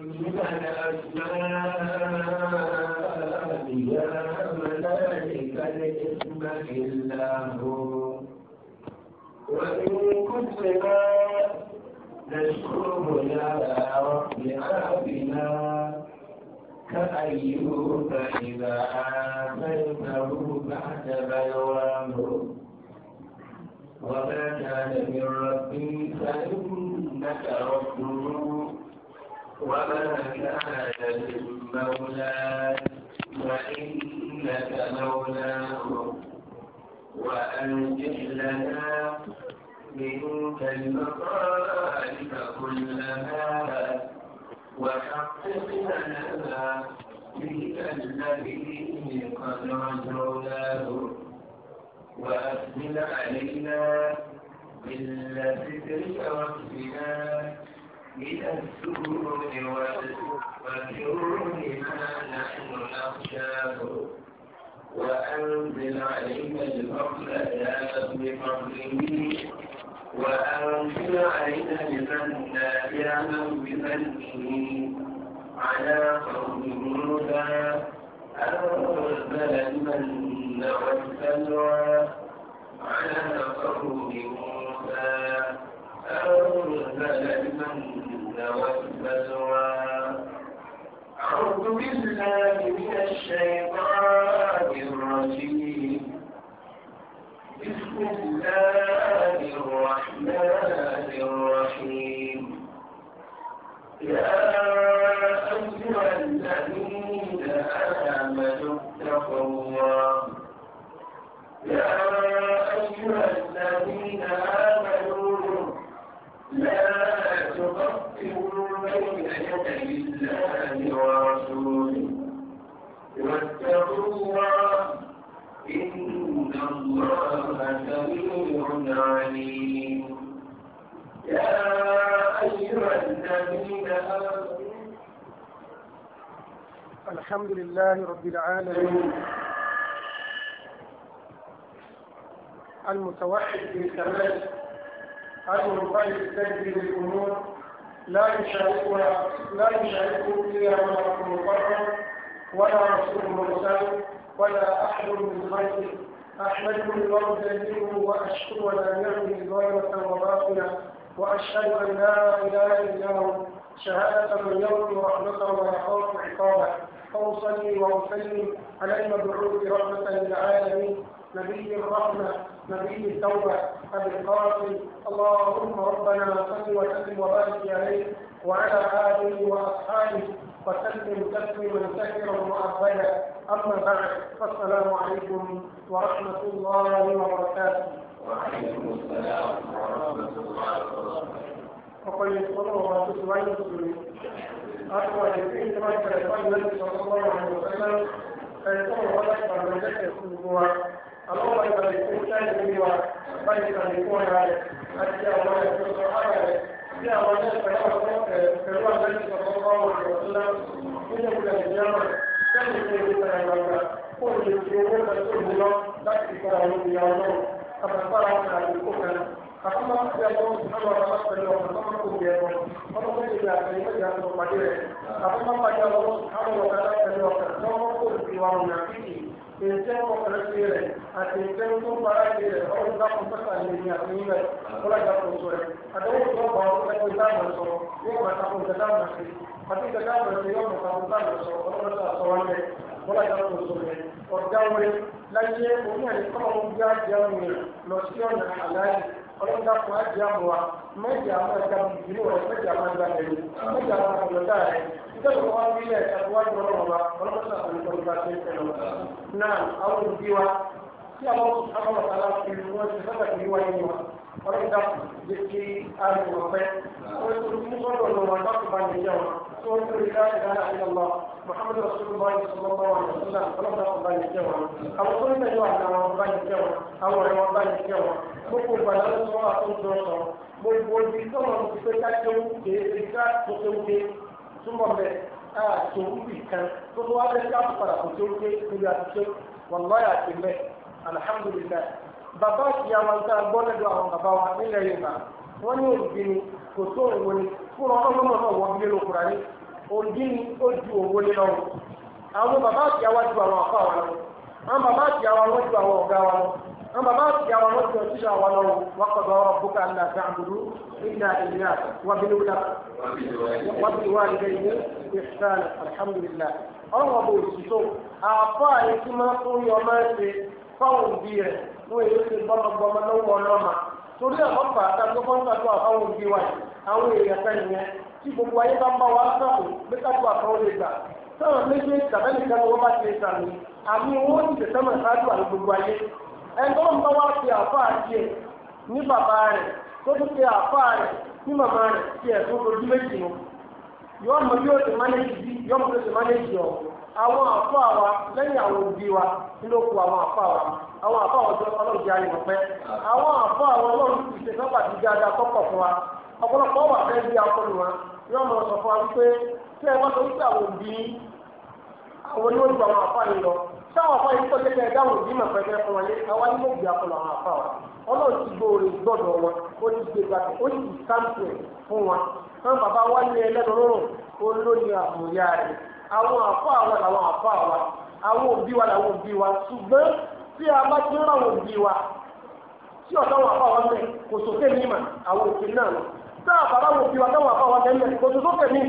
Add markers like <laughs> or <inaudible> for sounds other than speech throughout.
من الأسماء يا ملائك الاسم إلا هو وإن كتبنا نشكره يا رب عابنا كأيوب إذا آمنته بعد بلوانه وما كان من ربي فإنك ربه وما كان من مولى وإنك وأنجح لنا منك المطالب كلها وحقق لنا بك الذي قد رجعناه وأسهل علينا بالذكر ربنا من السرور والسرور ما نحن نخشاه وأنزل علينا الفضل يا بفضله وأنزل علينا المن يا من بمنه على قوم موسى أنزل المن والسلوى على قوم موسى أنزل المن والبلوى أعوذ بالله من الشيطان الرجيم بسم الله الرحمن الرحيم يا أيها الذين آمنوا اتقوا الله يا أيها الذين آمنوا لا تقدموا بين يدي الله ورسوله واتقوا الله إن الله سميع عليم يا أيها الذين آمنوا الحمد لله رب العالمين المتوحد في كماله أن ينطلق التجري الأمور لا يشاركها لا يشارك فيها ملك مقرر ولا رسول مرسل ولا أحد من خلقه أحمده جليله وأشكر أن يغني ظاهرة وباطنة وأشهد أن لا إله إلا هو شهادة من رحمة رحمته ويخاف عقابه فأصلي وأسلم على المبعوث رحمة للعالمين نبي الرحمة نبي التوبة أبي القاسم اللهم ربنا صل وسلم وبارك عليه وعلى آله وأصحابه وسلم تسليما كثيرا مؤبدا أما بعد فالسلام عليكم ورحمة الله وبركاته وعليكم السلام ورحمة الله وبركاته وقل يذكره وتسمعين تسلمين أقوى يمكن في يتلقى النبي صلى الله عليه وسلم فيذكره ولك من ذكر الأسبوع اللهم اجعل الكون شاهد مني وخير من يكون عليه حتى الله يكون عليه يا الله كرم النبي صلى الله عليه وسلم إنه للجامع كم يكون من المرأة كل يوم تقول الله لا تكون يا الله كما قال على الكون Kakama ya Allah subhanahu wa ta'ala pẹ̀lú ọ̀nà tó máa kó bí ẹ̀kọ́. Wọ́n tó kéde àti ìwé ìyá tó pàdé rẹ̀. Kakama pàdé Allah subhanahu wa ta'ala pẹ̀lú ọ̀nà tó máa kó bí wa ọ̀nà kíkì ìṣẹ́ ọ̀pọ̀lọpọ̀ rẹ̀ àti ìṣẹ́ tó bára ṣe rẹ̀ ọ̀rọ̀ dákun pẹ́sà lè ní àfihàn rẹ̀ kọ́lájà kò sọ rẹ̀ àdéhùn tó bá ọ̀rọ̀ ẹgbẹ́ dáàmú sọ yóò máa takò ìṣẹ́ dáàmú sí àti ìṣẹ́ dáàmú sí yóò máa takò dáàmú sọ ọlọ́dọ̀ àṣọ wọn rẹ̀ kọ́lájà kò sọ rẹ̀ ọ̀dà wọn láyé oníyàn ọlọ́run ká fún àjẹ́ àmọ́ wa mẹ́jẹ̀ àwọn ẹ̀ka ìdílé rẹ̀ mẹ́jẹ̀ àwọn ẹ̀ka ìlú mẹ́jẹ̀ àwọn àgbẹ̀dá rẹ̀ nígbà tó wá nílẹ̀ àtiwájú ọlọ́run wa ọlọ́run náà kò ní kọ́ nípa ṣe ń tẹ̀lé wa. náà àwọn òbí wa tí àwọn àwọn ọ̀tàlá fi wọ́n ti sábà kì í wá nínú wa ọlọ́run ká jẹ́ kí a lè wọ̀ pẹ́ محمد رسول الله صلى الله عليه gbogbo gbàdá ló sọ àtúntò sọ gbogbo ibi tọ́lọ̀ ti pé kájọ wúke ibi ká tó tó a tó kan ká tó padà níbi àtúntò yà ti alihamudulilayi àwọn àwọn wa ní òbí ni kò tó òwò ni náà òbí ni ó ju òwò lé àwọn àwọn àwọn bàbá àti àwọn ọmọ ìjọ ṣíṣe àwọn ọmọ wọn kọ̀dọ̀ ọ̀rọ̀ bùkà ńlá sàmùdù ìlà ìlà wàbílúwà wàbílúwà ìlà ìlú ìṣàn alhamdulilà ọ̀rọ̀ wọn bò òṣìṣọ́ àfọ́ àyè tí máa fún yọ torí àwọn bàtà tó fọ́n àfáwọn òbí wa àwọn èèyàn fẹ́ nìyẹn tí gbogbo ayé bá ń bá wa sàkó bí àfáwọn lè gbà sáwọn méjèèjì tàbẹ́nìkan ni wọ́n bá ti sàmì àmì owó ti tẹ̀sán mọ̀ ṣáájú àwọn gbogbo ayé ẹ̀ńtọ́ ń bá wá sí àfáà tiẹ̀ ní bàbá rẹ̀ tó tún ṣe àfáà rẹ̀ ní màmá rẹ̀ tó yọ ọmọ yóò ti yọ ọmọ yóò ti mánéjì ọ̀ àwọn àfáà wa lẹ́yìn àwọn òbí wa nínú oko àwọn àfáà wa àwọn àfáà wa àwọn àfáà wa ti ṣe ọ̀pọ̀lọpọ̀ wà fẹ́ táwọn afọ yìí tọ́jú ẹ̀ dáhùn bí mà fẹ́ fẹ́ fún wọn yé àwa afọ wa ọlọ́run ti gbọ́dọ̀ wọn ó gbé gbàgbé ó sì fún wọn fún bàbá ní ẹlẹ́nu lọ́rùn àmúyá rẹ̀ àwọn afọ àwọn làwọn afọ àwọn òbí wa làwọn òbí wa ṣùgbọ́n tí a bá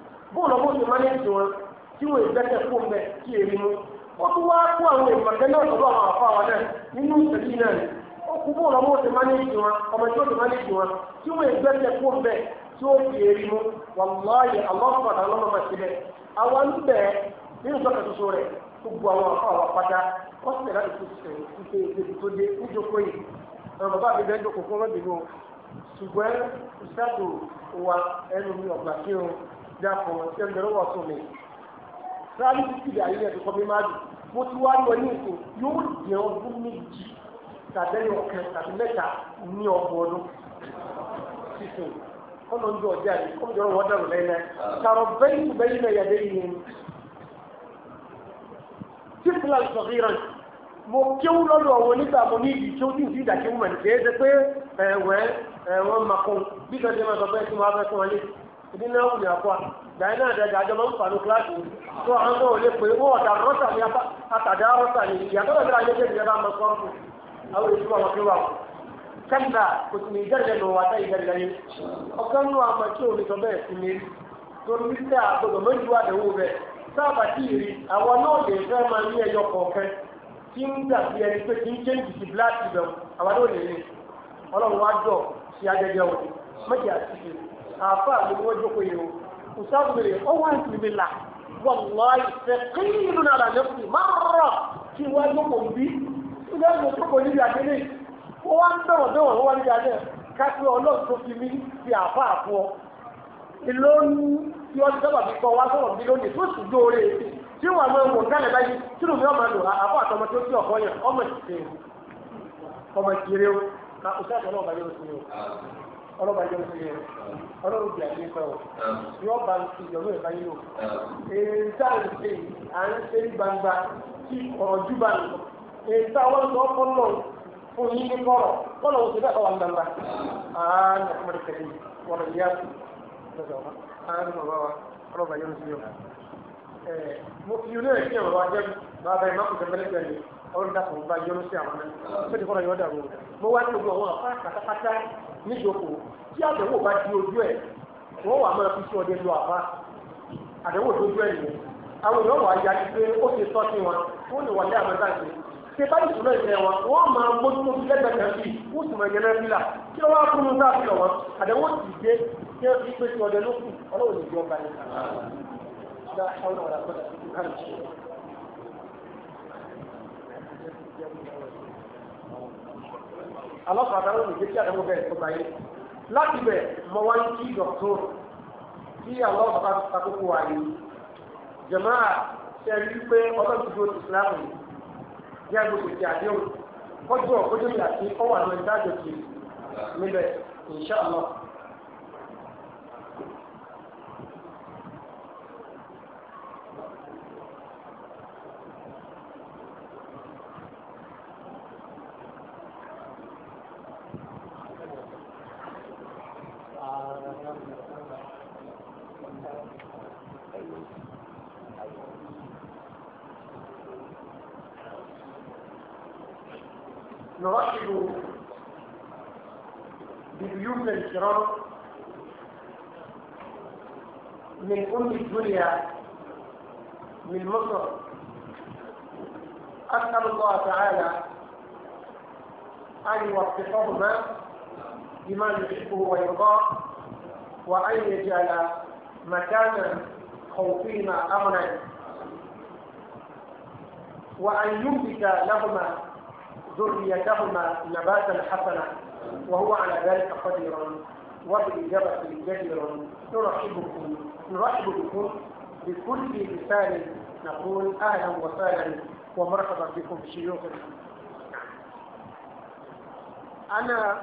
bóòlù ọmọ òṣèlú máa ń tì wọn tí wọn ìgbẹ́kẹ̀ kó kí mú ó tún wá kó àwọn náà àwọn àfa náà nínú náà ni ó kú bóòlù ọmọ òṣèlú máa ń wọn ọmọ òṣèlú máa ń wọn tí wọn ìgbẹ́kẹ̀ tí ó fi mú wàláyé àwọn nínú ìjọba tuntun gbogbo àwọn àfa pátá sì tó dé níjókòó yìí bàbá o ṣùgbọ́n dàpọ̀ ẹgbẹ̀rún wọ̀ sùn mi ráàlì títí ìdá yìí ẹ̀dùnkọ́ mi máa dùn mo ti wá lọ ní ètò yóò jẹ́ ọdún méjì tàbí ọ̀kan tàbí mẹ́ta ní ọgbọ̀n ọdún sísun kọ́nà ń jọ ọjà yìí kọ́nà jọrọ wọ́n dàrú lẹ́yìn náà sàrọ̀ bẹ́yìn tó bẹ́yìn náà yàgbé yìí ni tífìlà sọ̀rìràn mo kéwú lọ́dọ̀ àwọn onígbà mo ní ìdí tí ó ti ń fi ìdàkéwú mọ̀ ní kéé ṣe pé ẹ̀wẹ́ ẹ̀wọ́n makùn bí kẹ́kẹ́ máa sọ bẹ́ẹ̀ tí mo á fẹ́ fún wọn lé ìdí náà wù ní àpá gbàyìn náà dẹjà àjọmọ ń fanu kíláàsì yìí tó àwọn náà ò lè pè wọ́n ọ̀dà rọ́tà ní àtàdá rọ́tà ní ìyàtọ̀ lọ́dọ̀ ayélujára ìjọba máa sọ ọ́rùn àwọn èyí wọn kí wà kẹ́ńdà kò sì ní ìjẹ́rìí lọ wà táyì ìjẹ́rìí lẹ́yìn ọ̀kan nù àmọ́ tí òun sọ bẹ́ẹ̀ sí mi torí wípé àgbọ̀dọ̀ méjì wà dẹ̀wò bẹ́ẹ̀ sábà tí ì rí àwọn náà lè fẹ́ máa ní ẹyọ kọ̀ọ̀kan tí ń gbà bí ẹni pé kí ń jẹ́ ìdìtì bíláàtì bẹ̀rù àwọn náà lè rí ọlọ́run wá jọ sí ajẹjẹ òde méjì àti ìṣèlú Afa a ni wọ́n jókòó yìí o ọ̀sán mi rè ọ́ wá sí mi là wàlláyé fẹ̀kìlù kí wọ́n jókòó bí ilé níbi àdéhùn níbi àdéhùn tó fi mí fi àfọ tí sábà fi bí lónìí tó sì dóore tí báyìí tí lómi ọmọ àtọmọ tó ti ọlọ́ba jẹ́ òkú yẹn ọlọ́run bí àyè pẹ́ o yọ bá ń fi ìyọ̀nù ẹ̀ka yìí o èyí tá à ń ṣe yìí à ń ṣe ní gbangba tí ọ̀rọ̀ jù bá lọ èyí tá àwọn ọ̀dọ́ fún náà fún yín ní kọ́rọ̀ kọ́nà oṣù bẹ́ẹ̀ ọ̀wà gbangba àánú ọmọdé kẹ́lẹ́ yìí wọ́n yá àánú bàbá wa ọlọ́ba jẹ́ òkú yẹn mo fi ilé ẹ̀kí wa jẹ́ bàbá ẹ̀ má kò tẹ̀lé tẹ̀lé níjókòó tí àdánwò bá di ojú ẹ̀ wọ́n wà máa fi sí ọdẹ lọ àbá àdánwò dojú ẹ̀ nìyẹn àwọn èèyàn wà yá pé ó ti sọ sí wọn wọ́n lè ní àmọ́tà ṣe ṣe bá ìṣúná ìṣẹ́ wọn wọ́n máa mójúmó bí lẹ́gbẹ̀ẹ́ kan sí wọ́n sì máa náà fílà kí wọ́n wá fún un fílà wọn dé kí wọ́n fi pé sí ọdẹ lókù ọlọ́run alọ́sọ̀ àdáwọ̀ lè jẹ́ kí àdáwọ̀ bẹ̀rẹ̀ tó báyé láti bẹ̀ mọ wá ń kí dọ̀tún tí àwọn ọ̀bàbà ti takókò wà ní jẹ̀mọ́ àṣẹrí pé ọlọ́run ti dúró ti ìsìlámù yìí bí a ti àdéhùn kọjú ọ̀kọ́jọ́ ìyàtí ọwà lọ ìdájọ́ kiri níbẹ̀ insha الأولى الكرام من أم الدنيا من مصر أسأل الله تعالى أن يوفقهما بما يحبه ويرضاه وأن يجعل مكان خوفهما أمنا وأن ينبت لهما ذريتهما نباتا حسنا وهو على ذلك قدير وبالإجابة جدير نرحبكم نرحب بكم بكل لسان نقول أهلا وسهلا ومرحبا بكم شيوخنا أنا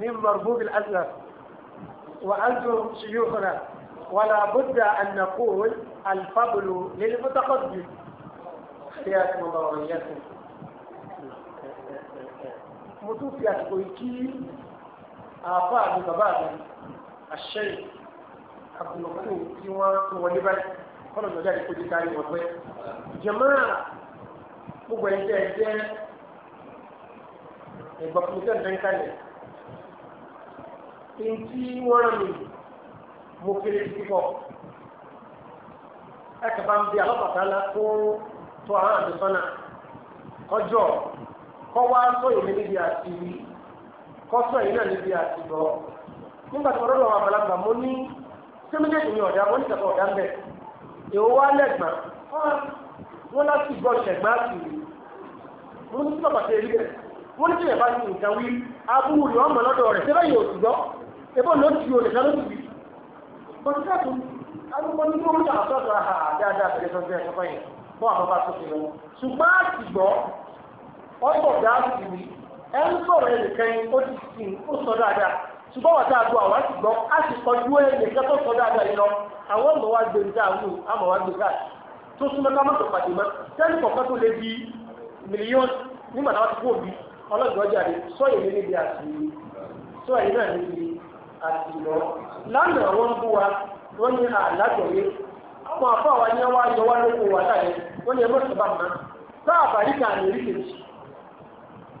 من مربوط الأزهر وأنتم شيوخنا ولا بد أن نقول الفضل للمتقدم حياكم الله وإياكم mo tún fi àsìkò yìí kí àáfà àti bàbá mi àṣẹ àbùnàkù tí wọ́n tún wọlé báyìí kọ́nà ìjọba àdìpọ̀ ti kárí wọn pẹ́. jẹ̀mọ́ra gbogbo ẹ̀ jẹ́ ẹ̀jẹ̀ ìgbàkúnjẹ́ ìdẹ́ńkálẹ̀ ntí wọ́n rán mi mo kéré púpọ̀ ẹ̀ka bá ń bí alọ́pàá tán lá fún tó àwọn àdìsọ́nà kọjọ́ kọ́ wá sọ èmi níbi àti wí kọ́ sọ èyí náà níbi àti bọ́ nígbà tí ọlọ́dọ̀ wà balaba mo ní sẹ́mídẹ́ẹ̀dì mi ọ̀dà mo ní ìtàkùn ọ̀dà ń bẹ̀ èwo wá lẹ́gbàá wọ́n láti gbọ́ ṣẹ̀gbá sí i mo ní sí bàbá tẹ̀ rí rẹ̀ mo ní sí ìyàbá sí nǹkan wí abúrú ni ọmọ lọ́dọ̀ rẹ̀ sẹ́fẹ́ yóò ti gbọ́ ẹ̀bọ́n ló ti olè sáré ti bí bọ́síkà ọsọ gáàsì wí ẹ ń sọ̀rọ̀ ẹnìkan ó ti sìn ó sọ dáadáa ṣùgbọ́n wàtá àdó àwọn a si á sì kọjú ẹnìkan tó sọ dáadáa yìí lọ àwọn ọmọ wa gbé níta àwọn àmọ̀ wa gbé gáàsì tó súnmọ́ ká mọ̀tò pàdé mọ́ sẹ́ni kọ̀ọ̀kan tó lé di mílíọ̀nù nígbà táwọn ti kú òbí ọlọ́dún ọjà sọ níbi sọ náà níbi lọ lánàá wọn bú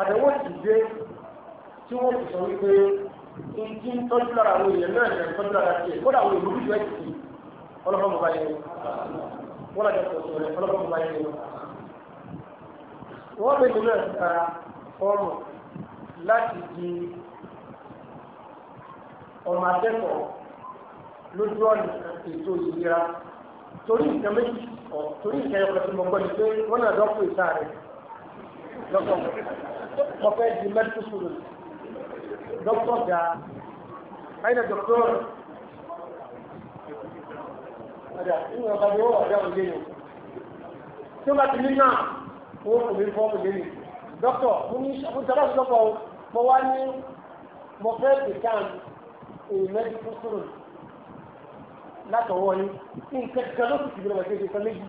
àdéhùn ìdíje tí wọ́n ti sọ wípé ìdí ń tọ́jú lára àwọn èèyàn náà ní ẹ̀ńtọ́jú lára tiẹ̀ kódà àwọn èèyàn olùjọ ẹ̀sìn ọlọ́pàá mọ̀ báyìí wọ́n lajọ sọ sọ rẹ̀ ọlọ́pàá mọ̀ báyìí wọ́n bẹ nínú ẹ̀sìn kára fọ́ọ̀mù láti di ọmọ akẹ́kọ̀ọ́ lójú ọ̀nà ètò ìlera torí nǹkan méjì torí nǹkan ẹ̀kọ́ tí mo gbọ́ ni pé wọ́n náà dọ́kítà rẹ̀ dọ́kítọ̀ mo fẹ́ di mẹ́tíkù sùúrù dọ́kítọ̀ gà ẹ̀yìn dọ́kítọ̀ ọ̀dà ìwọ̀n ọ̀gá ni ó wà ọ̀dà òde yìí tí o bá ti ní náà wọ́n kò ní o lé mi dọ́kítọ̀ mo ní ìṣàkóso dọ́kítọ̀ mo wá ní mo fẹ́ pèkán èyí mẹ́tíkù sùúrù látọwọ́ yín nǹkan kan ló sì ti gbé lọ́wọ́ ṣe é ṣe sọ méjì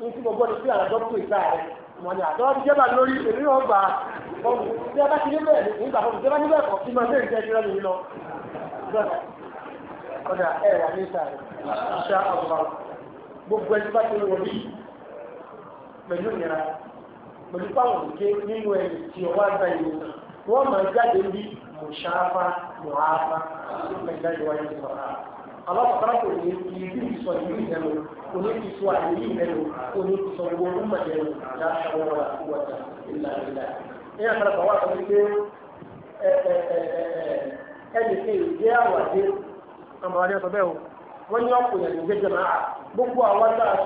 ní tí mo gbọ́ ni pé àwọn dọ́kítọ̀ ìta rẹ̀ wọn ni àtọ́wọ́ ti lórí èmi gbà a bá ti níbẹ̀ nígbà fọ́ọ̀mù tí a bá níbẹ̀ kọ̀ kí máa bẹ̀rẹ̀ jẹ́ ìrẹ́lẹ̀ yìí lọ. ọ̀dà ẹ̀ ọ̀gbà gbogbo ẹni bá ti pẹ̀lú ìnira pẹ̀lú òkè nínú tí máa jáde bí alákọ̀ọ́kọ́rọ́ kò ní kí ibi ìsọ ìlú ìdẹ́nu kò ní kí sọ àyè ìdẹ́nu kò ní kí sọ gbogbo ọmọ ìdẹ́nu láti àwọn ọ̀rọ̀ àkúwọ̀tà ìlà ìlà. ẹ̀yà kan kọ̀ wá sọ pé ẹnì kí ìjẹ́ àwàdé ọmọ adé sọ bẹ́ẹ̀ o wọ́n a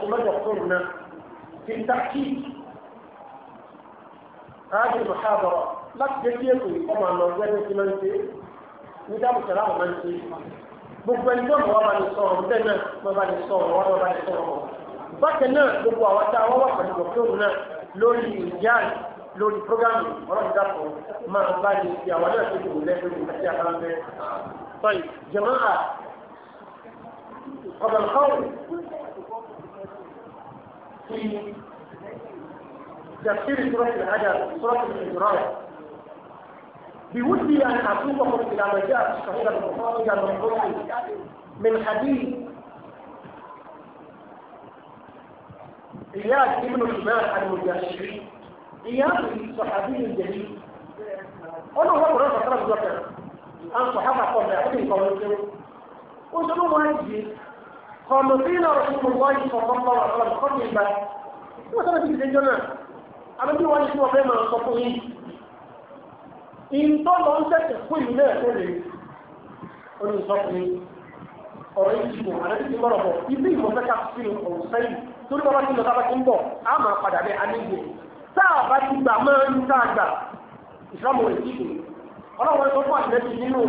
sọ mẹ́jọ fún un náà fi ń tàkì ráàdì gbogbo ẹni tó mọ̀ wá bá ní sọ̀rọ̀ bẹ́ẹ̀ náà wọ́n bá ní sọ̀rọ̀ wọ́n bá ní sọ̀rọ̀ bákan náà gbogbo àwọn tá a wọ́n wà pẹ̀lú òkèèrè náà lórí ìjáàlì lórí programme ọlọ́run dàpọ̀ máa bá ní ti àwọn náà tó dùn lẹ́gbẹ̀ẹ́ àti àkàǹfẹ́ sọ́yì jẹ̀mọ́ à ọ̀bẹ̀ nǹkan ti tafsiri sọ́ọ̀tì àjà sọ́ọ̀tì ìdúrà بودي أن أطلبكم إلى ما جاء في صحيح البخاري عن من حديث إياد ابن الإمام المجاشري إياد صحابي جليل أنا هو قرآن فترة ذكر أن صحابة قبل أحد قولته وجدوا واجب قالوا قيل رسول الله صلى الله عليه وسلم قبل الباب وترى في الجنة أنا دي واجب وفيما صفوه ìntọ́ lọ ń tẹ̀sẹ̀ fún ìlú náà tó lè olùsọ́kùnrin ọ̀rọ̀ ìdìbò àti ti bọ̀rọ̀ bọ̀ ibi ìwọ̀fẹ́ ká fi ọ̀rọ̀ sẹ́yìn torí bàbá tí lọ́ta bá ti ń bọ̀ á máa padà bẹ́ẹ̀ anígbè tá a bá ti gbà máa ń tá a gbà ìsọ́mù rẹ̀ ti dè ọlọ́run tó fún àtìlẹ́sì nínú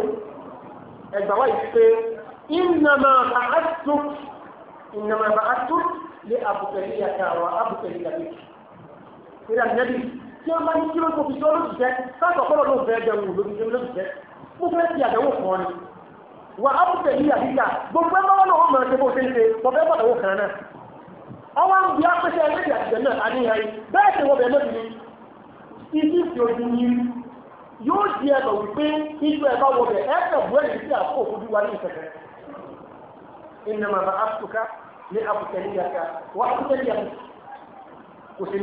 ẹgbà wáyé pé ìnàmà àtú ìnàmà àtú lé àbùkẹ́lì àtàwọn àbùkẹ́lì àbùkẹ́lì tí wọ́n bá ní kí ló tó fi sọ lóṣìṣẹ́ káàtọ̀ kọ́lọ̀ ló fẹ́ jẹun wò lóṣìṣẹ́ lóṣìṣẹ́ mo fẹ́ ti àdánwò kan ni wà á bùtẹ̀ yí àdíjà gbogbo ẹ báwọn náà mọ̀ ẹ́ bó ṣe ń ṣe mo fẹ́ pàdánwò kan náà ọwọ́ ń bí apẹ́ṣẹ́ ẹlẹ́dẹ̀ àtijọ́ àníyàn yìí bẹ́ẹ̀ ṣe wọ́n yóò di wípé bá wọ sí wa ní bá ní wà kò ní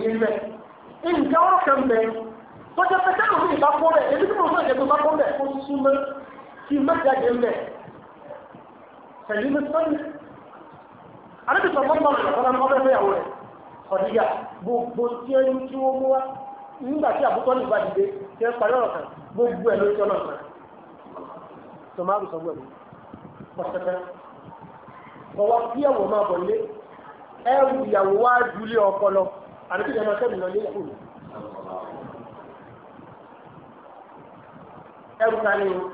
nǹkan ọ̀rọ̀ kan bẹ̀ tọ́jọ́ pé táwọn mi ìbá kó bẹ̀ ebi tí mo fẹ́ ìjẹ́bí bá kó bẹ̀ kó sún mọ́ kí n má jáde ń bẹ̀ pẹ̀lú mi sọ́yìn. àdébí sọ fún bọ́ọ̀lù ìjọba ní ọbẹ̀ fẹ́yàwó rẹ̀ ọ̀dìyà gbogbo tí ó ń tí ó mú wá nígbà tí àbúkọ́ ní ìbá dìde tí ó parí ọ̀rọ̀ kan gbogbo ẹ̀ ló tí ọ̀nà kan. sọ gbẹ̀mí pọ̀tẹ́tẹ́ ọwọ́ kíyàwó máa bọ̀ àdébí ìjọba sẹ́mi lọ lẹ́kùn ní. ẹrù kan ni o.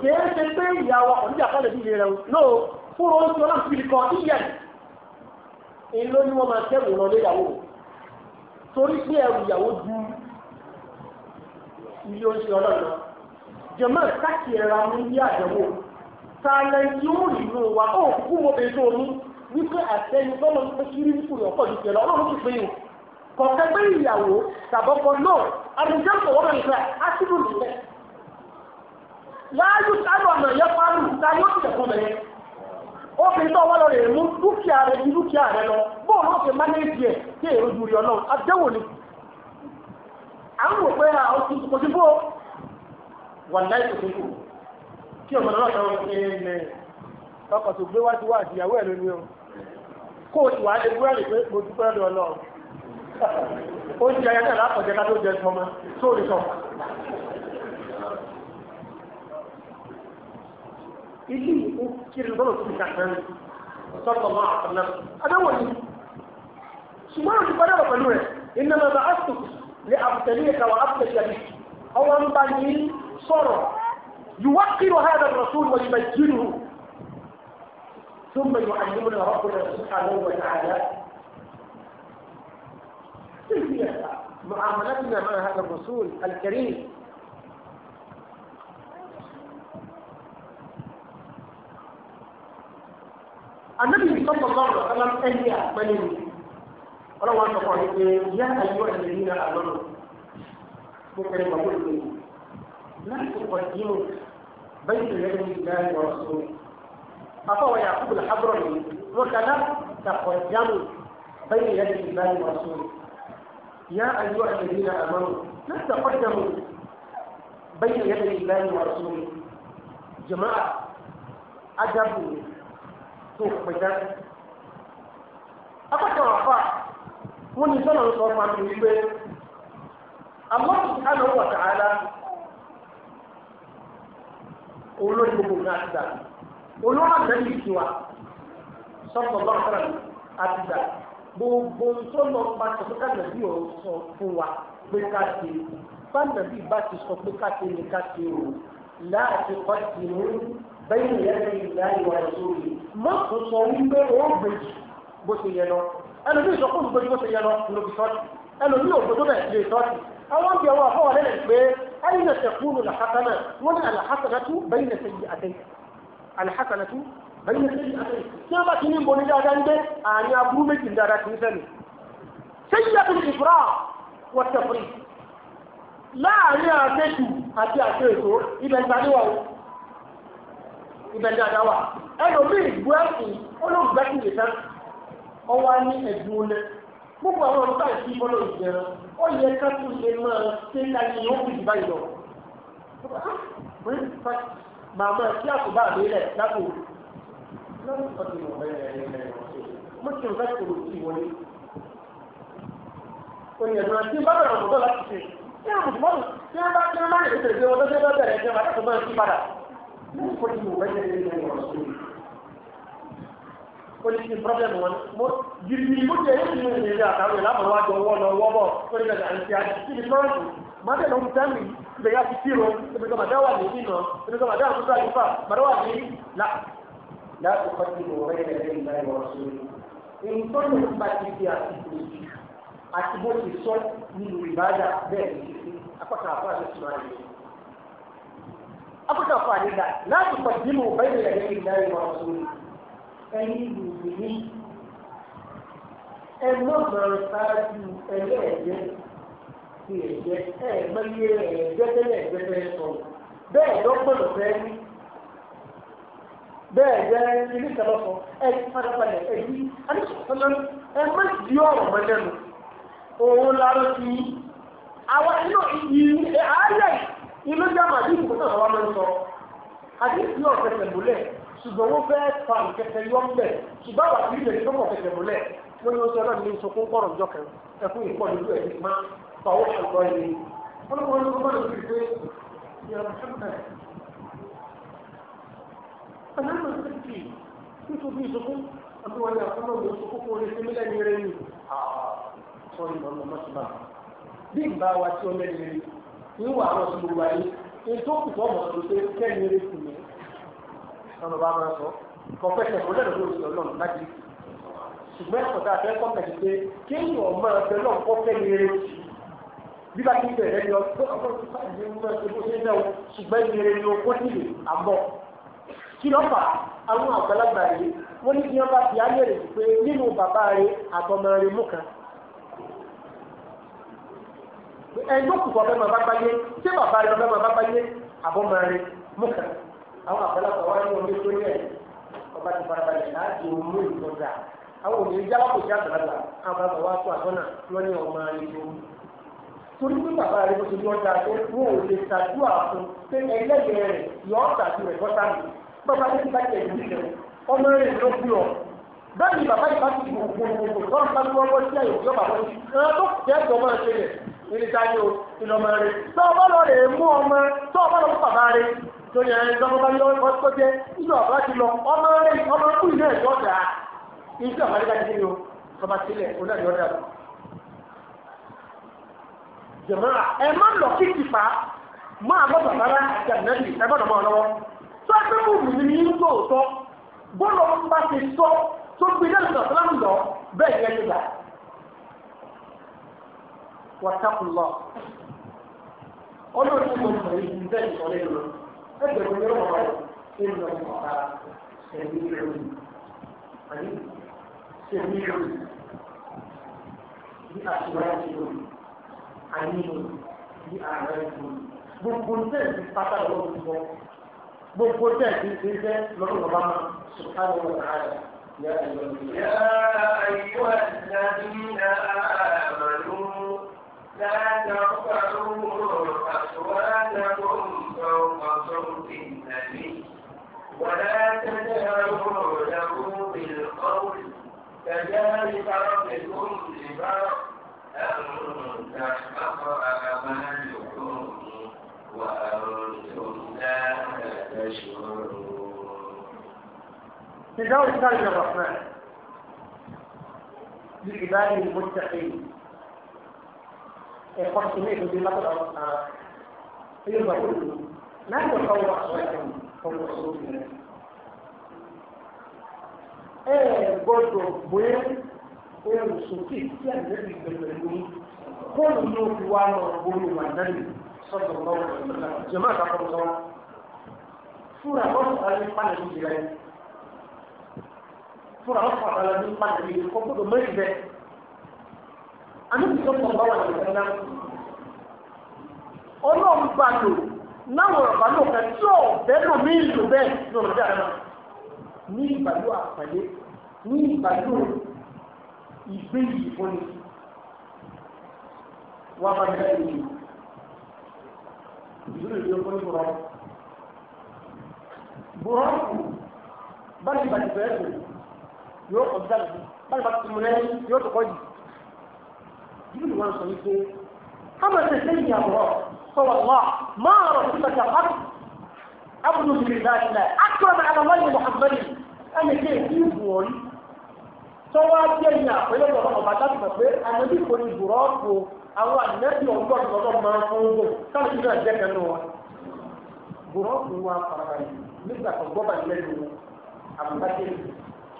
kìí ṣe pé ìyàwó ọ̀dún ìjà kan lè bí ilé rẹ o no fúnra oṣù ọlọ́run ti kọ ìyẹn ìlú ni wọ́n máa sẹ́mi lọ lẹ́yàwó torí pé ẹrù ìyàwó ju ilé oṣù ọlọ́run lọ jẹ̀mọ́ ìtàkì ẹ̀ra mú ní àjẹwò tààlẹ̀ yóò rí nù wá ó kú mo bẹ̀ tó o ní wípé àtẹni tọ́lọ́ ń pẹ́ kiri ní kùrì ọ̀pọ̀ ìjẹ́ lọ ọlọ́run ti pè é kọ̀ọ̀kan pé ìyàwó tàbọ̀kọ náà àrùjọ kọ̀wọ́ bẹ̀rẹ̀ fẹ́ àtúrò nílẹ̀ láàyò sábà náà yẹ fáàlù ta yóò ti dẹ̀kọ́ bẹ̀rẹ̀ obìnrin tó wọ́n lọ rẹ̀ mú dúkìá rẹ̀ ju dúkìá rẹ̀ lọ bóun ló fi mánéèjì ẹ̀ kí èrò ju rí ọlọ́run àdéhùn ni à ń wò pé kò sí bó wà láì kò sí kò kí ọmọ náà lọ́sọ̀rọ̀ ẹ̀ ẹ̀ ọkọ̀ tó gbé wájú wá àtìyàwó ẹ̀ lónìí o kó o ti wà á lè búrẹ́dì pé mo dúpẹ́ lọ́dọ̀ ọlọ́run ó ń jẹ ayẹyẹ látọ̀jẹ́ ká tó jẹ fún ọmọ tó o lè sọ. ilé ìkú kiri lọ́dọ̀ tó ti kà sẹ́yìn sọ́tọ̀ mọ́ àtọ̀lẹ́ adáwọ̀ ni ṣùgbọ́n àwọn ìpàdé wà pẹ̀lú rẹ̀ iná máa bá àtò lè àbùtẹ̀lé ẹ̀ka wà àbùtẹ̀lé ọwọ́ ń bá ní sọ̀rọ̀ yùwá kírò hàdà rọ̀ṣùn wọ̀nyí ثم يعلمنا ربنا سبحانه وتعالى معاملتنا مع هذا الرسول الكريم النبي صلى الله عليه وسلم قال يا بني روى البخاري يا ايها الذين امنوا ممكن اقول لا تقدموا بين يدي الله ورسوله afọwọ́ yà kúkú lè hábúrò yìí wọ́n kàdá tàkọ̀ jámù bẹ́yìn yẹn ti bá yìí wọ́n sọ yá ayọ́ ẹ̀mí na àmọ́rù láti tàkọ̀ jámù bẹ́yìn yẹn ti bá yìí wọ́n sọ jama'a ajabu tó pẹ̀já akọ́kọ̀ olórí àtẹ́lẹ̀ ti wa sọ́kọ̀ bá fara àtìgbà gbogbo tó lọ bá sọ pé káàdà bí o sọ fún wa pé ká ṣe fáńdà bí bá ti sọ pé ká ṣe ni ká ṣe o láti kọ́ ti mú bẹ́yìn lẹ́yìn ìlà ìwà ìṣòro mọ́ tó sọ wípé ó gbèjì bó ṣe yẹ lọ ẹlòmíì sọ fún gbèjì bó ṣe yẹ lọ lóbi sọ́ọ̀tì ẹlòmíì òbòdó bẹ̀ lè sọ́ọ̀tì àwọn bí àwọn àfọwọ́lẹ́lẹ̀ pé ẹ̀yìn ẹ̀sẹ̀ kúrò làkàtà náà wọ́n ní àlàkàtà náà tún bẹ́yìn ẹ̀sẹ̀ yìí àtẹ̀yìn alhassanatu bẹ́ẹ̀ tí wọ́n bá ti ní ń boni dáadáa ń gbé àárín aburú méjì ń dáadáa kì í sẹ́nu sayyidatul ifrah wa tafriq láàrin àtẹ́jù àti àti èso ibẹ̀ ń gbadéwà o ibẹ̀ ń dáadáa wà ẹlòmíì gbọ́ ẹ̀sìn olóògbẹ́sì lè tán ọwọ́ á ní ẹ̀dùn olè gbogbo àwọn ọ̀rọ̀ báyìí sí bọ́lọ̀ ìjẹun ó yẹ ká tún lè máa ṣe láyé ó fi ìbáyìí lọ màmá tí àkùbá àbílẹ̀ lápò lọ́wọ́ ìfọ́tí ìwọ̀n bẹ́ẹ̀ rẹ̀ ní ẹ̀rọ ṣe mo ti nǹkan kòrò sí ìwọlé. Oníyànjú àti bá bẹ̀rẹ̀ ọ̀dọ́ láti ṣe. Ṣé àwọn mùsùlùmọ́ tí wọ́n bá tí wọ́n bá lè tètè gbé wọn tó ṣe bá bẹ̀rẹ̀ ṣe wọn àtàkùn náà sí padà. Lọ́wọ́ ìfọ́tí ìwọ̀n bẹ́ẹ̀ rẹ̀ ní ẹ̀rọ ṣe. Oníṣẹ́ pírọ́blẹ̀mù wọn mo gírígírí mo jẹ́ èyí nínú ìrìnàjò àtàwọn ìlànà wájú ọwọ́ lọ wọ́ bọ̀ mọ́tẹ́ ló ń tẹ́lẹ̀ ibẹ̀ yá ti sí ro ibi kan màdá wà ní nínà ibi kan màdá àtúntò àyíká màdá wà ní là láti pàtí ìwọ̀n rẹ̀ lẹ́yìn ìgbà ìwọ̀ sórí. èyí tó lè ń bá ti di àtìkò àti bó ti sọ nínú ìbáàdà bẹ́ẹ̀ ní títí apáta àfa àti sùnmọ́ àyè. apáta àfa àyè dà láti pàtí ìwọ̀n rẹ̀ lẹ́yìn ìgbà ìwọ̀ sórí. ẹyin ìlú mi ẹ má máa ṣáájú ẹlẹ́ẹ̀yẹ́ ti ẹ̀jẹ̀ ẹ̀ẹ́mẹ́yẹ ẹ̀ẹ́dẹ́gbẹ́lẹ̀ ẹ̀ẹ́dẹ́gbẹ́lẹ̀ sọ̀rọ̀ bẹ́ẹ̀ lọ́gbọ̀nà fẹ́ rí bẹ́ẹ̀ jẹ́ ilé ìtàlọ́sọ ẹ̀ padàbalẹ̀ ẹ̀yí alẹ́sọ̀tọ́lọ́rù ẹ̀ má di ọ̀rọ̀ mẹ́lẹ́nu òun láró sí i àwọn inú ìyí ààyè inú jàmà bí ìbùkún náà wà máa ń sọ àdéhùn yóò fẹsẹ̀ múlẹ̀ ṣùgbọ́n wọ́n fẹ́ fa ìkẹsẹ̀ yọ ńbẹ̀ ṣùgbọ́n àwọn àti ìbẹ̀rẹ̀ tó mọ̀ fẹsẹ̀ múlẹ̀ wọ́n ní oṣù ọlọ́run ní oṣù kó ń kọ̀rọ̀ ìjọ kan ẹkún ìpọ̀ lójú ẹ̀ طاووس الضايلي وانا بقول لكم انا في البيت يا محمد انا ما استفدتي انتوا بيزكم انتوا ولا قمر بيزكم ولا سملا يريني اه سوري والله ما سمعت bí ìgbà wa tí ó mẹ́rin rí ní wà lọ sí gbogbo ayé ní tó kù fọ́ ọmọ tó ṣe kẹ́ni rí sí mi. ọ̀nà bá máa sọ kọ̀pẹ́sẹ̀ kò lẹ́nu tó ṣe ọlọ́run láti ṣùgbọ́n ẹ̀kọ́ tá a fẹ́ kọ́ kẹ́ni pé kéèyàn máa bẹ náà kọ́ kẹ́ni rí sí i bíbá kí bẹ̀rẹ̀ lẹ́ni ọdún ọgọ́rùn-ún sáàjì ń mọ̀ ṣe o ṣe ń dẹ̀wọ̀ ṣùgbọ́n ìrìn ni okó nílé àbọ̀. kí ló fà àwọn àgbàlagbà rèé wọ́n ní kí wọ́n bá fi ayé rẹ̀ pé nínú bàbá rẹ̀ àtọmọ rẹ̀ mú kan. ẹni tó kù kọ́ fẹ́ máa bá gbáyé ṣé bàbá rẹ̀ fẹ́ máa bá gbáyé àbọ̀mọ rẹ̀ mú kan. àwọn àgbàlagbà wá ní omi tó ní ẹ̀ ọba ti farabalẹ̀ láti mú ìtọ́jà àwọn òní torí pé bàbá rẹ lóṣù tó dáa tó wọn ò lè ṣàdúrà fún pé ẹlẹ́yẹ rẹ yọ ṣàdúrà rẹ bọ́tà mi bàbá rẹ ti bá jẹ ìlú rẹ ọmọ rẹ ló bí ọ bẹ́ẹ̀ ni bàbá yìí bá ti gbò gbòǹgbò tó ń bá tí wọ́n wọ́n sí àyè òjò bàbá yìí ẹ̀rọ tó kẹ́ ẹ̀jọ̀ máa ṣe rẹ̀ ìrìnta ni o ìlọ ọmọ rẹ tó ọba lọ rẹ mú ọmọ tó ọba lọ fún bàbá rẹ tó yẹ ẹjọ́ bá yọ ọkọ tó jẹ ìlú àbá ti lọ ọmọ rẹ ọmọ kú ìlú ẹ̀jọ́ dà ìlú àbá ti dá jẹ̀mọ́ra ẹ má lọ kí kìfà máa bọ́ bàbá rà jàǹdẹ́bì ẹ gbọ́dọ̀ máa lọ́wọ́ tó ẹ fẹ́ mú mi ní lóòótọ́ bọ́lọ̀ ń bá ti sọ tó gbé lẹ́nu sọ̀tọ́lá ń lọ bẹ́ẹ̀ ni ẹ ti gbà. wàtàkùnlọ ọlọ́run tó ń bọ̀ yìí bẹ́ẹ̀ ni sọ̀rọ̀ yìí lọ ẹ bẹ̀rù ní ọmọ rẹ̀ ṣé ń lọ sí ọ̀tá ṣẹ̀mí ìrìn àyè ṣẹ̀mí ìrìn bí àṣìwáyà ti lóyún. àníyàn sí ààrẹ ìgbòho gbogbo tẹ̀sí pátá lọ́wọ́ ti bọ́ gbogbo tẹ̀sí ti fẹ́ lọ́wọ́ bá máa sùkárù ààrẹ yá àyíwá ìdádúmínà àmàlú látàkùkàrù àṣùwádàkùn فوق صوت النبي ولا تجهروا له بالقول كذلك ربكم لبعض تداول كتاب الرحمن لعباده المتقين يقول سمعت بما تدعو فيقول ما هو قول أصواتهم قول أصواتهم إيه برضو بوين ohun sókè tí àgbẹ̀bí gbẹ̀gbẹ̀ lóyún kóòlù ló fi wá lọ gbóòlù màdánì sọ̀tọ̀ lọ́wọ́ jẹ̀mọ́ àtàkùn fúra bọ́sù alẹ́ pàdé ní ìlà fúra bọ́sù alẹ́ ní pàdé ní ìlà mẹ́rin bẹ́ẹ̀ àníbi sọ̀tọ̀ lọ́wọ́ ìlànà náà ọlọ́run gbà lò láwọn ọ̀rọ̀ bàlọ́ kan tí ọ̀bẹ lò mí lò bẹ́ẹ̀ ní ọ̀rọ̀ bí ní ìbàlú àpàdé ní ìbàlú ìgbé yìí fún ni wọ́n máa dá ìlú ìdúró ìlú fún bùrọ̀ bùrọ̀ kù báyìí bá ti bẹ̀rẹ̀ kù yóò kọ̀ dá ìlú báyìí bá ti mú lẹ́yìn yóò tó kọ́ yìí jùlọ wọn sọ wípé hàmà ṣe ṣe ìyà bùrọ̀ sọ̀rọ̀ wá máa rọ̀ sí ìgbàjà pàtó abudu bìrì dáadáa akọ̀rọ̀ àlọ́ wáyé muhammadu ẹni tẹ́ ìdí ìbùwọ̀n tọ́wọ́ ajẹ́ ìyá pẹ̀lú ọ̀dọ̀ ọba láti mọ̀ pé ànábì kò ní ìbùrọ̀ ọ̀pọ̀ àwọn ànábì ọgbọ́n lọ́dọ̀ máa ń fún gbò káàkiri náà jẹ́ kẹnu wọn. ìbùrọ̀ ọ̀pọ̀ wa farabalẹ̀ nígbà tó gbọ́ bàjẹ́ lẹ́nu àbúkájẹ́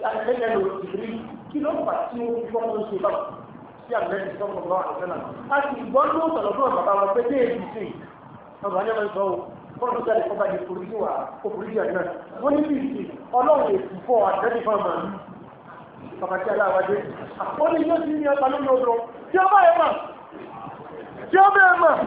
àtẹ́lẹ́ lọ ìrírí kí ló fà tí ó fi fọ́n ṣe bá sí ànábì sọ́kùn lọ́wọ́ àtẹ́lẹ̀ a sì gbọ́ ní ọ̀tọ̀lọ́dún bàbá wọn pé déè ti sè ọ̀bà ní ọmọ ìfọ̀ bọ́ọ̀lù sáré fọ́ba di forí wa kó forí di àná wọ́n ní bí ọlọ́run èsì fọ́ àtẹ́lẹ́ fọ́ màálù bàbá tí aláwádé ó ní yóò ti ní ọta lórí odò tí ó bá yẹ mọ̀ tí ó bẹ́ẹ̀ mọ̀.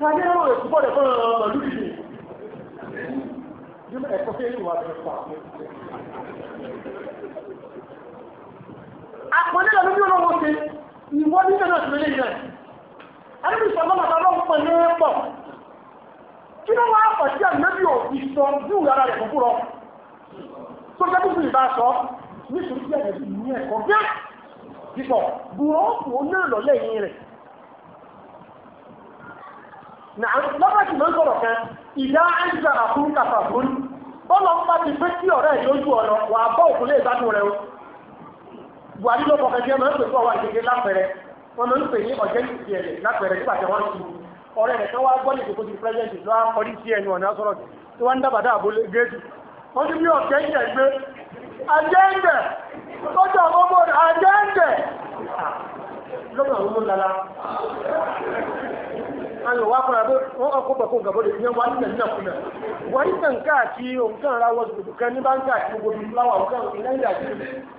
Tade ó rè púpọ̀ dẹ̀ fún ọ̀rọ̀ pẹ̀lú ìdí. Yóò ẹ̀kọ́ kí ẹ̀yìn wà lọ fà. àpọ̀lẹ́ ìlànà bí olówó ṣe ìwọ́n ní ìjọba ìṣẹ̀lẹ̀ ìjọ ẹ̀rọ ìṣọ̀lọ́ màtà lọ ń pẹ̀lú pọ̀ kí ló wá pọ̀ sí ànábì ò ìsọ bí ìyára rẹ̀ kúkú tó jẹ́ ìbá sọ nítorí ní ẹ̀kọ́ lẹ́yìn rẹ̀ tí sọ̀rọ̀ kan ìdá fún ti fẹ́ sí ọ̀rẹ́ ìlójú ọ̀nà wà bọ́ rẹ̀ buhari ló kọ̀ọ̀kan jẹ́ máa ń pè fún àwọn àgbègbè lápẹ̀rẹ̀ wọn máa ń pè ní ọ̀jẹ́ ìdí ẹ̀rẹ̀ lápẹ̀rẹ̀ nígbà tí wọ́n ti ọ̀rẹ́ rẹ̀ kan wá ìdókòó ti sí ẹnu ọ̀nà sọ̀rọ̀ tí ń dábàdà géètì ti ọ̀kẹ́ gbé àjẹ́ǹdẹ̀ àwọn ọmọ àjẹ́ǹdẹ̀ àwọn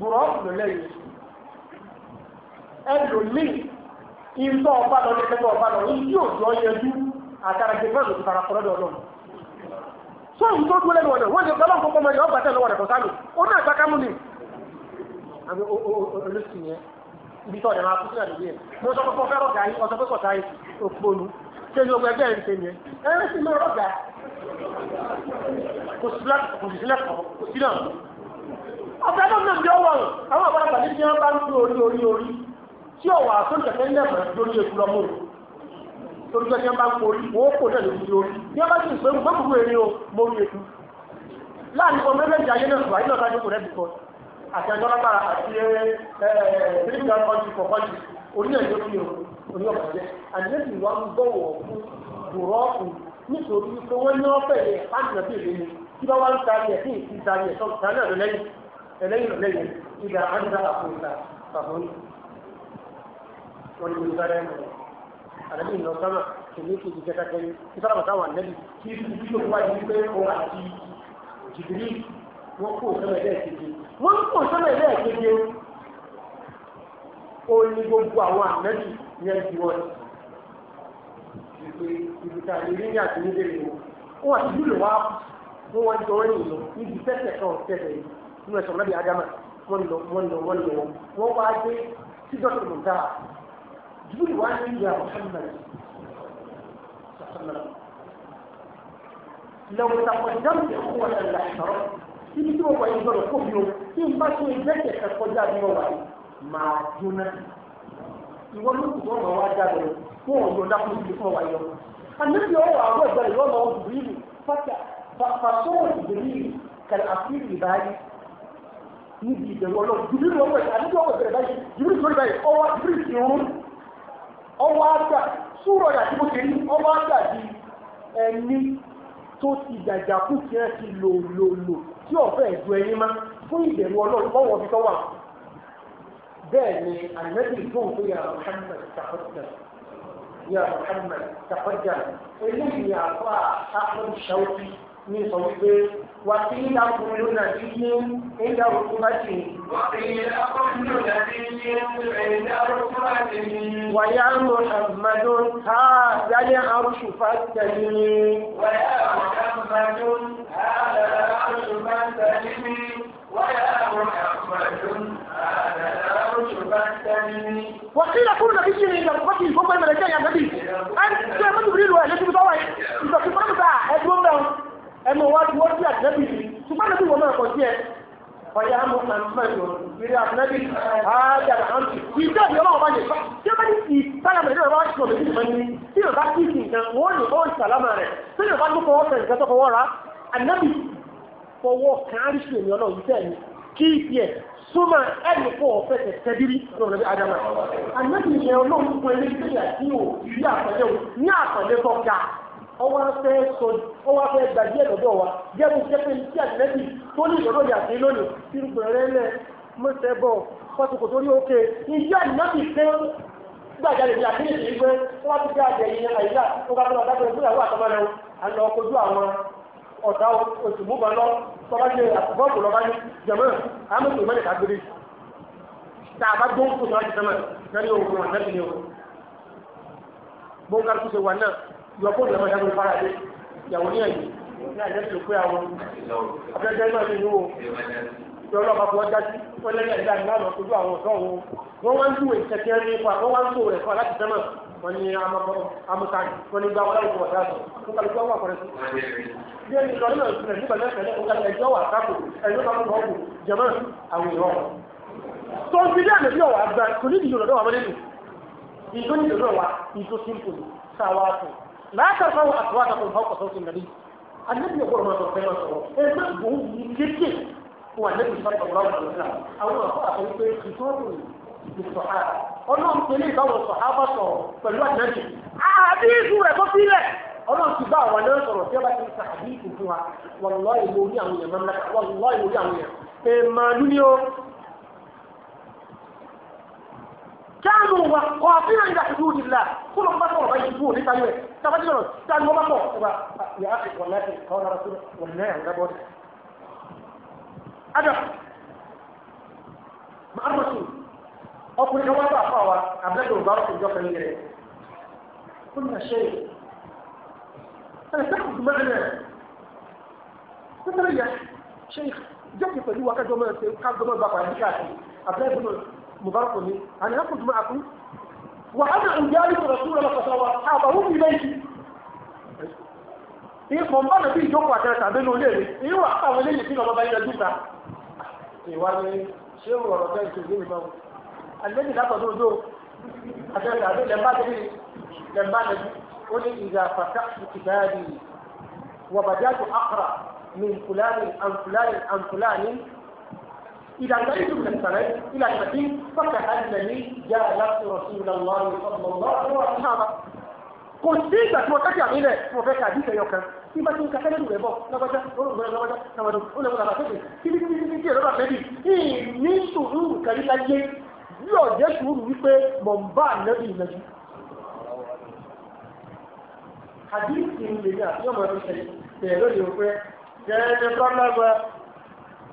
bùrọ́ọ̀bù ló lẹ́yìn ẹlòmíì ìtọ́ ọba lọ ní pẹ́pẹ́ ọba lọ ìdí òjò yẹjú àtàrà jẹgbẹ́ lòdì tara kọ́ lọ́dọ̀ ọlọ́run tó ń tó dúró lẹ́nu ọ̀nà wọ́n ti gbọ́dọ̀ kọ́kọ́ mọ́ ni ọgbà tẹ̀ lọ́wọ́ rẹ̀ kọ́sálù ó náà gbá kámú ni. àbí olùsìn yẹn ibi tó ọ̀dẹ̀ máa kú sílẹ̀ lórí ẹ̀ mo sọ pé fẹ́rọ̀ gà yín ọ̀sọ́ pé kọ̀tà yìí òponu ṣé ni ogun ẹgbẹ́ ẹ̀ ń ṣe yẹn ẹ̀rẹ́ sì mọ́ ọ̀gá kò sí sílẹ̀ kò sí náà ọ̀gá náà náà jọ wọ̀n àwọn àgbàlagbà ní bí wọ́n bá ń fi orí orí orí tí ọ̀wà tó ń tẹ̀lé ńlẹ̀ mọ̀ lórí eku lọ́mú torí pé wọ́n bá ń forí wọ́n kò náà lè fi orí bí wọ́n bá sì ń pé mo gbogbo èrè o mo rí eku láàrin ọmọ ẹgbẹ́ ayé náà sùn àyínà ọ̀dájú kò rẹ̀ bìkọ́ àti ẹjọ́ lágbára àti ẹ ẹ tíríkà ọjì kọ̀ọ̀kọ́jì orí náà ló fi orí ọ̀gá jẹ́ àdéhùn wa ń gbọ́wọ̀ fún bùrọ́ọ̀kù nítorí pé wọ́n ní ọ̀fẹ́ yẹn pàǹtí náà bèèrè ni eléyìí lẹ́yìn ìdá àńdá àkùnta fàfún wọn ìlú bẹ̀rẹ̀ mọ àdàbí ìlọ sọmọ kìíní kìíní kẹta kẹrin ìtara bàtà wà nẹbi kí ibi tó wá yìí pé òun àti jìbìrì wọn kó sọmọ ẹlẹ kéde wọn kó sọmọ ẹlẹ kéde ó ní gbogbo àwọn àmẹ́bí yẹn ti wọn ìpè ìbùkà ìrírí ní àtúndé rẹ wọn àti júlò wá wọn wọn jọ wọn nìyẹn níbi tẹsẹ kan tẹsẹ yìí nínú ẹ̀sọ̀ nábì ádámà wọ́n lọ wọ́n lọ wọ́n lọ wọ́n wá dé sídọ̀ tó ń dá júbìlì wá ní ìyá Muhammad lọ́wọ́ tàkọ̀dáwò ní ọkọ̀ wọn lọ sọ̀rọ̀ ibi tí wọ́n wà yìí lọ́rọ̀ kóbi o tí n bá tó ìgbẹ́kẹ̀ kan kọjá bí wọ́n wà yìí máa jóná ìwọ́n ló kù wọ́n wá dá lọ fún ọ̀yọ́ dákúrú ibi fún ọ̀wá yọ. àníbi ọwọ́ àwọn ìgbàlè yọ̀ọ́ lọ́wọ́ bìbìrì fàṣọ níbi ìbẹ̀rù ọlọ́run jìbìrì lọ́wọ́ ẹ̀ àdúgbò ọwọ́ ìbẹ̀rẹ̀ báyìí jìbìrì sórí báyìí ọwọ́ jìbìrì sì rún ọwọ́ àgbà súrọ̀ yà tí mo ṣe ní ọwọ́ àgbà di ẹni tó ti dàjà kú tí ẹ ti lò lò lò tí ọ̀fẹ́ ẹ̀dùn ẹni má fún ìbẹ̀rù ọlọ́run ọwọ́ fi tọ́wà bẹ́ẹ̀ ni ànẹ́bí ìgbóhùn tó yà Muhammad tàkọ́jà yà Muhammad tàkọ́jà eléyìí àfà àkọ́jà ní sọ wípé وقيل كل نبي عند ركبته وقيل كل نبي عند ركبته ويا محمد هذا العرش فاستلمي ويا محمد هذا العرش فاستلمي ويا محمد هذا العرش فاستلمي وقيل كل نبي عند ركبته فوق الملكين يا نبي انت يا جبريل ويا جبريل انت في فرنسا يا جبريل ẹnu wájú wọ́n sí àtẹ́bí yìí ṣùgbọ́n àtẹ́bí wọn náà kọ̀ sí ẹ ọ̀yà muhammed ìrì àtẹ́bí àádàrà àǹtí ìjọ ìyọ́ náà wà ní ìfà tí ó bá ní ti sálámà ìdí ọ̀rọ̀ ìṣòro méjì mọ́ ní tí yóò bá kí ìsìn kan wọ́n ní ó ìsàlámà rẹ̀ tí yóò bá tó fọwọ́ fẹ̀ nǹkan tó fọwọ́ ra ànábì fọwọ́ kárí sí èmi ọlọ́run súnmọ́ ẹnì ọ̀fẹ́ tẹ̀ lọ́rọ̀ bí adama ànábì ìyẹn ọlọ́run pẹ̀lú ìpìlẹ̀ tí ò rí àpẹẹrẹ ní àpẹẹrẹ tó ga ọwọ́ afẹ́ sọ ọwọ́ afẹ́ gbà díẹ̀ lọ́dọ̀ wa jẹ́mu jẹ́pẹ́ ní tí àtìlẹ́bì tó ní ìlọ́dọ̀ yà sí lónìí tí gbẹ̀rẹ̀ lẹ̀ mọ́sẹ̀ bọ̀ pàtàkì torí òkè ìjẹ́ àtìlẹ́bì fẹ́ gbàjáde ní àkíyèsí wípé wọ́n ti gbé àjẹ yìí àyíká tó bá tọ́lá dákẹ́ ìgbéyàwó àtọ́mọ́ rẹ̀ àná kojú àwọn ọ̀tá oṣù mú bọ́ọ̀lọ́ tọ́lá ṣe àtúbọ̀ọ̀kù lọ́ba ní jẹ̀mọ́ àmọ́tò mẹ́rin kàgbére tá a bá gbóhùn kù tó wá ti sẹ́mọ̀ lórí òògùn ọ̀nẹ́bìnrin o gbóhùn kàgbére wà náà yọkó ìyàwó ìyàwó ìfara dé ìyàwó ní ẹ̀yìn ní àjẹ́ tó pé àwọn abẹ́jẹ́ náà ní ìlú o tí ọlọ́pàá fún ọjà sí wọ́n lẹ́yìn àìdá ní láàrín ọ̀tọ́jú àwọn ọ̀tọ́ òun wọ́n wá ń dùn ìṣẹ̀kẹ́ ní ipa wọ́n wá ń tó rẹ̀ fún aláti sẹ́mọ̀ wọ́n ní amúkàní wọ́n ní gba wọn láwùjọ ọ̀dà sọ fún kálukú ọwọ́ àkọrẹ́ sí. bí ẹni lọ nínú ìpínlẹ̀ nípa lẹ́sẹ̀ ní ọjà ẹjọ́ wà káàkó ẹjọ́ káàkó ọkù jẹ̀mọ́ àwọn èèyàn. tó ń fi dáàbò bí ọ̀wà àgbà kò ní ìdíjọ́ lọ́dọ̀ wà mọ́ nínú ìdó ní ìdó náà wà ìdó símpù sáwà fún لا ترفعوا أصواتكم فوق صوت النبي النبي يقول ما ne صوت النبي يمكن هو النبي صلى الله عليه وسلم أول أخي خطاب للصحابة ọlọ́run pé ní ìbáwọn sọ̀hábà sọ̀rọ̀ pẹ̀lú àjẹ́jì àdéhùn rẹ̀ tó sílẹ̀ ọlọ́run ti bá àwọn ẹlẹ́rọ sọ̀rọ̀ tí ó bá ti ń sàdéhùn kánú wa kọ́ àfihàn ìdá ìlú ìlà kó ló ń bá sọ̀rọ̀ báyìí ìbú òní tayọ̀ ẹ̀ tàbátí lọ́rọ̀ tí a ní wọ́n bá bọ̀ ọba yà á fi wọ̀n láti kọ́ lára tó wọ̀n náà ń dábọ́ adam mahamadu ọkùnrin kan wá bá àpá wa abẹ́gbẹ̀ òbá ọkùnrin jọ kan yẹrẹ kó ní àṣẹ ẹ̀ sẹ́kùn tó mẹ́rin ẹ̀ sẹ́kùn tó mẹ́rin ẹ̀ ṣe jẹ́ kí pẹ̀lú wa kájọ́ mẹ́rin kájọ́ mẹ́rin bá pàdé káàkiri abẹ́gbẹ̀ مضاف لي أنا أخرج معكم وأنا أجالس رسول الله صلى الله عليه وسلم وأصحابه إليه ìfọ̀ bá lè fi ìjókòó àti ẹ̀sà nínú ilé rẹ̀ irú àtàwọn eléyìí sí lọ́mọ bá yẹ dúta. ìwà ni ṣé o rọrọ bẹ́ẹ̀ tó léyìn báwo. àlejò látọ̀dọ̀ ojú àtẹ̀sà àti lẹ́mbà tẹ́lẹ̀ lẹ́mbà lẹ́bí ó ní ìgbà fàtà ìkìdáàdì wàbàdàtò àkàrà min fúlàní àǹfúlàní àǹfúlàní إذا تعيش من السند إلى المدين فكأنني جالست رسول الله صلى الله عليه وسلم kò sí ìgbà tí mo kájà mí lẹ̀ mo fẹ́ kàdí ìfẹ́ yọkan tí bá ti ń kakẹ́ lẹ́nu rẹ̀ bọ̀ lọ́gbọ́já olùgbọ́n lọ́gbọ́já tàbàdùn ó lẹ́wọ́n àbá tẹ̀sẹ̀ tí bí bí bí bí ẹ̀rọ bá fẹ́ bì í ní sùúrù kàrí láyé yóò jẹ́ sùúrù wípé mọ̀ ń bá ànábì ìnàjú. àdìsí ìrìnlẹ̀ ní àti ọmọ ẹ̀rọ ìṣẹ̀lẹ̀ bẹ̀rẹ̀ lóde òpin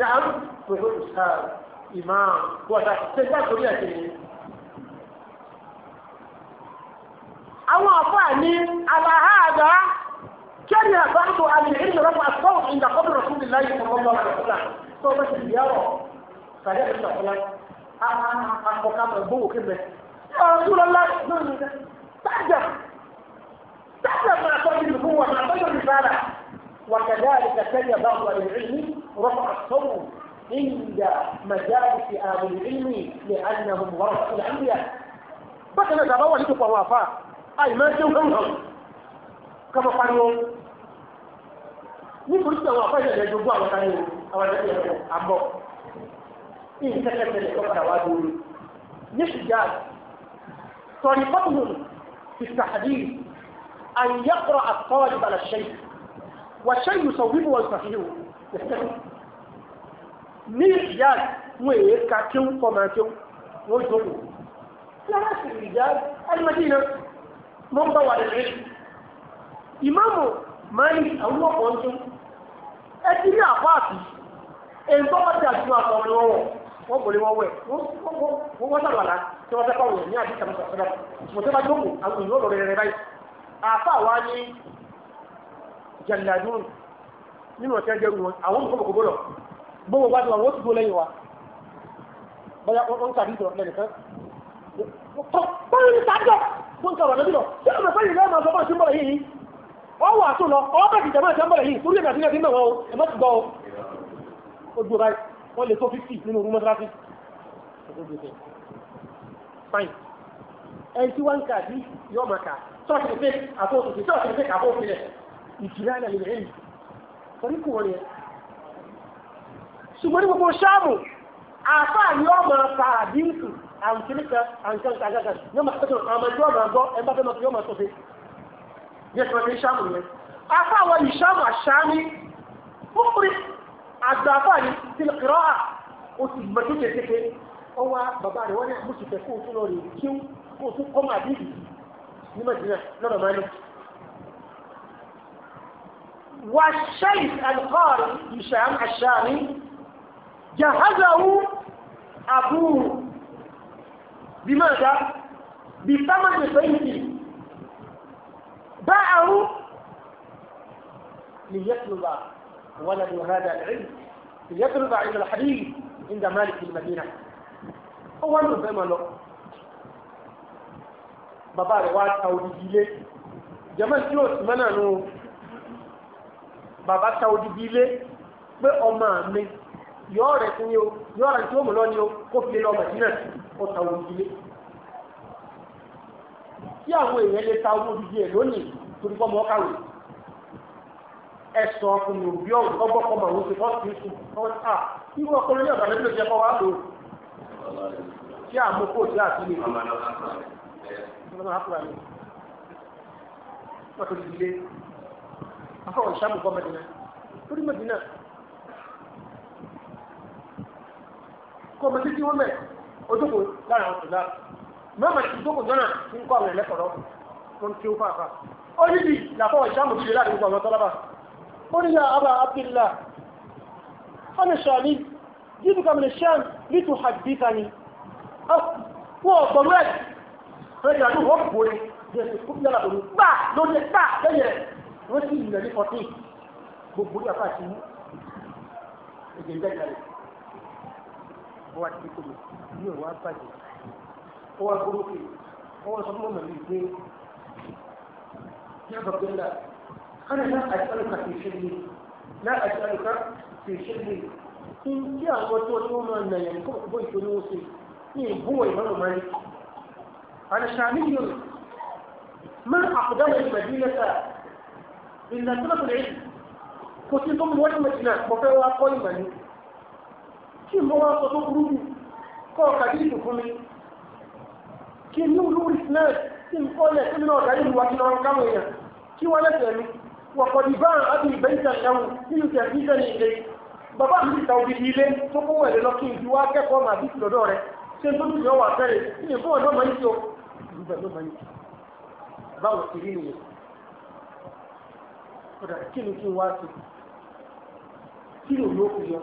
نعم ala أستاذ إمام هو تتذكر يأتي àwọn àfáà ní aláhàdá kẹ́ni àbáàbò àlìhìn rẹ̀ àtọ́ ìgbà kọ́bí rẹ̀ fún ìláyé ọmọlọ́wọ́ àkọ́kọ́lá tó bá ti yàwọ̀ sàdé àti àkọ́lá àkọ́kọ́ mọ̀ gbówó kébẹ̀. ọ̀rọ̀dúnlọ́lá tájà tájà máa tọ́jú ìlú fún wọn àtọ́jú ìsára وكذلك سمي بعض اهل العلم رفع الصوت عند مجالس اهل العلم لانهم ورثه الانبياء bákan náà àbáwọ̀ nítòpọ̀ àwọn àfáà àì máa jẹun hàn kọmọ pariwo nítorí tí àwọn àfáà ìṣẹ̀lẹ̀ gbogbo àwọn kan ní àwọn ìṣẹ̀lẹ̀ ẹ̀kọ́ àbọ̀ ní ìṣẹ̀lẹ̀ tó padà wá lórí ní ṣùgbọ́n sọ̀rọ̀ ìfọ́tùnù ti sàdí àyẹ̀kọ̀rọ̀ àtọ́wọ́ ìbàlẹ̀ ṣẹ́yìn wàṣẹ́ yusọ̀wímù wọn sàfihàn ní ìyá wọn èyí ka kíw kọ́mà kíw wọ́n jókòó lára sì ìyá alimadina wọ́n bá wà lẹ́yìn ìmáàmù mali àwọn ọkọ̀ ń tún ẹ ti ní àpáàtì èyí tó bá ti àtúnwò àtọ̀rọ̀ wọn wọ́n kò lè wọ́n wẹ̀ wọ́n wọ́n sàlùwàlá tí wọ́n fẹ́ kọ́ wọ̀ ní àdìsàmùsàmùsàmù mọ̀tẹ́bá jókòó àwọn èèyàn lọ́rọ̀ rẹ̀ rẹ̀ báyìí àfa wa ní jàndàdún nínú ọ̀tẹ́ jẹ́rù wọn àwọn nǹkan kò gbọ́dọ̀ gbogbo wá ní àwọn tó lẹ́yìn wa bọ́yá wọ́n kàdí ìtọ̀ lẹ́nìkan báyìí ní sáájọ́ wọ́n kàwà lọ́dún lọ sí ọ̀nà pẹ́lú ilé ọmọ ọmọ tí ń bọ̀rọ̀ yìí ọwọ́ àtún lọ ọwọ́ bẹ̀rẹ̀ ìjàmọ́ ìjàmọ́ bọ̀rọ̀ yìí torí ẹ̀nà àti ẹ̀dínmọ̀ wọn ẹ mọ́ ti gbọ́ ó dúró báyìí wọ́n lè tó fífì nínú orú mọ́sáfí ẹni tí wọ́n ń kà bí yọ́ mọ̀ kà tọ́ọ̀tì ìtìláàlà lè rẹ̀ torí kò wọ́n yẹn ṣùgbọ́n ní gbogbo ṣáàmù àfáà ni ọmọ fàdínkù àǹtíríkà àǹtíríkà àgàgà yóò máa tẹ́tọ̀ ọmọ ẹgbẹ́ ọmọ ẹgbọ́ ẹgbẹ́ tó yóò máa tọ́fẹ́ yẹ kí wọ́n fi ṣáàmù yẹn àfáà wọ́n yìí ṣáàmù àṣáàmì fúnfúnri àgbà àfáà ni tìlìkìrọ́ à ó sì gbẹ̀dú kékeré ọwọ́ bàbá rẹ̀ wọ́n ní àmúṣùfẹ́ kó o tún lọ rè kíw kó o tún kọ́ máa bí ní mẹ́tìrínà lọ́dọ̀ máa ní والشيخ القاري هشام الشامي جهزه أبوه بماذا؟ بثمن بيته باعه ليطلب ولد هذا العلم ليطلب علم الحديث عند مالك المدينة هو أنه بما له بابا رواد أو بجيلة جمال جوز منانو bàbá ta odidi ilé pé ọmọ mi yọ̀ọ́ rẹ̀ fún yín o yọ̀ọ́ rẹ̀ tí ó mú lọ ni o kó fi lọ Mẹdínà ó ta odidi ilé tí àwọn èèyàn lè ta owó dídí ẹ̀ lónìí torí kọ́ mọ́ káwé ẹ̀sùn ọkùnrin òbí ọ̀hún ọgbọ́n kọ́ màá ń ṣe fọ́ọ̀tì ìṣù ọ̀tà irú ọkùnrin ní ọ̀dàlẹ́ ló jẹ́ kọ́ wá lò ó tí àmúkò tí àti lè lò afọwọ́ ìṣàmù kọ́ mẹ́dínà lórí mẹ́dínà kọ́ mẹ́dínà tí wọ́n mẹ́ ojúkò lára àwọn ìlà mẹ́mà tí ojúkò jọ́nà ti ń kọ́ àwọn ẹlẹ́kọ̀ọ́ tó ń tí ó fàáfà ó ní bí làfọwọ́ ìṣàmù ti lè láti gbogbo àwọn tọ́lábà ó ní yà ábà abdullah ọ̀nà ṣàlì jíbi kàmìlì ṣàn lítù hadithani wọ́n ọ̀gbọ̀n rẹ̀ rẹ̀ yàtọ̀ wọ́n kò ní yàtọ̀ lórí ẹ̀ wọ́n sì yìnbọn ní fourteen gbogbo ní àfa àti ẹ̀jẹ̀ ń dẹ́gbẹ̀rẹ̀ wọ́n wá ti kó mi ní òun á bàjẹ́ ó wá gbóró pé wọ́n wá sọ fún mọ̀mọ́ mi pé yá bàbá ńlá kánà náà àjálùkà fi ṣe mi náà àjálùkà fi ṣe mi kí n kí àwọn tó tó máa nàyàn kó bó ìtòní wọn ṣe ní ìbúwọ̀ ìmọ̀ràn máa ní. àdàṣà mi yòó máa àkùdá yẹn gbẹ̀dí lẹ́sà ìlànà tó lọ́tọ̀ lẹ́yìn kò sí tó mú wọ́n ìmọ̀ ìjìnà mo fẹ́ wá kọ́ ìmọ̀ ni kí n mọ́ wá sọ tó burú jù kọ́ ọ̀kadì ìlú fún mi kí n ní olú ìsinà kí n kọ́ ilẹ̀ sínú ọ̀gá ìlú wa kí n ọ̀rọ̀ káwọn èèyàn kí wọ́n lẹ́sẹ̀ mi wọ̀kọ̀ ní báà àti ìbẹ́ ìtàkàwù nínú tẹ̀sí ìtẹ̀lẹ̀ ilé bàbá mi ti ta òdìdí ilé tó kún wẹ̀lẹ́ lọ kí n ju wá kẹ́kọ̀ọ́ màá bí lọ́dọ̀ rẹ̀ ṣé n tó dùn yọ wà fẹ́rẹ̀ kí n fún kódà kí ni kí n wá sí kí ló ló fi yọ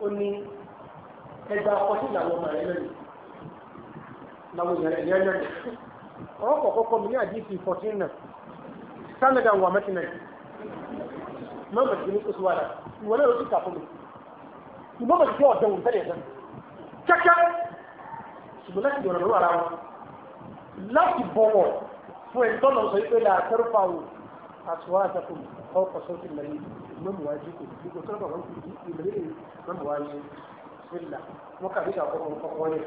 ó ní ẹgbẹ́ akọ́sí làwọn ọmọ rẹ̀ lẹ́nu làwọn èèyàn rẹ̀ lẹ́nu ọ̀rọ̀ kọ̀ọ̀kan kọ́ mi ní àdìsí fourteen náà sanada wà mẹ́tìnà yìí mọ́mọ́ ti ní kó sí wàdà ìwọ náà ló ti kà fún mi ìmọ̀mọ́ ti fi ọ̀dọ́ wò tẹ́lẹ̀ tẹ́lẹ̀ kẹ́kẹ́ ṣùgbọ́n láti yọ̀rọ̀ lọ́wọ́ ara wọn láti bọ̀wọ̀ fún ẹni tọ́lọ̀ sọ pé la tẹ́rùfà wò àtúwà àtàkùn ọkọ̀ sọ́ọ̀tì lẹ́yìn mọ́mù wájú kò gbogbo tọ́lọ̀ wọn kò ní ìmọ̀lẹ́ mọ́mù wájú fìlà wọn kà nígbà kọ́kọ́ kọ́kọ́ yẹ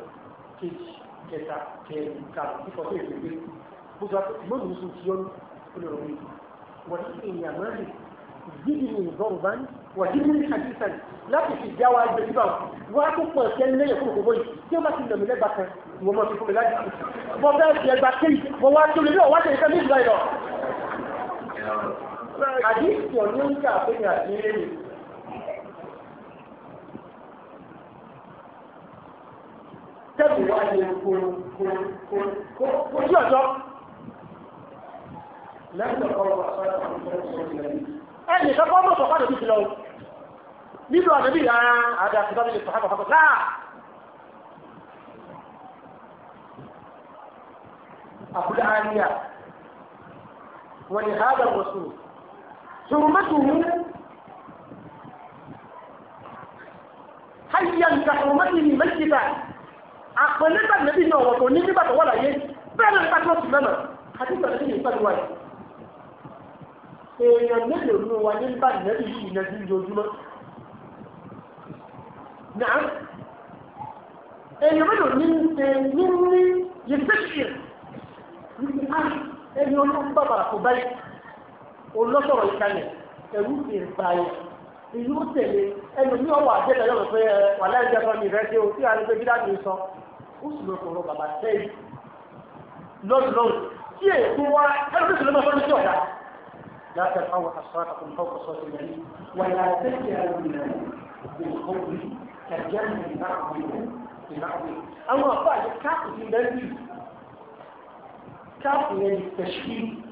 kejì kẹta kẹrin karùn kíkọ́ tó èdè gbé gbogbo mọ́mù sùn kí ọ́nù olùrọ̀wé wọ́n ti ìyàmọ́lẹ̀ jíjìnì ìbọ̀rùbán wà jíjìnì àdìsàn láti fi já wa gbé nígbà wà á tún pọ̀ ṣẹ́ lẹ́yìn fún òkòwò yìí tí ó bá ti lọ mí lẹ́gbàá kan ìwọ́n máa fi fún mi láti fi bọ́ bẹ́ẹ̀ fi ẹgbà kéyì mo wá tó lè ní ọ̀wá tẹ̀lé sẹ́mi ìgbà yọ. àdìsàn ló ń jà pé ní àdìrẹ́ mi. tẹ́lù wá yẹ kóró kóró kóró kóró sí ọ̀dọ́. lẹ́yìn ọ̀pọ̀ wà sọ́dọ̀ àwọn ọmọ ìṣòro ẹnì kan kọ́ mọ̀sọ̀ fún àdébí lọ nínú àdébí ara àdé àti bábí lè sọ fún àkọ́kọ́ náà. àbúlé àníyà wọ́n ní hádà wọ̀sù sùrùmẹ́sù mú hayyan ka sùrùmẹ́sù ní mẹ́sìtà àpẹẹlẹ́gbàgbẹ́bí náà wọ̀ tó ní nígbà tó wà láyé bẹ́ẹ̀ náà nípa tó ti mẹ́mọ̀ àti ìgbàgbẹ́bí ní ìpàdé wáyé èèyàn mélòó ló wà ní bá ìnẹ́bí yìí ìnẹ́bí lójúmọ́ náà èèyàn mélòó ní ṣe ní ní yìí ah, ẹni olóńgbà bàrà kò báyìí olóṣọ̀rọ̀ ìkàlẹ̀ ẹ̀rú ìrìnbà yẹn ìlú tẹ̀lé ẹnu ní ọwọ́ àjẹtẹ̀ lọ́wọ́ pé wà láì jẹ́ fún mi rẹ dé o tí a ní pé bídá mi sọ ó sì lọ sọ̀rọ̀ bàbá sẹ́yìn lọ́dún lọ́dún tí èkó wá ẹnu tó sì lọ́mọ fọ́nù sí ọ̀dà لا ترفعوا اصواتكم فوق صوت النبي ولا تجعلوا من بالخوف كالجنة بعضهم ببعضهم أما بعد كعب النبي كعب من التشكيل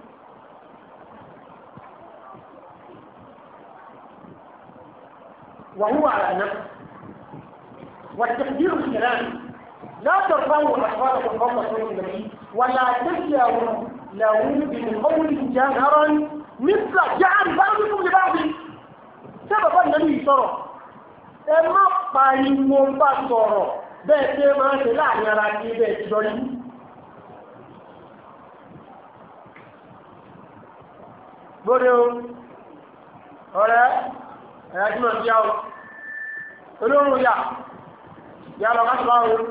وهو على نفس والتقدير الكلام لا ترفعوا اصواتكم فوق صوت النبي ولا تجعلوا له قول جهرا nígbà já àríwá ló fún mi báyìí ṣé bàbá ìnáwó yìí sọ̀rọ̀ ẹ má pariwo bá sọ̀rọ̀ bẹ́ẹ̀ ṣe máa ń ṣe láàrin ara ní bẹ́ẹ̀ ti dọ́rí. gbóde o ọ̀rẹ́ ẹ̀yà tí mo ti yá o olóhùn yà yà lọ ká sọ̀rọ̀ o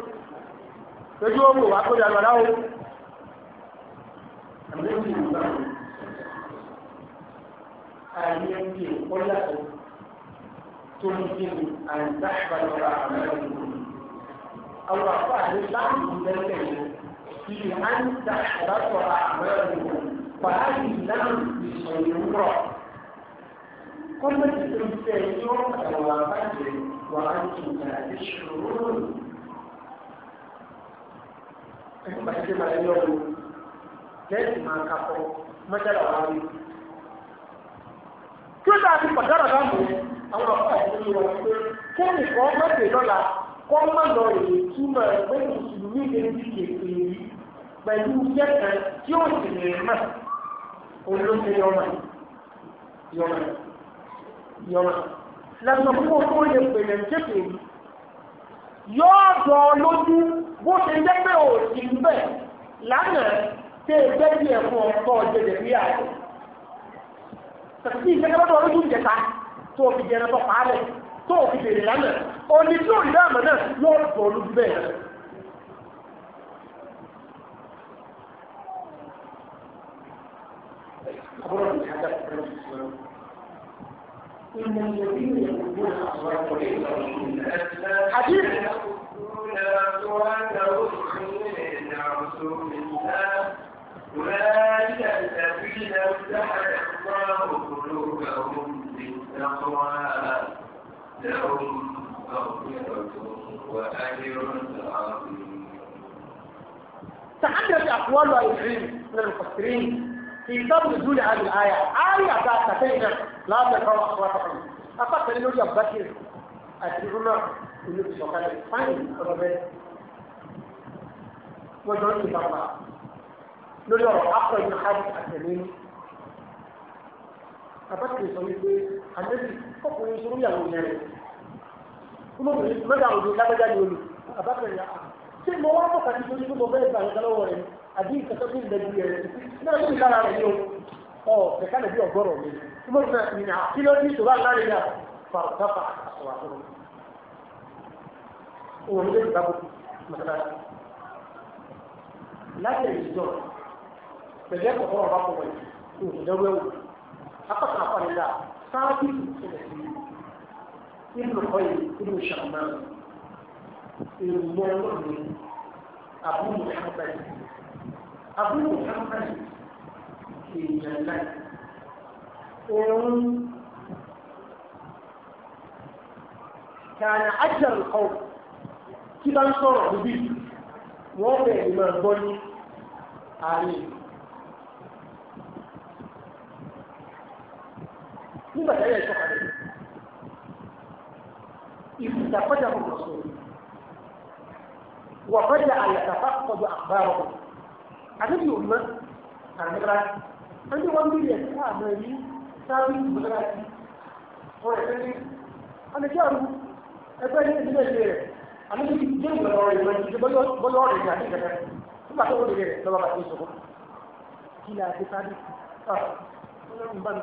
lójú òwò wà kó dàgbà o. ayé ń bí ìkọ́lá tó tó ń bí mi àǹdáṣà lọ́wọ́ àwọn ẹ̀rọ àwọn àpá àti láàyè lẹ́sẹ̀ yìí kí àǹdáṣà lọ́wọ́ àwọn ẹ̀rọ pàáyì láàyè ìsọ̀yìn wúrọ̀. kọ́mẹ́tì tó ń fẹ́ yọ àwọn àbájẹ wà á tún náà ìṣòro. ẹ̀ka ṣe máa yọ ọ́ lẹ́sìn máa kakọ́ mọ́tàlá wa rí i. kí ó dàbí pàdánù àdámù àwọn ọ̀pá ìdílé wọn pé kéèyàn kan mẹ́tẹ̀ẹ́ lọ́la kọ́ má lọ èyí túmọ̀ pé mùsùlùmí lè di ètò èyí pẹ̀lú jẹ́ka tí ó sì lè mọ̀ olóṣè yọmọ yọmọ yọmọ lẹ́nu fún òkú lè pèlè jẹ́kẹ̀ èyí yóò dọ̀ lójú bó ṣe jẹ́ pé òsì ń bẹ̀ lánàá tẹ́ ẹgbẹ́ bí ẹ̀fọn ọ̀pọ̀ ọ̀jẹ̀dẹ̀ bí àgbẹ̀ tàbí ìgbẹ́gbẹ́dọ̀ ọdún jẹta tó fi jẹrẹ tó pa tó fi bèrè lánàá òní tí òní dáàmà náà yóò bọ̀ lójú bẹ́ẹ̀ حديث أولئك الذين امتحن الله قلوبهم بالتقوى لهم مغفرة وأجر عظيم تحدث أقوال وإبراهيم من المفسرين في سبب نزول هذه الآية آية بعد سفينة لا تقرأ أصواتكم أفكر أنه يبكر أتريدنا أنه يبكر فاين ربي وجعلني بابا lórí ọ̀rọ̀ akọ ìlú hajj àtẹ̀lénu. Àbákìrì sọ wípé àdébì ọkùnrin sọ lórí àwọn ìyẹn rẹ̀. Olóbìnrin mẹ́ta òjò lágbájá ni olù. Àbákìrì yà á. Ṣé mo wá bọ̀kà sí torí pé mo bẹ́ẹ̀ bá àyíká lọ́wọ́ rẹ̀ àbí ìkẹ́kọ̀ọ́ sí ìgbẹ́ ju rẹ̀? Náà yóò lára rẹ̀ ni o. Ọ̀ kẹ̀kẹ́ lè bí ọ̀gọ́rọ̀ mi. Mo sọ ìrìnà kí ló ní ìṣòro àlárin náà? Fàrùtàfà àṣọwà tó lọ. Òun ló pẹ̀lú ẹ̀kọ́ tó ọba kọ̀ wọ̀nyí ní òṣèlérú ẹ̀wò akọ̀tà àpàlẹ́lá sáájú ìṣẹ̀lẹ̀ sí ìlú ọ̀yẹ́ ìlú ìṣàmà ìmọ̀ ọlọ́ọ̀ni àbúrò ìṣàmàlì àbúrò ìṣàmàlì èèyàn láì òun kàní àjẹrò kọ́ kí bá ń sọ̀rọ̀ níbí wọ́n bẹ̀rẹ̀ máa gbọ́ ní àárín ìlú. nígbà tẹ́lẹ̀ sọ̀kalẹ̀ ìfìtàkọ́jà kò lọ sọ̀rọ̀ wàkọ́jà àyàtàfà kọjú àkùbárọ̀ kọ̀ àdébí òun náà àmìlá ẹni wọ́n bí yẹ ká àmì ẹ̀rí sábì ìmúlá sí wọ́n ẹ̀fẹ́ ní ọ̀nẹ́jọ́ àrùn ẹgbẹ́ ní ìdílé ìdílé rẹ̀ àmì ní ìdílé ìgbàlọ́ rẹ̀ ìwọ̀n ìdílé bọ́lọ́ rẹ̀ ní àti ìgbàlẹ́ nígbà tó wọlé rẹ̀ lọ́wọ́ bàtí ìṣòro kí ni àti sábì ọ̀h ah.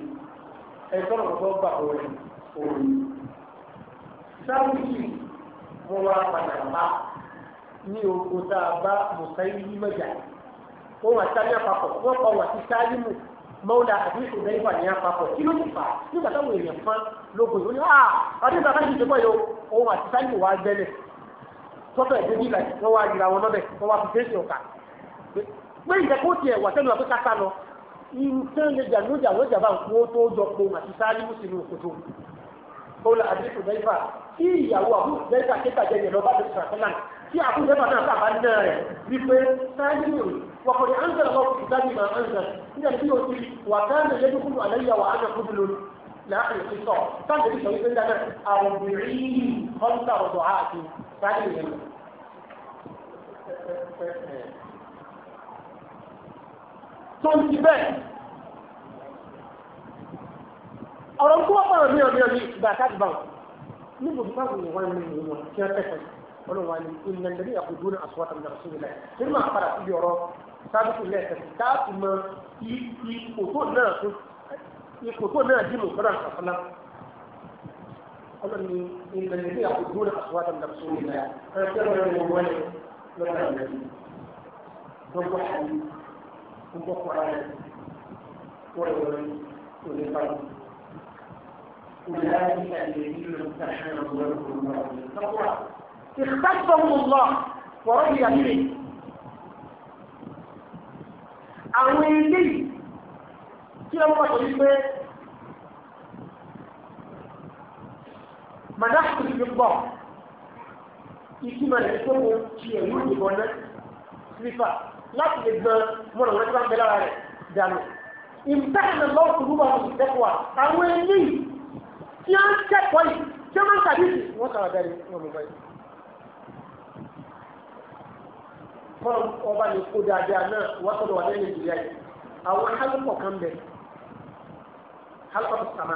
ẹ̀tọ́rọ̀ ọ̀gbọ́n gbà wọlé òun. sáwùsì mo wá padà bá ní oko tá a bá mùsáyí mẹ́jà wọn àtàlẹ́ àpapọ̀ wọn kọ wà sí sáyímù mọ́wúlá àdúgbò ìdẹ́yìnbà ní àpapọ̀ kí ló ti fà á nígbà táwọn èèyàn fán lóko ìwé ní ah, ọdún bàbá yìí ti bọ̀ yìí o òun àti sáyímù wà á gbẹ́lẹ̀ tọ́tọ̀ ẹ̀dẹ́ bí ìlàjì wọ́n wá yìí ra wọn lọ́bẹ̀ wọ́n wá fi fèsì ọ̀kà pé ìjẹ́kọ́ tiẹ̀ wà sẹ́nu àpékáta lọ nǹkan lè jà lójà lójà bá nǹkan ó tó jọ pé màtí sáré mú sínú òkòtò ó lọ àdínkù dẹ́fà tí ìyàwó àbúrò dẹ́fà kéka jẹ yẹn lọ bá dẹ́fà sọ́nà tí àbúrò dẹ́fà náà sábà ń nà rẹ̀ wípé sáré mú wà kò ní àǹzà lọ́wọ́ kò sáré mà àǹzà nígbà tí yóò ti wà káàmì lẹ́yìn kúrò àlẹ́yà wà áná kúrò lónìí láàrin ìsọ sáńdé tó ń ti bẹ́ẹ̀. ọ̀rọ̀ ń kó wọ́n pàrọ̀ mìíràn mìíràn ní ìgbà àtàkì báwọn ní gbogbo báwọn ni wọ́n ní ìlú wọn kí wọ́n kẹ́kọ̀ọ́ ọlọ́run wa ni ìlú nàìjíríà yàgò dúró náà àsọ̀wọ́tà mi lọ́sọ̀rọ̀ ilẹ̀ nínú àpàrà síbi ọ̀rọ̀ sábìkù lẹ́ẹ̀kẹ́sì táàtì mọ ipò tó náà tó ipò tó náà dì mọ̀ sọ́dọ̀ àkàfọ́lá ọlọ́run ni ìlú nàìjíríà yàgò dúró náà àsọ̀wọ́tà mi lọ́sọ̀rọ̀ ilẹ̀ gbogbo kura rẹ̀ wọ́n yọ òní báyìí. أولئك الذين امتحن الله التقوى اختبهم الله ورضي به àwọn eléyìí tí wọ́n wà lórí pé madagascar ti gbọ́ ìtumọ̀ rẹ̀ tó kọ tiẹ̀ yóò dìbò náà sífà láti lè gbọ́n mọ́nà wọn tí wọ́n ń bẹ lára rẹ̀ dànù. ìbẹ́ẹ̀nà lọ́wọ́ kúrú wà lóṣù tẹ́kọ̀ọ́ àwọn eléyìí tí wọ́n ń kẹ́kọ̀ọ́ yìí tí wọ́n ń tàbí ìsìn wọ́n kàrà bẹ́ẹ̀ ni wọ́n mú báyìí. kọ́ ọba ní kó dáadáa náà wọ́n tọ́lọ̀ wà lẹ́yìn ìdílé ayé àwọn hálùkọ̀ kan bẹ̀ hálùkọ̀ tó sàmà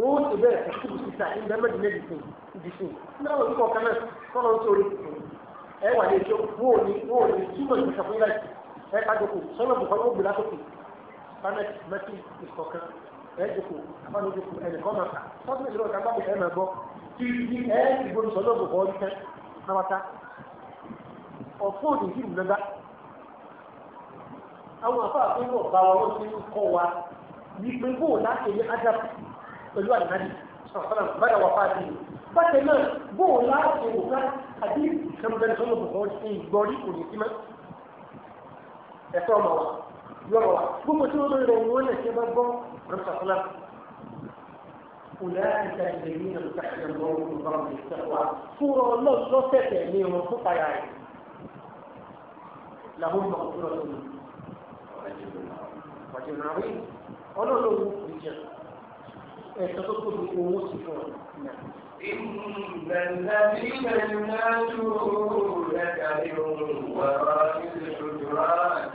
wọ́n ó ti bẹ́ẹ̀ kí ẹ wà ní ètò wọ́n ò ní wọ́n ò ní túmọ̀ ìlú sọ fún yín láì ẹ ká dòkò sọ́nà bùkọ́ ló gbé látòkè planet mẹ́tì ìkọ̀kan ẹ dòkò àwọn olùdókò ẹnìkan máa kà sọ́dún ìlú ọ̀gá gbàgbé ẹ máa gbọ́ tí ibi ẹ ìgbóni sọ́nà bùkọ́ ọdún tẹ́ náwàtá ọ̀fọ́ òdì yìí mú lọ́dá àwọn afọ àfihàn ọ̀gá wa wọ́n ti ń kọ́ wa ní pé bóòlá èyí ádàpù pẹ̀lú àdìmádì sọ̀rọ̀ bákan náà bóun láti wò ká àbí kẹmẹrẹ sọlọ bọ̀ wọn ṣe ìgbọ́rí kò ní sí mọ́ ẹ̀fọ́ ọmọ wa yọ̀rọ̀ wa gbogbo tí wọ́n lọ wọ́n lè ṣe bá gbọ́ rẹ̀sàkúlá kùlẹ̀ ẹ̀ka ìdèmí náà ká ṣe lọ wọn bá wọn lè ṣe wa fúnra ọlọ́ọ̀ lọ́sẹ̀tẹ̀ ní wọn fún kàyà rẹ̀ làwọn mọ̀ fúnra ọlọ́ọ̀ wàjú ẹ̀sọ́ tó tóbi owó sí fún ọ إن الذين ينادونك من وراء الحجرات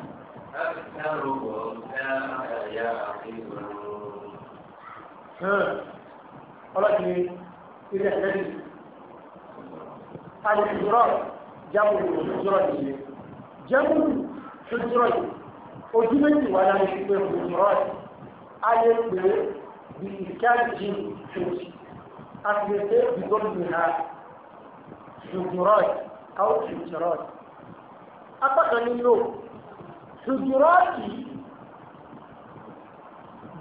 أكثرهم لا يعقلون. ولكن إذا الذي الحجرات جمع الحجرات جمع الحجرات ojúmẹ́tì wà láti pé òṣùrọ̀ ayé pé bí ìkáàjì ṣòṣì أطلق بظلمها حجرات أو حجرات أطلق منه حجرات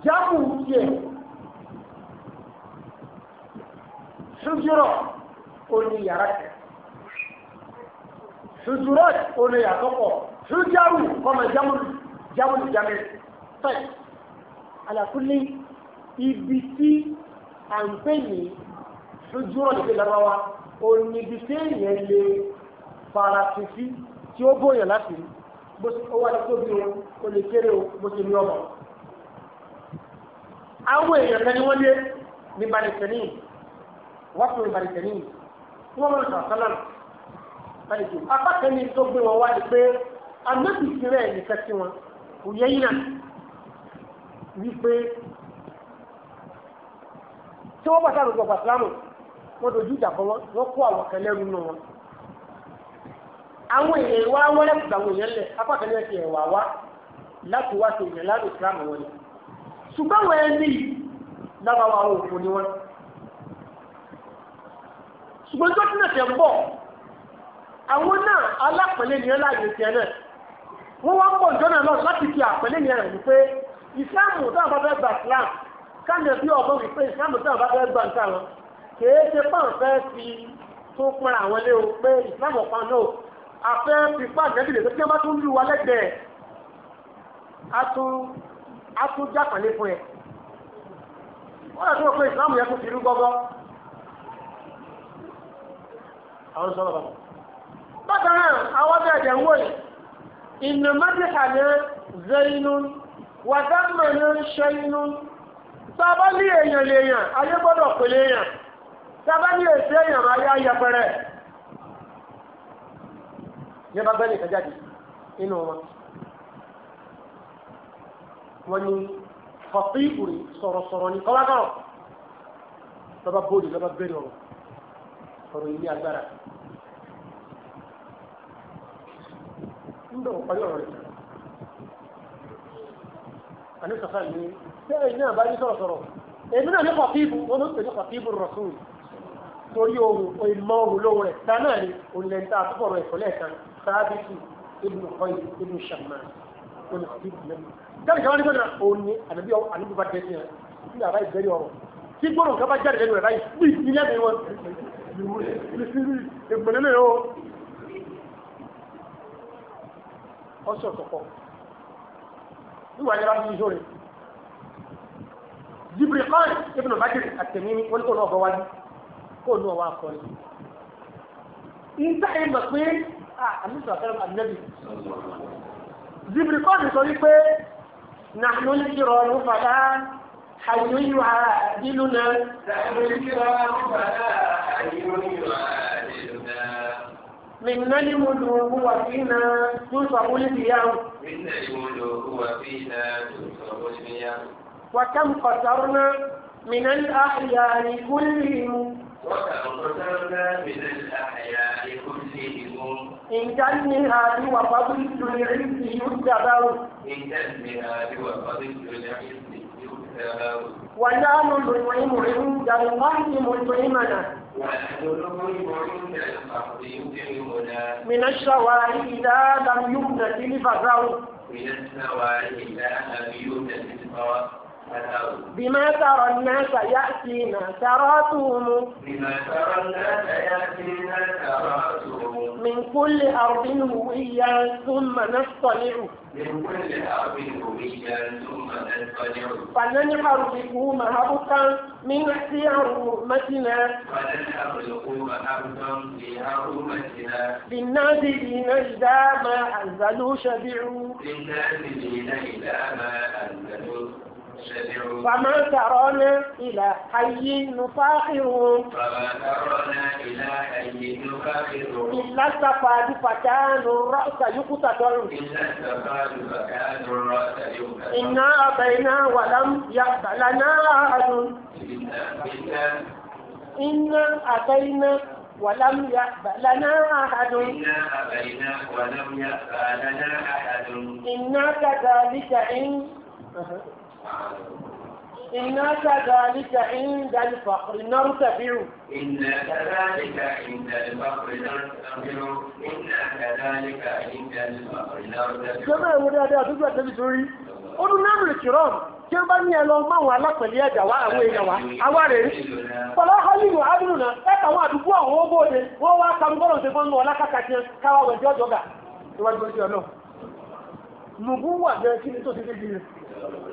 جمعية حجرات قولي يا ركب hujurat ono ya koko hujaru kama jamul jamul jamil tay ala kulli ibiti an pè ní lójú ọ̀nà ìgbé larawa oníbi téèyàn lè fara fífi tí ó bóyàn láti rí bó ó wá ní tóbi o ó lè kéré o bó ṣe ní ọmọ. àwọn èèyàn kan ni wọ́n lé ní balẹ̀tẹ̀ní wọ́n fún balẹ̀tẹ̀ní wọ́n mọ̀ nípa sálọ̀n balẹ̀tẹ̀. apá kan tó gbé wọn wá ni pé anábì tirẹ̀ nìkan sí wọn kò yẹ yín náà wípé tí wọ́n bá sáré gbọ̀gbà sílámù wọ́n dojú ìjà kọ wọn wọ́n kó àwọn kan lẹ́rú nù wọn. àwọn èèyàn wá wọ́n lẹ́kùn àwọn èèyàn lẹ̀ apá kan lẹ́sẹ̀ ẹ̀ wà wá láti wá sí èèyàn láti ìsìlámù wọn ni. ṣùgbọ́n wọn ẹni lábàá wa àwọn òfò ni wọn. ṣùgbọ́n tó tún ẹ̀sẹ̀ ń bọ̀ àwọn náà alápẹ̀lẹ̀ ni ẹ láàyè tiẹ̀ náà wọ́n wá ń bọ̀ ìjọ náà lọ láti fi àpẹ̀lẹ̀ yẹn rẹ̀ wípé ìsìlámù táwọn bá fẹ́ gbà ìsìlámù káàmì ẹ̀bí ọ̀bọ̀n wípé ìsìlámù táwọn bá fẹ́ gbà ń tà wọn kèé ṣe pàm fẹ́ fi tó pẹ́ra àwọn ilé o pé ìsìlámù kan náà àfẹ́ fipá ìgbẹ́bìlẹ̀ tó kí wọ́n bá tún lù wá lẹ́gbẹ̀ẹ́ á tún jápàlé fún ẹ̀ wọ́n yàtọ̀ pé ìsìlámù yẹn kò fi rú gbọ́gbọ́ àwọn sọ̀rọ̀ bàbá. bákan náà àwọn bẹ́ẹ̀ jẹ́ ń wò yìí ìnà mọ́tíkà ní zẹ́yinú wàdánmọ̀ ní ṣẹ́yinú tọ́bọ́lì èèyàn lèèyàn ayé gbọ́dọ̀ pèlè èèyàn sábà ní èsì èèyàn máa yá yẹpẹrẹ ní bá bẹ́ẹ̀ nìkan jáde nínú wọn wọn ni fọ̀fí ìkùrì sọ̀rọ̀sọ̀rọ̀ ní kọ́lákọ̀rọ̀ lọ́ba bóòlù lọ́ba bẹ́ẹ̀ ọ̀rọ̀ ọ̀rọ̀ yìí ní agbára ń bẹ̀rù parí ọ̀rọ̀ rẹ̀ àní sọ̀sán ni bẹ́ẹ̀ ní àbáyé sọ̀rọ̀sọ̀rọ̀ èmi náà ní fọ̀fí ìbù wọn ló ń pè ní fọ̀fí ìbù rọ̀sùn torí ohun ìmọ̀ ohun lóhun rẹ̀ dáná ni òǹlẹ̀ntà àtúbọ̀ rẹ̀ kọ́lẹ̀ kan sáábìtì ibùdó kọ́yì ibùdó sàmà olùkọ́bí ìgbìmọ̀. jáde kan wá ní gbọ́dọ̀ òun ni àdàbí àdúgbò bá dẹ́ sí ẹ̀ ní àbá ìbẹ́rẹ̀ ọ̀rọ̀ tí gbọ́dọ̀ kan bá jáde lẹ́nu rẹ̀ báyìí bí كون هو واكون انت اي مكوين اه النبي صلى الله عليه وسلم جبريل قال لطريقه نحن الكرام فلا حي يعادلنا نحن الكرام فلا حي يعادلنا منا الملوك وفينا تنصب الديان منا الملوك وفينا تنصب الديان وكم قصرنا من الاحياء كلهم من الأحياء كلهم إن كان هذه وفضل العلم يتبع إن كان ونحن نطعم عند القهر مطعمنا من الشوارع إذا لم يمنت الفزع من الشوارع إذا لم يمنت الفزع بما ترى الناس يأتينا تراتهم بما ترى الناس يأتينا تراتهم من كل أرض هوية ثم نطلع من كل ثم فننحر بكم هبطا من في حرمتنا في للنازلين إذا ما أنزلوا شبعوا إذا ما أنزلوا فما ترون إلى حي نفاخر وما ترون إلى حي نفاخر إلا السفاد فكان الرأس يقتتل إلا فكان الرأس إنا أبينا ولم يقبل لنا أحد إنا أبينا ولم يأبى لنا أحد إنا أبينا ولم يأبى لنا أحد إنا كذلك إن إنا كذلك عند الفقر نرتفع إنا كذلك عند الفقر نرتفع إنا كذلك عند الفقر نرتفع جماعة ودادا na تبتوري ọdún náà rè kìrọ̀ tí ó bá ní ẹlọ máwọn alápẹ̀lẹ́ ẹ̀dà wá àwọn èèyàn wa àwa ya é pẹ̀lú ọ̀hánìlú àdúrà náà ẹ̀ka àwọn àdúgbò na ọgbọ́ọ̀dẹ wọ́n wá kamgbọ́dọ̀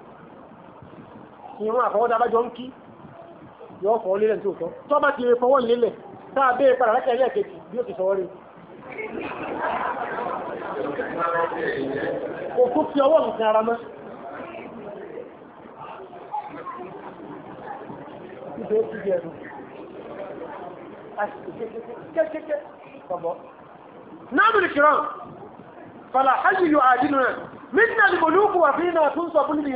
ìrún àfọwọ́dá bájọ ń kí yóò fọ́ lélẹ̀ tó tọ́ tó bá ti fọwọ́ lélẹ̀ tá a béèrè padà lákẹ́ ẹlẹ́ẹ̀kejì bí ó ti sọ rí kò tó fi ọwọ́ nǹkan ara mọ́ ibẹ̀ ó ti di ẹ̀dùn kẹ́kẹ́kẹ́ ọ̀bọ̀ náà bìrì kìrọ̀ fàlàhájì yóò àdínú rẹ̀ mí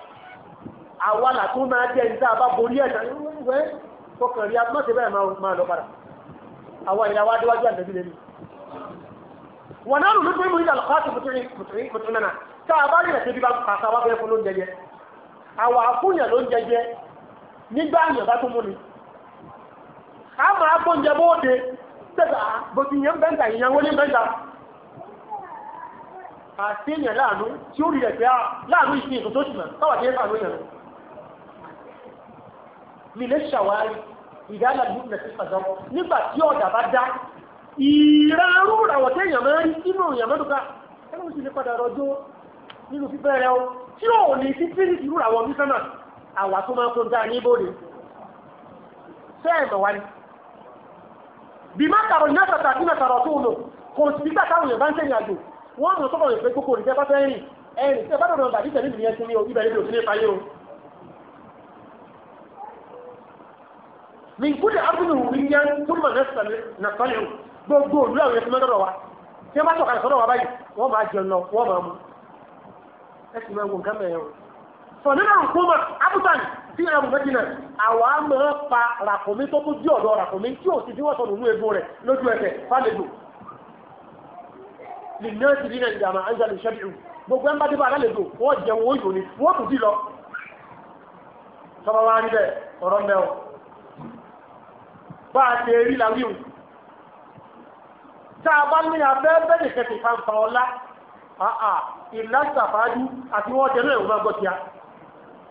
àwa làtún máa jẹ́ ní tá a bá borí ẹ̀ tán wẹ́ kọkàn rí agbọ́nsẹ̀ bẹ́ẹ̀ máa lọ padà àwa ìlà wa déwájú àtẹ̀jú lẹ́nu. wọ̀n náà lùlù pé mo ní àlùkò àti mùtúrú náà tá a bá rí ẹ̀sẹ̀ bí bá pàṣẹ wa fẹ́ fún ló ń jẹjẹ àwa àfúnyàn ló ń jẹjẹ nígbà àyàn bá tún mú ni. a máa gbóúnjẹ bóde tẹ̀sà bòtí yẹn bẹ́ńtà ìyẹn wọlé bẹ́ńtà àti èèyàn láàánú tí ó rí ẹ̀fẹ́ ah, láàánú ìsìn ìtòtòsìmọ̀ táwà tí ó ń fà lóyìn rẹ̀ lílé ṣàwárí ìdáná ìlú nẹ̀sí pàdán nígbà tí ọ̀dà bá dá ìrarú ràwọ̀ téèyàn máa ń rí nínú èèyàn mẹ́tọ́ka ẹni wọ́n sì lè padà rọjò nínú fífẹ́ rẹ o tí ò ní sí tírí ìrú ràwọ̀ mi sánà àwà tó máa kó dáa ní ibòde sẹ́ẹ̀mọ̀ wá ní. bí má kàrọ̀ ní ọ̀sán tàbí nà kàrọ̀ tó lò kò sí nígbà táwọn èèyàn bá ń sẹ́yìn àjò wọ́n mú sọ́kọ̀ rẹ̀ pé kókò rẹ̀ bá fẹ́ rìn ẹ̀rìn tẹ́ min kúlè abúlé wùrí yẹn kúlè mọ̀ nẹ́sàlẹ̀ gbogbo òlú àwọn ẹ̀sìn mẹ́tọ́rọ̀ wa tí wọ́n bá tọ̀ka ìsọ́nà wa báyìí wọ́n máa jẹun lọ wọ́n máa mú ẹ̀sìn máa ń gun kámẹ́ yẹn o. sọ nínú àkómọ abúlé tí a mọ̀ jìnnà àwa máa pa ràkùnmí tó kú díọ̀ lọ ràkùnmí tí ò sì díwọ́ sọnù egbò rẹ̀ lójú ẹsẹ̀ fálejò. lìnàtì nínú ìdààmú anjali ṣẹ́bìrì gbogbo ẹ̀ ń bá dé bá alálejò wọ́n jẹun wọ́n yòó ni wọ́n tún dì lọ. sọ bá a ṣe rí làwí òun tá a bá ní abẹ́ bẹ́ẹ̀ kẹsì fanfa ọlá àà ìlà ìsàfáájú àti wọ́n jẹ́ náà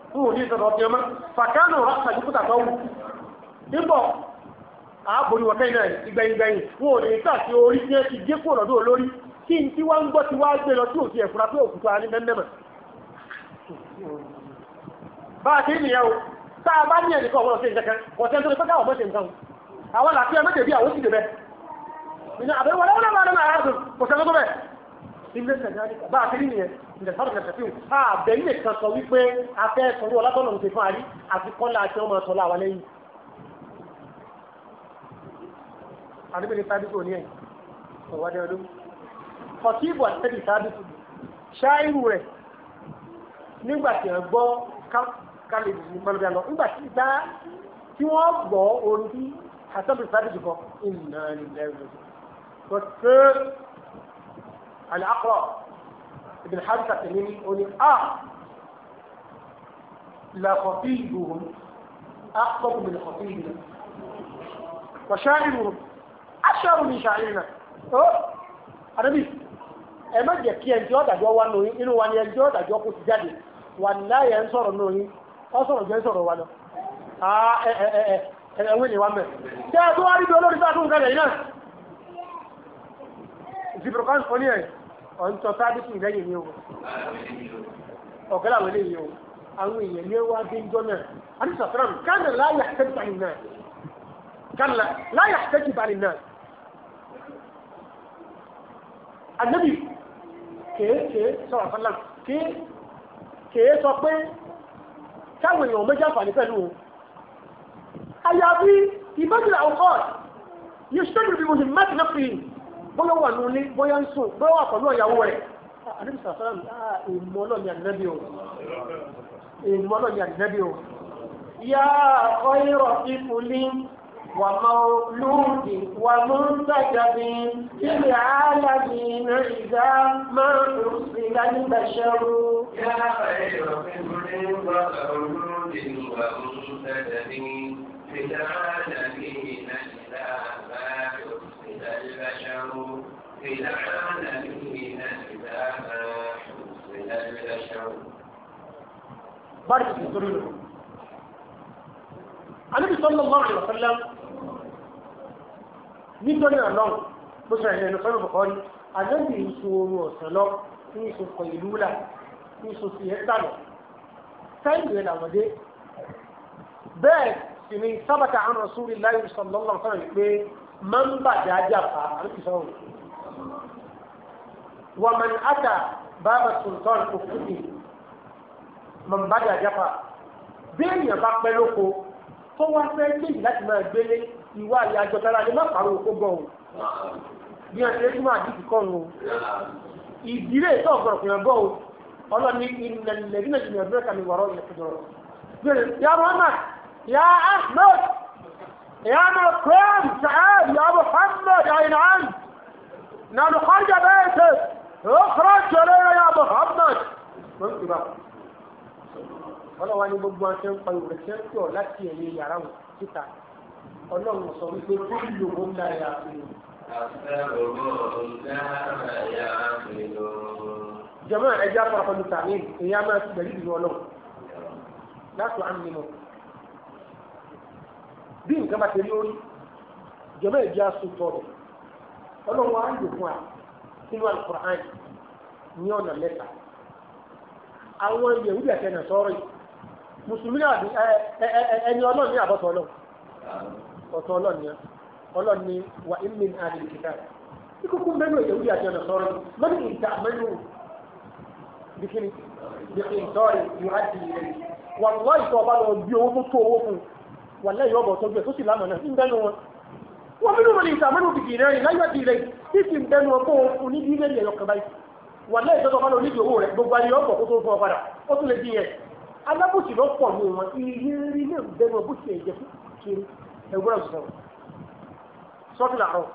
a fún òní ìsọ̀rọ̀ ọ̀tí ọmọ fàkánù rákàjú kúta tó wù nígbọ̀ àábòrí wọ̀kẹ́ náà ìgbẹ̀yìngbẹ̀yìn wọn ò lè tà sí orí tí ẹ ti gé kúrò lọ́dọ̀ olórí kí n tí wá ń gbọ́ ti wá gbé lọ tí ò ti ẹ̀fura pé òkúta ní mẹ́mẹ́mẹ́ bá a ti ń nìyẹn o tá a bá ní ẹnìkan ọ̀gbọ́n ṣe nǹkan kan tó ní pẹ́ káwọn ṣe nǹkan àwọn làáfíà méjèèjì àwọn òsì débẹ̀ nínú àbẹ̀wò wọlé wọlé wọlé náà àádùn kò sẹ́kọ́ tó bẹ̀ ilé nàìjíríà bá a ti rí nìyẹn ìjẹ sọ́dọ̀ kẹsẹ̀ fíìmù àbẹ̀ ní nìkan sọ wípé afẹ́ sọ̀rọ̀ ọlátọ́nà ti fún àrí àti kọ́lá àti ọmọ sọ̀lá wa lẹ́yìn àdébìnrin sábìtì òní ẹ̀ ọ̀wádé ọdún kọ̀tíìbù àtẹ́bì sábìtì ṣáírù rẹ̀ nígbà tí wọ́n gbọ́ kálíbù ní mọ́lẹ́bí àná nígbà tí wọ́n gbọ́ orin حسب الفرج كو إنا لله وإنا والثير الأقرأ ابن حارثة التميمي يقول آه لخطيبهم أخطب من خطيبنا وشاعرهم أشعر من شاعرنا أه أنا ẹ má jẹ́ kí ẹnjẹ ọdàjọ wa nù yín inú wa ni ẹnjẹ ọdàjọ kò ti jáde wà láyé ń sọ̀rọ̀ nù ọ sọ̀rọ̀ jẹ ń sọ̀rọ̀ wa lọ ẹ̀wé ni wọ́n bẹ̀. Ṣé a tó wá rí bí olórí tó àtúnkà rẹ̀ náà? Zibrokan kò ní ẹ̀ ọ̀ntọ́ sáàdìsì lẹ́yìn ní ogun. Ọ̀gẹ́lá wọlé yìí o, àwọn èèyàn ní wá dé jọ náà. A ní sọ̀tọ́rọ̀ kánà láyà tẹ́jú bá nìyà. Kánà láyà tẹ́jú kèé sọ pé táwọn èèyàn méjì àǹfààní pẹ̀lú òun àyàfi ìbẹ́jìlá ọkọ̀ yóò ṣẹ́gun bí mo ṣe mẹ́tì náà fi bóyá wà lóní bóyá ń sùn bóyá wà pẹ̀lú ọ̀yàwó rẹ̀ àdébí sàfẹ́ràn ìmọ̀ ọlọ́ọ̀ni àdínẹ́bí o ìmọ̀ ọlọ́ọ̀ni àdínẹ́bí o. yá ọkọ̀ ìrọ̀ fífúlí ومولود ومنتجب في العالمين إذا ما أرسل البشر يا خير طفل ومولود ومنتجب للعالمين إذا ما حسد البشر للعالمين إذا ما حسد البشر بارك في الظلم النبي صلى الله عليه وسلم nítorí ọlọ́run bó ṣe àìyàn ìlúfẹ́ bùkọ́rí àjọ́bì ìṣù oru ọ̀sẹ̀ lọ ní ìṣù kọ ìlú là ní ìṣù sí ẹ́tà lọ sẹ́yìn rẹ̀ làwọ̀dé bẹ́ẹ̀ ìní sábàtà àwọn rasúlì láyé sọlọ́lọ́ sọ̀rọ̀ yìí pé máa ń bàjẹ́ ajá fa àrùkì sọ̀rọ̀ wọ́n máa ń àtà bàbá sultan òkúti máa ń bàjẹ́ ajá fa bí èèyàn bá pẹ́ lóko tó wá fẹ́ kéyì láti máa gbélé ìwà àyè àjọsára má pàrọ̀ òkú gan o bí wọ́n ti lè tún máa kọ́ ọ̀run ìdílé tó ọ̀gbọ̀n kìlọ̀ bọ́ o ọlọ́ni ìnàlẹ́gbẹ̀rẹ̀ kàmi wọ̀rọ̀ yẹ يا احمد يا مكرم سعد يا محمد اين انت نحن خرج بيتك اخرج جلينا يا محمد من بقى ولا واني بابا شن قلب رسالة ولا تيني يا رب كتا ولو مصر كلهم لا يعقلون يا لا يعقلون جماعة إجابة رفض التعليم إيامات دليل ولو لا تعلمون bí nǹkan bá ṣe lórí ìjọba ìdí wa ń lò fún wa nínú alukur'an ní ọ̀nà mẹ́ta àwọn yẹ̀wù bẹ̀tẹ̀ nà sọ́ọ̀rọ̀ yìí mùsùlùmí àbí ẹni ọlọ́run ní àbọ̀tọ̀ ọlọ́run ọ̀tọ̀ ọlọ́run ni ọlọ́run ni wà ìmì àdìrí kìtà ikúkú mẹ́nu yẹ̀wù bẹ̀tẹ̀ nà sọ́ọ̀rọ̀ mẹ́nu ìta mẹ́nu bìkìnì bìkìnì sọ́ọ̀rì yóò á di ilẹ̀ wà ọba lọ bí owó tó wà lẹ́yìn ọ̀bọ̀ tọ́jú ẹ̀ tó sì lánàá náà ń bẹ́nu wọn. wọ́n mímú wọn lè sàmúlò kìkì rẹ̀ rìn láyé ìrẹ̀ tí sì ń bẹ́nu ọkọ̀ onídìí lè yẹ̀ ọkàn báyìí. wà lẹ́yìn tọ́jú ọkàn onídìí owó rẹ̀ gbogbo ayé ọkọ̀ tó tó fún ọ padà ó tún lè di yẹn. alábùsì ló pọ̀ ní wọn iye rí lè bẹ́nu ọbùsì ẹ̀jẹ̀ kiri ẹgbẹ́ ọ̀sán sọ́tìlà rọ̀.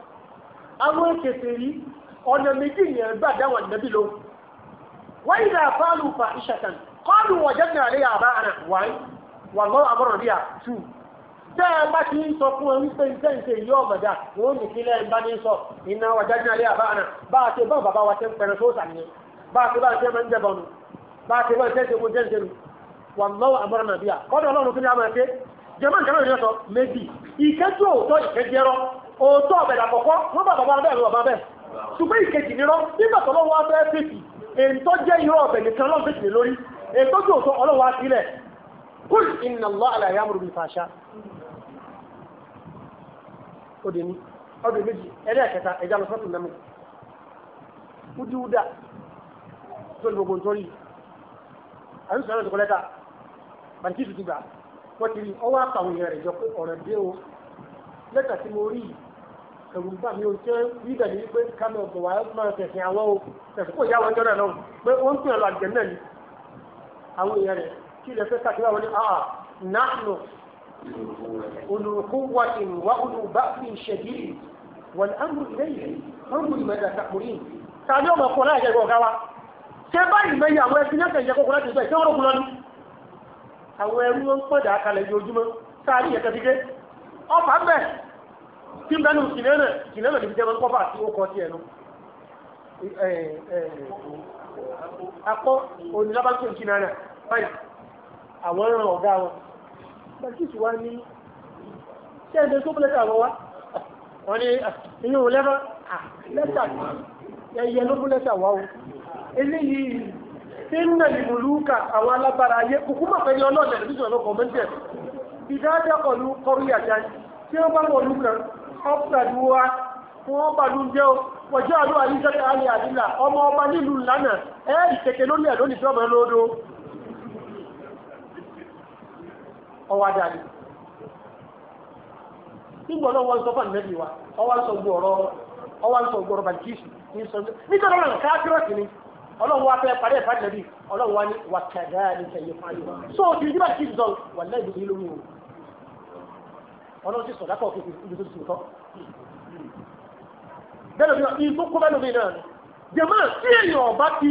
àwọn tẹ́ ẹ bá ti ń sọ fún ẹ wípé iṣẹ́ ìṣe ìlú ọ̀mọ̀dá wọn ò ní kílẹ̀ ń bá ní sọ iná wa jáde alẹ́ àbáàna bá a ṣe bá bàbá wa ṣe ń pẹ̀rẹ̀ sóòtà ni bá a ṣe bá a ṣe máa ń jẹbọ nu bá a ṣe bá a ṣe ṣe mo jẹ́ ìṣe nu wà lọ́wọ́ àmọ́ràn nàbíà kọ́dọ̀ ọlọ́run kí ni a máa ṣe jẹ́mọ́ ìjọba ìrìn sọ méjì ìkẹ́jú òótọ́ ìkẹ́jẹ́rọ́ òótọ́ ọ̀bẹ̀dà àkọ́kọ́ wọ́n bá bàbá bẹ́ẹ̀ lọ́wọ́ bẹ́ẹ̀ ṣùgbọ́n ìkejì nírọ́ nígbà tó lọ́wọ́ fẹ́ fèsì èyí jẹ́ irọ́ ọ̀bẹ̀ nìkan lọ́wọ́ fèsì lórí èyí òótọ́ ọlọ́wọ́ á sílẹ̀ kúl ìnàlọ́ àlàyé amúrú fàṣà òde ní ọdún méjì ẹ̀rẹ́ ẹ̀kẹta ẹ̀já lọ sọ́tún lẹ́mú wúdiwúdà tó ní gbogbo nítorí àyùn sọ̀rọ̀ ìdókòó lẹ́tà bàǹkì tuntun gbà wọ́n ti rí ọwọ́ àtàwọn èèyàn rẹ̀ jọ pé ọ̀rọ̀ dé o lẹ́tà tí mo rí ẹ̀rù bá mi ò jẹ́ wíìdà ní wípé kámi ọ̀bọ̀ wà máa tẹ̀sìn àwọn o tẹ̀sìn kò yá wọn jọ náà lọ pé ó ń pè ọ àwọn èèyàn rẹ̀ kí ilẹ̀ fẹ́ káàkiri àwọn ní àà náà أولو قوة وأولو بأس شديد والأمر إليه انظر ماذا تأمرين tàbí ọmọ ọkọ̀ láì jẹ́gbọ́ ọ̀gá wa ṣé báyìí mẹ́yìn àwọn ẹbí náà tẹ̀yẹ kókó láti sọ ìṣẹ́ ọ̀rọ̀ kúlọ́ ni àwọn ẹrú ń pọ̀dà kalẹ̀ yìí ojúmọ́ sáàrí ẹ̀kẹ́ ti gé ọfà bẹ̀ tí ń bẹnu kìnẹ́nà kìnẹ́nà níbi jẹ́mọ́ Belkis wá ní ṣé ẹni tó lẹ́tà àwọn wá wọ́n ní inú lẹ́fà lẹ́tà ẹyẹ ló mú wá o eléyìí tí ń nà ìmùlùkà àwọn alágbára ayé kùkú mà fẹ́ ní ọlọ́ọ̀dẹ̀ níbi ìṣòro kọ̀mẹ́ntì ẹ̀ ìdájọ́ pẹ̀lú kọrí àjà tí wọ́n bá wọ̀lú kan ọ́pẹ̀lú wa wọ́n bá ló ń jẹ́ o wọ́n jẹ́ àlọ́ àyíṣẹ́ àlẹ́ àdìlà ọmọ ọba nílùú lánàá ẹ́ ìkẹ̀kẹ̀ lónìí ẹ̀ lónìí tí wọ́n mọ̀ ẹ́ lódò ọwá dáadé nígbà náà wọ́n sọ fún ànẹ́bí wa ọwá sọ gbọ́rọ̀ ọwá sọ gbọ́rọ̀ bàjíṣì ní sọ ọlọ́run wa fẹ́ parí ẹ̀fà ànẹ́bí ọlọ́run wa ní wà kàdá ní so ti ní bàjíṣì sọ wà lẹ́yìn ìlú mi o ọlọ́run ti sọ òkè tó ti tọ́ bẹ́ẹ̀ náà kó bẹ́ẹ̀ náà jẹ̀mọ́ tí èèyàn ọba ti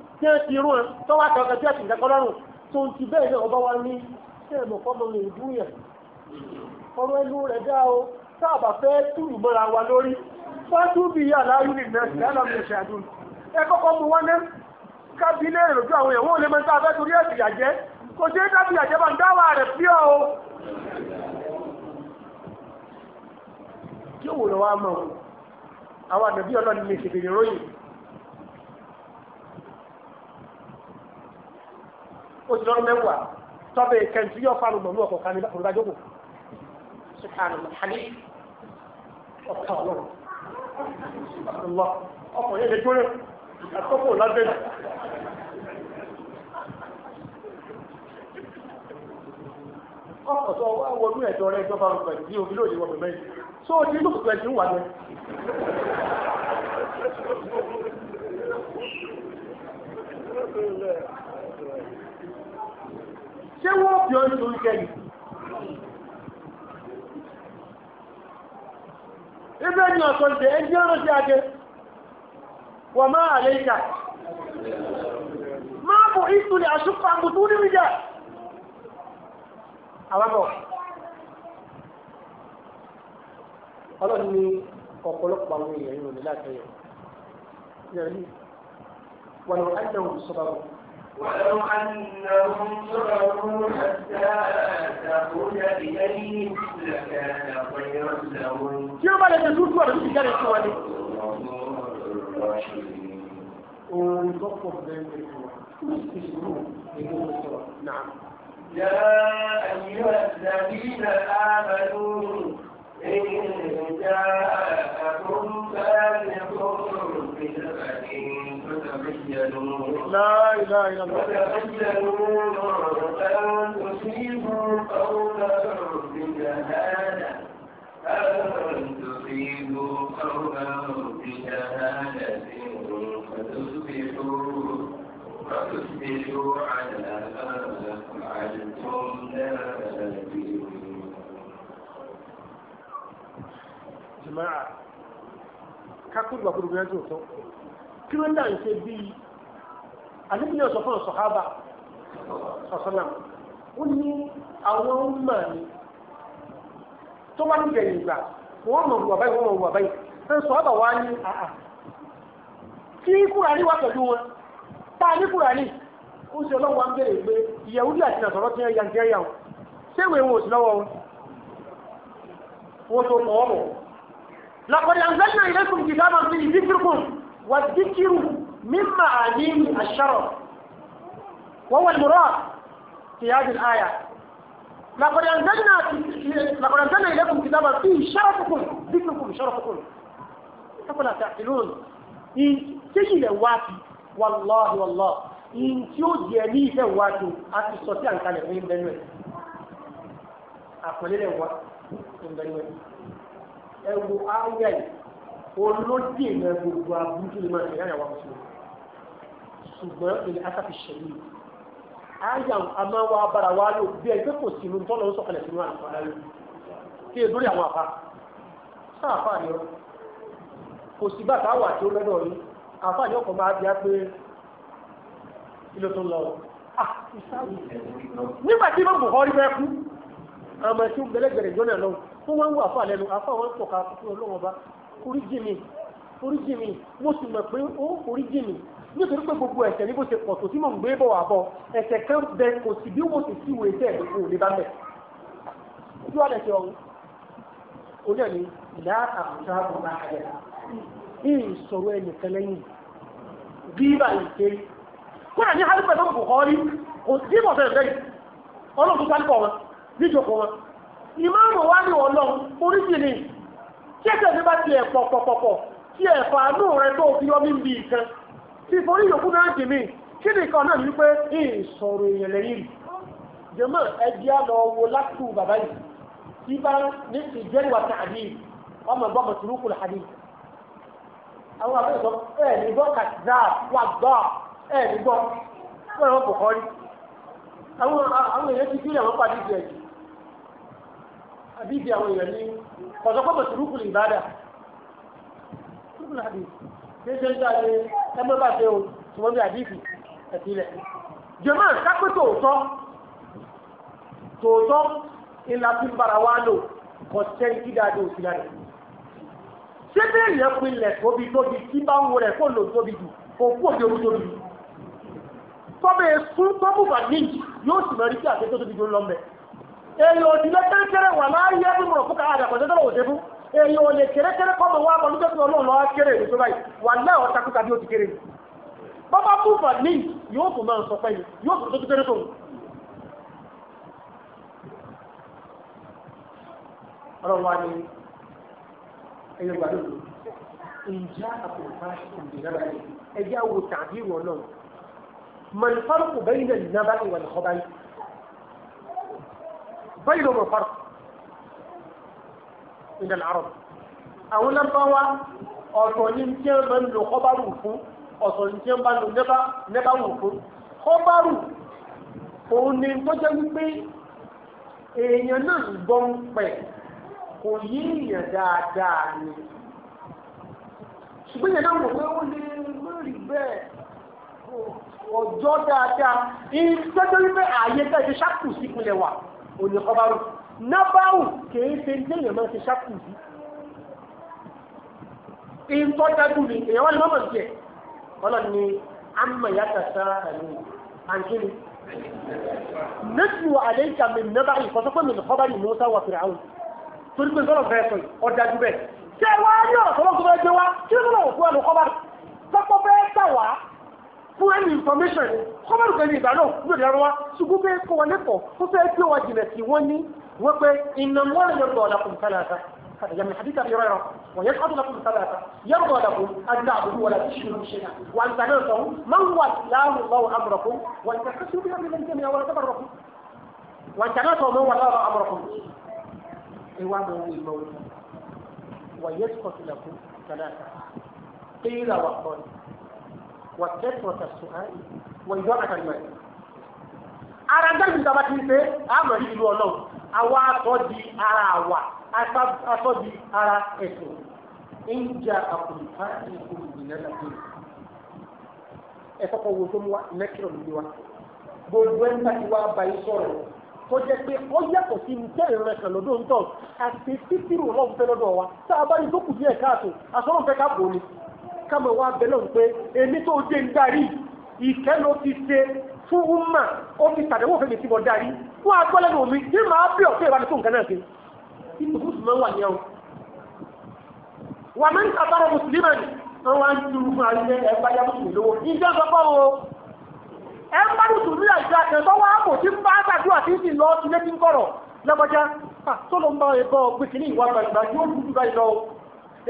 tí ó ti rún ẹ tó wá tọkàn tí ó ti dẹkọ lọ́rùn tó ń ti bẹ́ẹ̀ náà ọba wa ní ṣé ẹ̀mọ̀ fọ́mọ lè dú yẹn ẹnu rẹ̀ dá o sáàbà fẹ́ túrù mọ́ra wa lórí fọ́tú bí yà ní ẹ kọ́kọ́ mu kábílẹ̀ àwọn èèyàn lè torí ẹ̀sìn kò ṣeé dábì ó ti lọ́dún mẹ́wàá tọ́bẹ̀ kẹ́ntì yóò fa àlùmọ̀ ní ọkọ̀ kan ní olùdájọ́ kò subhanallah hali ọ̀kan ọlọ́run ọ̀lọ́ ọkọ̀ yẹn lè jóná àkọ́kọ́ lábẹ́ nù. ọkọ̀ tó wá wọnú ẹ̀tọ́ rẹ ìjọba ọgbà ní omi lóye wọ́n mẹ́rin tó o ti ní òkùnkùn ẹ̀sìn wà Thank you ṣé wọ́n bí ọ́ nítorí kẹ́yìn. Ibẹ̀ ni ọ̀sọ̀ ìdè ẹni ọ̀rọ̀ sí ajé. Wọ́n máa àlẹ́ ìkà. Máa bọ̀ ìtúlẹ̀ àṣùpá gbogbo nínú ìjà. Àwábọ̀. Ọlọ́run ni ọ̀pọ̀lọpọ̀ àwọn èèyàn yìí lò ní láti ẹ̀yọ̀. Wọ́n lọ ẹ̀dẹ̀ òun sọ́bàbọ̀. ولو أنهم صبروا حتى تخرج إليهم لكان خيرا لهم. شو يوم لا تزول ولا تزال الحوالي. ونطفف بين نعم. يا أيها الذين آمنوا إن جاءكم فاسق بنبأ فتبينوا لا إله إلا الله أن تصيبوا قوما بجهالة أن فتصبحوا فتصبحوا على ما فعلتم نادمين jùmọ́ra kákúrú gbàgbọ́dọ̀ gbìyànjú tó tọ́ kí ló ń dà ń ṣe bíi àníbíyàn sọ fún ọ̀sọ̀hábà sọ̀sọ́nà ó ní àwọn ọmọ mi tó bá níbẹ̀ nígbà wọ́n mọ̀ wà báyìí wọ́n mọ̀ wà báyìí ẹ̀ sọ̀hábà wá ní àhà kí Kùránì wà pẹ̀lú wọn tá a ní ó ṣe ń pé ti ṣé ìwé wọn ò sí lọ́wọ́ wọn tó لقد أنزلنا إليكم كتابا فيه ذكركم والذكر من معانيه الشرف وهو المراد في هذه الآية لقد أنزلنا لقد أنزلنا إليكم كتابا فيه شرفكم ذكركم شرفكم أفلا تعقلون إن تجد واتي والله والله إن تجد لي واتي أتستطيع أن تعلم بنوي أقول لي واتي بنوي ẹwù ayé olódì ìmọ̀ gbogbo abúlé lè máa ṣẹ̀yà àwọn mùsùlùmí ṣùgbọ́n ilẹ̀ akáfi ṣẹ̀lẹ̀ ayé a máa wá bára wá lò bí ẹ pé kò sí inú tọ́lọ̀ ń sọ̀kalẹ̀ sínú àlùkò aláyọ̀ kí ẹ lórí àwọn àfa sáà àfa ni ọ kò sí bàtà wà tí ó lọ́dọ̀ yìí àfa ni ọkọ̀ máa bí a pé ilé tó ń lọ nígbà tí Imam Bukhari fẹ́ kú àmọ̀ tí ó gbẹlẹ́gbẹ̀rẹ̀ jọ́nà lọ́wọ́ wọ́n wá ń wà fà lẹ́nu afá wọn pọ̀ ká fún ọlọ́wọ́n bá oríjì mi oríjì mi mo sì mọ̀ pé ó oríjì mi nítorí pé gbogbo ẹ̀ṣẹ̀ ní bó ṣe pọ̀ tó tí mò ń gbé bọ̀ wà bọ̀ ẹ̀ṣẹ̀ kan bẹ kò sì bí wọ́n ti sí ìwé tẹ̀ kò lè bá bẹ̀. ojú wa lẹ̀ṣẹ̀ ọ̀hún ó dẹ̀ ní ìdá àbùsá àbùsá àbẹ̀ ní ìsọ̀rọ̀ ẹnìkan lẹ́yìn bí báyìí ṣe kúrò ní hálùpẹ̀ tó kò kọ́ rí kò sí ìmọ̀ ìmáàmù wa ní ọ̀nà oríṣi ni tí ẹ̀sẹ̀ mi bá tiẹ̀ pọ̀pọ̀pọ̀pọ̀ tí ẹ̀ fàánú rẹ tó fi yọ bí nǹkan tí ìforí yòókù náà dì mí kí nìkan náà wípé ìsọ̀rọ̀ èèyàn lẹ́yìn rì jẹ́mọ́ ẹbí àlọ́ wo látù bàbá yìí tí bá ní ìjẹ́rìí wa tàbí ọmọ ẹ̀gbọ́n mọ̀tìrúkù làdí àwọn àbẹ̀sọ ẹ̀ ní gbọ́ kàtìdá wà gbọ́ ẹ̀ ní gbọ́ wọ́n rẹ̀ wọ́n àwọn èèyàn ti àdìsí àwọn èèyàn ní kọ̀sọ̀kọ̀bọ̀ sùrùkù lè bá dà sùrùkù lè àdìsí ṣé ṣe ń dá lé ẹgbẹ́ bá ṣe o ṣùgbọ́n bí àdìsí ẹ̀sílẹ̀. jẹ́mọ́ kápẹ́ tòótọ́ tòótọ́ ìlà fi ń bara wá lò kọ̀sẹ́ kí dáadé òsì rẹ̀. ṣé bí èèyàn pinlẹ̀ tóbi tóbi tí bá ń wo rẹ̀ kó lò tóbi jù kò kú òde orí èyí ò nílé kẹ́rẹ́kẹ́rẹ́ wà máa yẹ bí mọ̀rọ̀ fúkà àdàpọ̀jọ́ tó lọ́wọ́ débú èyí ò lè kẹ́rẹ́kẹ́rẹ́ kọ́ mọ̀ wá pẹ̀lú tó tún ọlọ́run lọ́wọ́ kéré èdè tó báyìí wà náà ọ̀tá kúkà bí ó ti kéré ni. bọ́bá kú fà ní yóò tún máa sọ pẹ́yì yóò tún tó tún kéré tó ń. ọlọ́run wa ni ẹyẹ gbàdúrà ìjà àpòkà ìdìnnàbà ẹ̀jẹ̀ àwòtà àbí ìwọ̀n náà mọ̀lẹ́fọ́lùkù bẹ́yìn náà بينهم الفرق من العرب àwọn lábáwá ọ̀sọ̀ ní tí wọ́n máa ń lo kọ́bárù fún ọ̀sọ̀ ní tí wọ́n bá lo nẹ́bàwù fún kọ́bárù òun ni tó jẹ́ wípé èèyàn náà gbọ́n pẹ̀ kò yí èèyàn dáadáa ni ṣùgbọ́n èèyàn náà rò pé ó lè mọ́rì bẹ́ẹ̀ ọjọ́ dáadáa ìṣẹ́jọ́ wípé ààyè bẹ́ẹ̀ ti ṣàkùsí ìpínlẹ̀ wà òní kọ́bárù nábàáwù kìí ṣe ní èèyàn máa ṣe ṣáàpù sí. ìtọ́jájú ni èèyàn wọ́n lè mọ́mọ́ tiẹ̀ ọlọ́run ni àmà yàtà sáà ẹ̀mí àǹkíni. nẹ́tù àlẹ́kà mi nábà ìfọ́sọ́pọ̀ mi kọ́bárù Mùsá wà Fìràwùn torí pé sọ́nà fẹ́ẹ́ sọ ọ̀dájú bẹ́ẹ̀. ṣé wàá ní ọ̀sán fún ẹni information kọ́mọ̀lù kan ní ìgbà náà yóò dára wa ṣùgbọ́n bẹ́ẹ̀ kọ́ wa lẹ́kọ̀ọ́ ó fẹ́ gbé wa jìnà sí wọ́n ní wọ́n pé iná wọ́n lè yọ̀dọ̀ ọ̀làkùn kálàkà àtàjàmì àdìkà fi rọrọ wọ́n yẹ kọ́tù lọ́kùn kálàkà yọ̀dọ̀ ọ̀làkùn àdá àbúrú wọlé ṣùgbọ́n ṣe wà ń tàná sọ̀rọ̀ máa ń wà láàrú lọ́wọ́ amúrọ̀kùn wọ́n ti kàkà bí wọ́n ti kẹ́mi àwọn ọ̀làkùn wọ́n tàná sọ̀rọ̀ máa wà láàrú amúrọ̀kùn ewa mọ̀ wí mọ̀ wọ́n yẹ kọ́tù lọ́kùn kálàkà kéyìlá wà kọ́ni وكثرة السؤال وإضاعة المال ara gbẹ́sì ìjọba ti ń ṣe àmọ̀ yìí ìlú ọlọ́run àwa atọ́ di ara àwa atọ́ di ara ẹ̀sìn ń ja àkùnfà ní olùdílé láti ẹ̀ kọ́kọ́ wo tó mú wa lẹ́kìrọ̀ lórí wa gbogbo ẹ̀ ń bá ti wá báyìí sọ̀rọ̀ tó jẹ́ pé ó yàtọ̀ sí ní tẹ́ ìrìn ẹ̀sìn lọ́dọ̀ ń tọ̀ àti títí rò lọ́wọ́ fẹ́ lọ́dọ̀ wa tá a bá ní tó kù díẹ̀ káàtó àsọ̀rọ̀ fẹ́ ká bò ó kámọ̀ wá bẹ́ẹ̀ náà pé èmi tó dé ń darí ìkẹ́ ló ti ṣe fún umma ó fi tàdéwò fẹ́mi tí mo darí wọ́n á gbọ́ lẹ́nu tí màá bí ọ̀pẹ́ ìwádìí fún nǹkan náà ṣe ìbùkún sì máa wà ní ẹ̀wọ̀n. wà mí ń tàbára mùsùlùmí wọn wá ń dúró fún àríyẹ ẹgbẹ́ ayé mùsùlùmí lówó ìjọ sọ fọ́ o ẹ ń bá mùsùlùmí àjọ àtẹ̀tọ́ wá kò tí ń bá àtàdúrà tí ń lọ sílé tí ń kọ̀rọ̀ lọ́gbọ́já tó ló ń bá ẹ̀kọ́ gbé kínní ìwà gbàgbà yóò dúdú báyìí lọ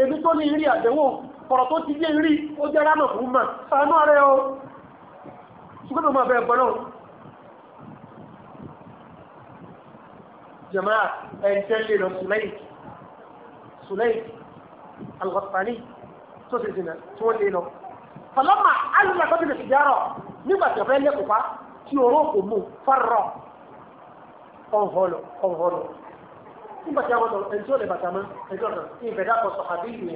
èmi tó ní ìrírí àdéhùn ọ̀rọ̀ tó ti yé rí ó jẹ́ rámọ̀ fún mà àánú rẹ̀ o ṣùgbọ́n mo máa bẹ̀rẹ̀ gbọ́n náà. jama'a ẹ̀ńtẹ́lẹ̀ lọ sùlẹ́yìn sùlẹ́yìn alùpàní tó ṣe jìnnà tí wọ́n lé lọ. fọlọ́mà alùpàá tó ti lè fi járọ̀ nígbà tí ọ̀fẹ́ lẹ́kọ̀ọ́ pa tí oró kò mú fọ́rọ̀ ọ̀họ̀lọ̀ ọ̀họ̀lọ̀ nígbà tí àwọn ọ̀dọ̀ ẹ̀ńtí ò lè bàtà mọ́ ẹ̀ńtí ọ̀dọ̀ ìbẹ̀dà kọ̀ sọ̀kàdé ìlú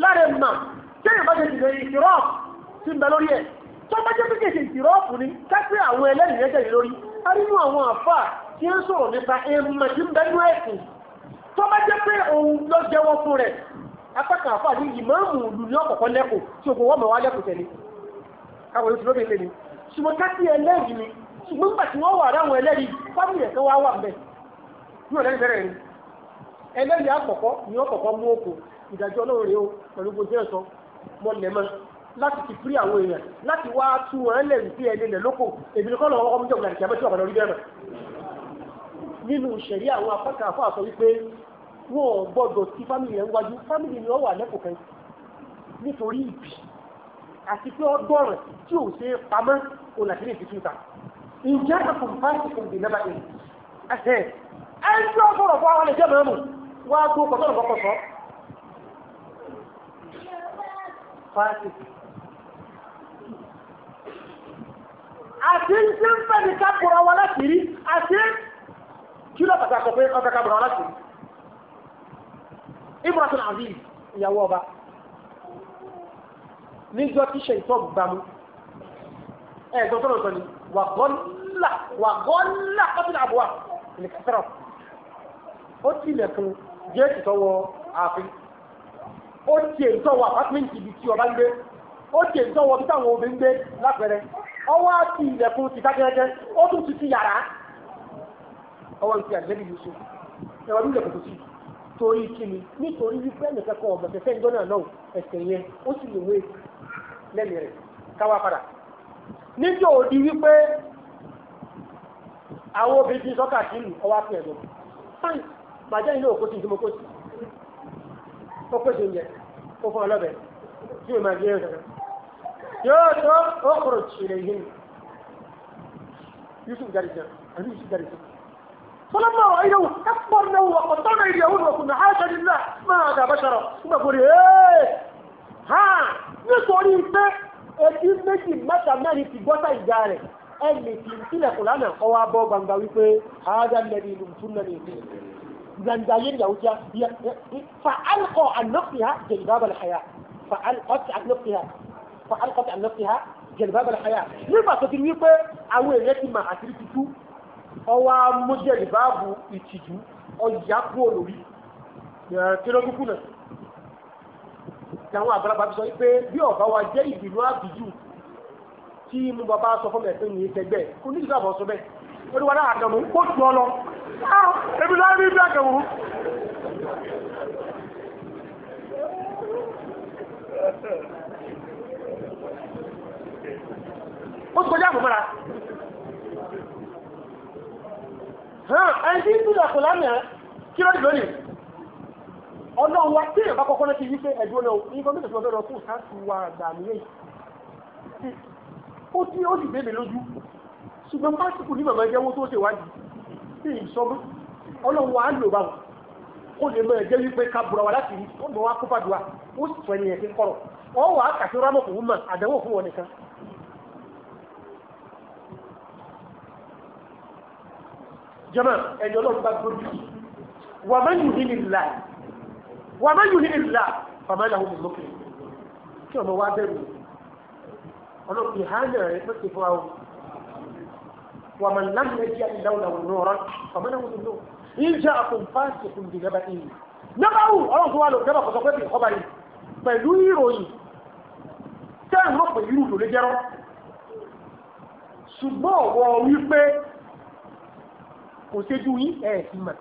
lára mà kéèyàn bá jẹ jìnnà ìtìrọ́ọ̀pù ti ń bẹ lórí ẹ̀ tó bá jẹ́ kéèyàn ṣe ìtìrọ́ọ̀pù ni kápẹ́ àwọn ẹlẹ́rìí rẹ̀ jẹ̀yìn lórí arínú àwọn àfà tí ń sọ̀rọ̀ nípa ẹ̀mà tí ń bẹ nú ẹ̀sìn tó bá jẹ́ pé òun lọ jẹ́wọ́ fún rẹ̀ apákan àfà ní ìmáàmù ìlú ní ọ̀kọ̀ọ̀kan lẹ́kọ̀ọ́ tí òkú wọ́n mọ̀ wá lẹ́kọ̀ọ́ tẹ̀lé káwọn oṣù ẹlẹ́rìí ni ṣùgbọ́n nígbà tí àkọ́kọ́ ni ó mú òkú ìdájọ́ ọlọ́run rèé o pẹ̀lú gbogbo ẹ̀sọ́ mọ́ lẹ́mọ́ láti ti pírí àwọn èèyàn láti wá tú wọn lẹ̀ wípé ẹni lẹ̀ lóko èmi ni kọ́lọ̀ ọkọ̀ mọ́jọ́ gbàdìkì abẹ́tí ọ̀pọ̀lọ́ rí bẹ́ẹ̀ nínú ìṣẹ̀rí àwọn apákan àfọ́ àsọ wípé wọn ò gbọ́dọ̀ sí fámìlì yẹn wájú fámìlì ni wọ́n wà lẹ́kọ̀ọ́ kan nítorí ìbí àti pé ọgọ́rùn tí ò ṣe pamọ́ olàkínì ti túta ǹjẹ́ ẹkùn fásitì kò náà báyìí ẹ̀hẹ́ ẹ̀ ń tí wọ́n sọ̀rọ̀ fún fásitì. àti ń tí ń fẹ́ ní kápùrọ̀ wọn láti rí àti kí ló pàtàkì pé ọkà kápùrọ̀ wọn láti rí. ibrahim aziz ìyàwó ọba níjọ́ tí ṣèǹtọ́ gbàmú ẹ̀ẹ́dọ́ tó lọ́sọ̀ ni wà gọ́nlá wà gọ́nlá kọ́tùnà àbúwà ní kẹsàrọ̀ ó tilẹ̀kùn jẹ́ ìtọ́wọ́ ààfin. ó tiẹ̀ ń tọ́wọ́ àpátímẹ́ǹtì ibi tí ọba ń gbé ó tiẹ̀ ń tọ́wọ́ bí táwọn obìnrin gbé lápẹ̀rẹ̀ ọwọ́ á ilẹ̀kùn ti ó tún ti ti yàrá ọwọ́ ń ti yìí sùn ẹ̀rọ ní ilẹ̀kùn tó ti torí kíni nítorí wípé ẹnìkan náà náà ẹ̀sẹ̀ yẹn ó sì lè wé lẹ́nu rẹ̀ káwá padà níjọ́ òdi wípé àwọn obìnrin ti sọ́kà ọwọ́ fáìn màjẹ́ ilé òkú ó pèsè oúnjẹ ó fún ọlọ́bẹ̀ tí yóò máa gbé ẹ̀rọ yóò tó ó kúrò tìrẹ̀ yìí ni Yusuf jáde jẹun àbí Yusuf jáde jẹun. فلما رأينه أكبرناه وقطعنا إليهن وكنا حاشا لله ما هذا بشرا ثم قولي إيه ها nítorí pé etí méjì mẹ́ta mẹ́rin ti gbọ́ta ìjà rẹ̀ ẹnì kì í sílẹ̀kùn lánàá ọwọ́ abọ́ gbangba wípé àádá nẹ́bí ìlú tún nẹ́bí ìlú زندايين يوجا فألقى عن نفسها جلباب الحياة فألقت عن نفسها فألقت عن نفسها جلباب الحياة nígbà tó ti rí pé àwọn èèyàn ti máa àti títú ọwọ́ amújẹ̀lì báàbù ìtìjú ọjà kú olórí kílógúkú náà làwọn àgbàlagbà sọ pé bí ọba wa jẹ́ ìbínú àbíjù tí mo bàbá sọ fún mi ẹ̀sìn ní ìtẹ́gbẹ́ onídìgbà sọ bẹ́ẹ̀ olúwa náà àkàmù kó tù ọ lọ ebi ah, náà ní ibi àkàmù. ó ti kọjá àbúmọ́ra ẹni tí ń dúdà kò lánàá kí ló dì lónìí ọlọ́run wa tí èèyàn kọ́kọ́ náà ti wípé ẹ̀dùn náà ní gọ́ọ̀mẹ́ntì tí wọ́n fẹ́ lọ fún ìsáàtì wa àgbà mi ó ti ó sì bèbè lójú ṣùgbọ́n pásítù ní màmá jẹ́wọ́ tó ṣèwádìí ní ìsọmọ́ ọlọ́run wa á lò bá wọn kó lè mọ ẹ̀jẹ̀ wípé ká bùrọ̀ wá láti rí ó mọ̀ wá kó bá dùn wa ó sì fẹ́ ẹnìyẹn kí n kọ̀rọ̀ ọ wà á kàṣí rámọ̀ kò wúmọ̀ àdánwò fún wọn nìkan. jama ẹni ọlọ́run bá gbóbi wà má yù ní ìlà wà má yù ní ìlà bàbá ìyàwó mi lókè kí ọmọ wa bẹ̀rù ọlọ́run ìhánà rẹ̀ pẹ̀sẹ̀ ومن لم يجعل لونه نورا فمن هو النور إن جاءكم فاسق بنبأ نبأه ọlọ́run tó wà lọ jẹ́ bàkọ́sọ pé kì í kọ́ báyìí pẹ̀lú ìròyìn tẹ́ ń rọ̀ pẹ̀lú ìrù lórí jẹ́rọ́ ṣùgbọ́n ọ̀wọ́ wípé kò séjú yín ẹ̀ sì mà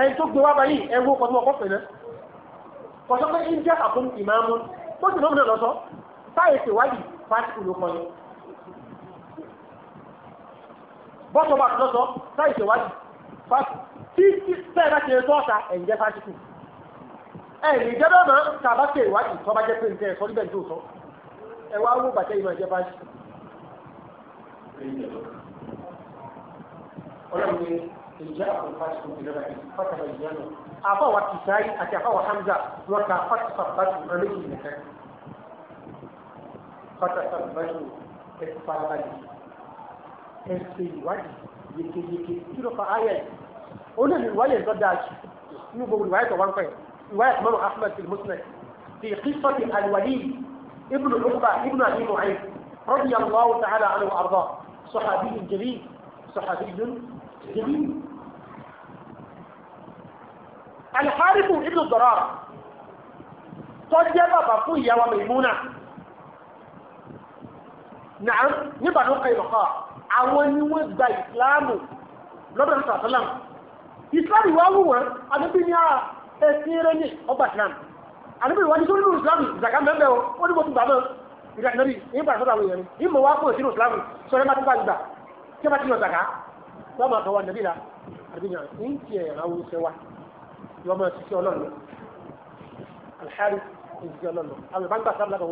ẹni tó gbé wá báyìí ẹ wo kọ́ tó pẹ̀lẹ́ kọ́sọ́ pé ń jẹ́ àkóhùn ìmáàmù tó sì lọ́sọ́ táyé ṣèwádìí fásitì ló kọ́ yẹn. bọ́tọ̀ bá lọ́sọ̀ sáì ṣèwádìí fásitì tí tí bẹ́ẹ̀ bá ti lè tọ́ ọ̀tà ẹ̀yìn jẹ́ fásitì ẹ̀yìn jẹ́ bẹ́ẹ̀ máa ń tàbá ṣe ìwádìí tó bá jẹ́ pé nǹkan ẹ̀sọ́ níbẹ̀ tó sọ ẹ wá wó bàtẹ́ ìmọ̀ ẹ̀jẹ̀ fásitì. ọlọ́run ni ìjà àkọ́fásitì ìjọba ìfọ́tàbà ìjọ náà àfọwà kìsáyì àti àfọwà hamza wọn kà fọ́tàbàtì ọlọ́run nìkan fọ́tàbàtì ẹ̀ ẹ̀sìn ìwádìí yèkèyèkè kí ló fa ayẹ yìí ó lè ní ìwáyé ìtọ́ dáa jù nínú gbogbo ìwáyé tó wá ń pẹ́ ìwáyé tó mọ́nà ahmed bin muslim fi qisati alwali ibnu ukba ibnu abi nu'aym radiyallahu ta'ala anhu wa arda sahabi jalil sahabi jalil الحارث ابن الضرار تجربة بقية وميمونة نعم نبقى نقي مقاع àwọn ni wọ́n gba ìsìláàmù lọ́dọ̀ nípa sọ́làm ìsìláàmù wá wù wọ́n àdébí ní ara ah, ẹ̀sìn eré ní ọgbà islam àdébí wọ́n ní sórí ìsìláàmù ìzàkà mẹ́mẹ́ o ó ní mo ti gbà mọ́ ìgbà ìnáwó ìgbà sọ́dọ̀ àwọn èèyàn ní ìmọ̀ wá fún òsínú ìsìláàmù sọ̀rọ̀ máa ti gbà gbà kí wọ́n ti yọ zàkà wọ́n máa tọwọ́ nàbí la àdébí ní àwọn ń tiẹ̀ àwọn oṣẹ wa yọ máa ṣiṣẹ́ ọlọ́run alhari ń ṣiṣẹ́ ọlọ́run àwọn ìbá ń gbà sáàmù ń gbà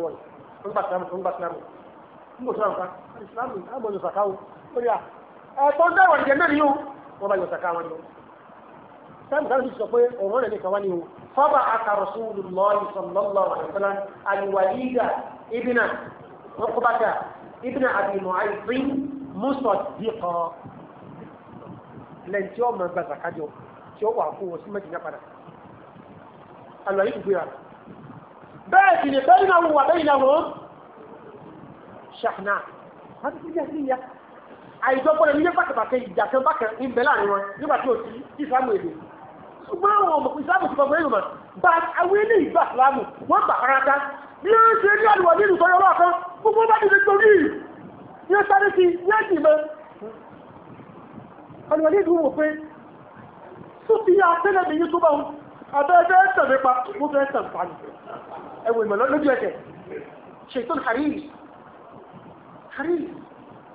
sáàmù ń gbà sáàmù ń bò sọ̀rọ̀ kan ìsìlámù àbọ̀ yóò sàkà o ó yà ẹ̀gbọ́n dáwọ̀ ìjẹ́ náà yóò wọ́n bá yóò sàkà wọn lọ. sáàmù kan ti sọ pé ọ̀rọ̀ rẹ̀ nìkan wá ní o fọ́bà akàrọ̀sù lọ́ọ̀yì sọ̀lọ́lọ́ àyọ̀sọ́lá àyùwàlíyà ibìnà ọkọ̀bàtà ibìnà àbìmọ̀ àìsín mùsọ̀ dìkọ̀ bẹ́ẹ̀ sì ni bẹ́ẹ̀ náà wù wà bẹ́ẹ̀ náà wọ́n ṣàhánà àti sí jàhílíyà àìjọpọ̀lẹ̀ nílé pàtàkì ìjà kan bákan ń bẹ láàrin wọn nígbà tí o ti ìsìlámù èdè ṣùgbọ́n àwọn ọmọ ìsìlámù ti gbàgbé ìrùmọ̀ bá àwọn ilé ìgbà ìsìlámù wọ́n gbà parata ní ó ṣe ní àlùwà ní ìlú tọ́yọ́ lọ́ọ̀kan gbogbo bá ti gbogbo rí ní ó sáré sí ní ẹ̀jì mọ́ àlùwà ní ìlú wò pé tó ti yá tẹ́lẹ̀ mi yí tó bá wọn abẹ́ẹ́fẹ́ tẹ̀mí pa mo fẹ́ tẹ̀ حريص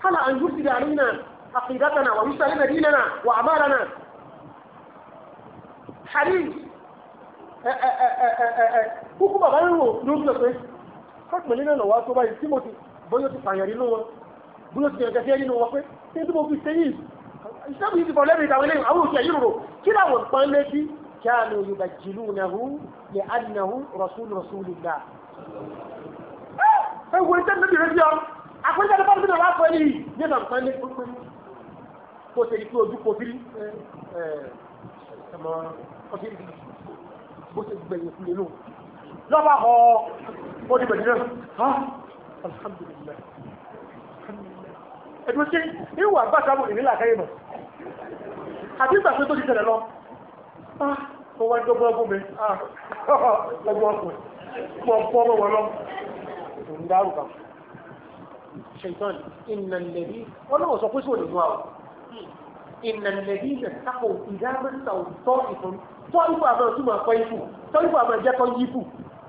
على أن يفسد علينا عقيدتنا ويسلم ديننا وأعمالنا حريص kúkú bàbá ń rò lórí ọ̀pẹ́ fásitì nínú ọ̀wá tó báyìí tí mo ti bóyọ́ ti pààyàn nínú wọn bóyọ́ ti ẹ̀gẹ́ nínú wọn pé tí tí mo fi ṣe yìí ìṣẹ́bù yìí ti bọ̀ lẹ́rìí ìdáwọn eléyìí àwọn òṣèlú rò kí làwọn pọ́n létí kí a lè yorùbá jìlú nàhú lè àpẹẹrẹ tó bá ń bínú wá fún ẹni yìí ní ìlànà pẹ́ẹ́lí pínpín kó ṣe ikú ojú kò bírí ẹmọ ọdún ìdí bó ṣe gbẹ̀yìn fún inú lọ́ba họ ó di bẹ̀rẹ̀ náà ha alhamdulilayi ẹ̀dùn sí ìwà bá sábò ìrìnlá káyé mọ̀ àti ìgbà pé tó ti tẹ̀lẹ̀ lọ ó wá dọ́gbọ́n ọgbọ́n mi lọ́gbọ́n ọkùnrin mọ̀ bọ́ mọ̀ wọ́n lọ òun dárò kan ṣètọ́n ìnànlẹ́bí ọlọ́wọ́ sọ pé sóòlù nù àwọn ìnànlẹ́bí nà sákò ìdámẹ́ta òtọ́ ìfún tọ́ ìfún àmọ́ tó máa kọ́ ìfún tọ́ ìfún àmọ́ jẹ́ kọ́ yífù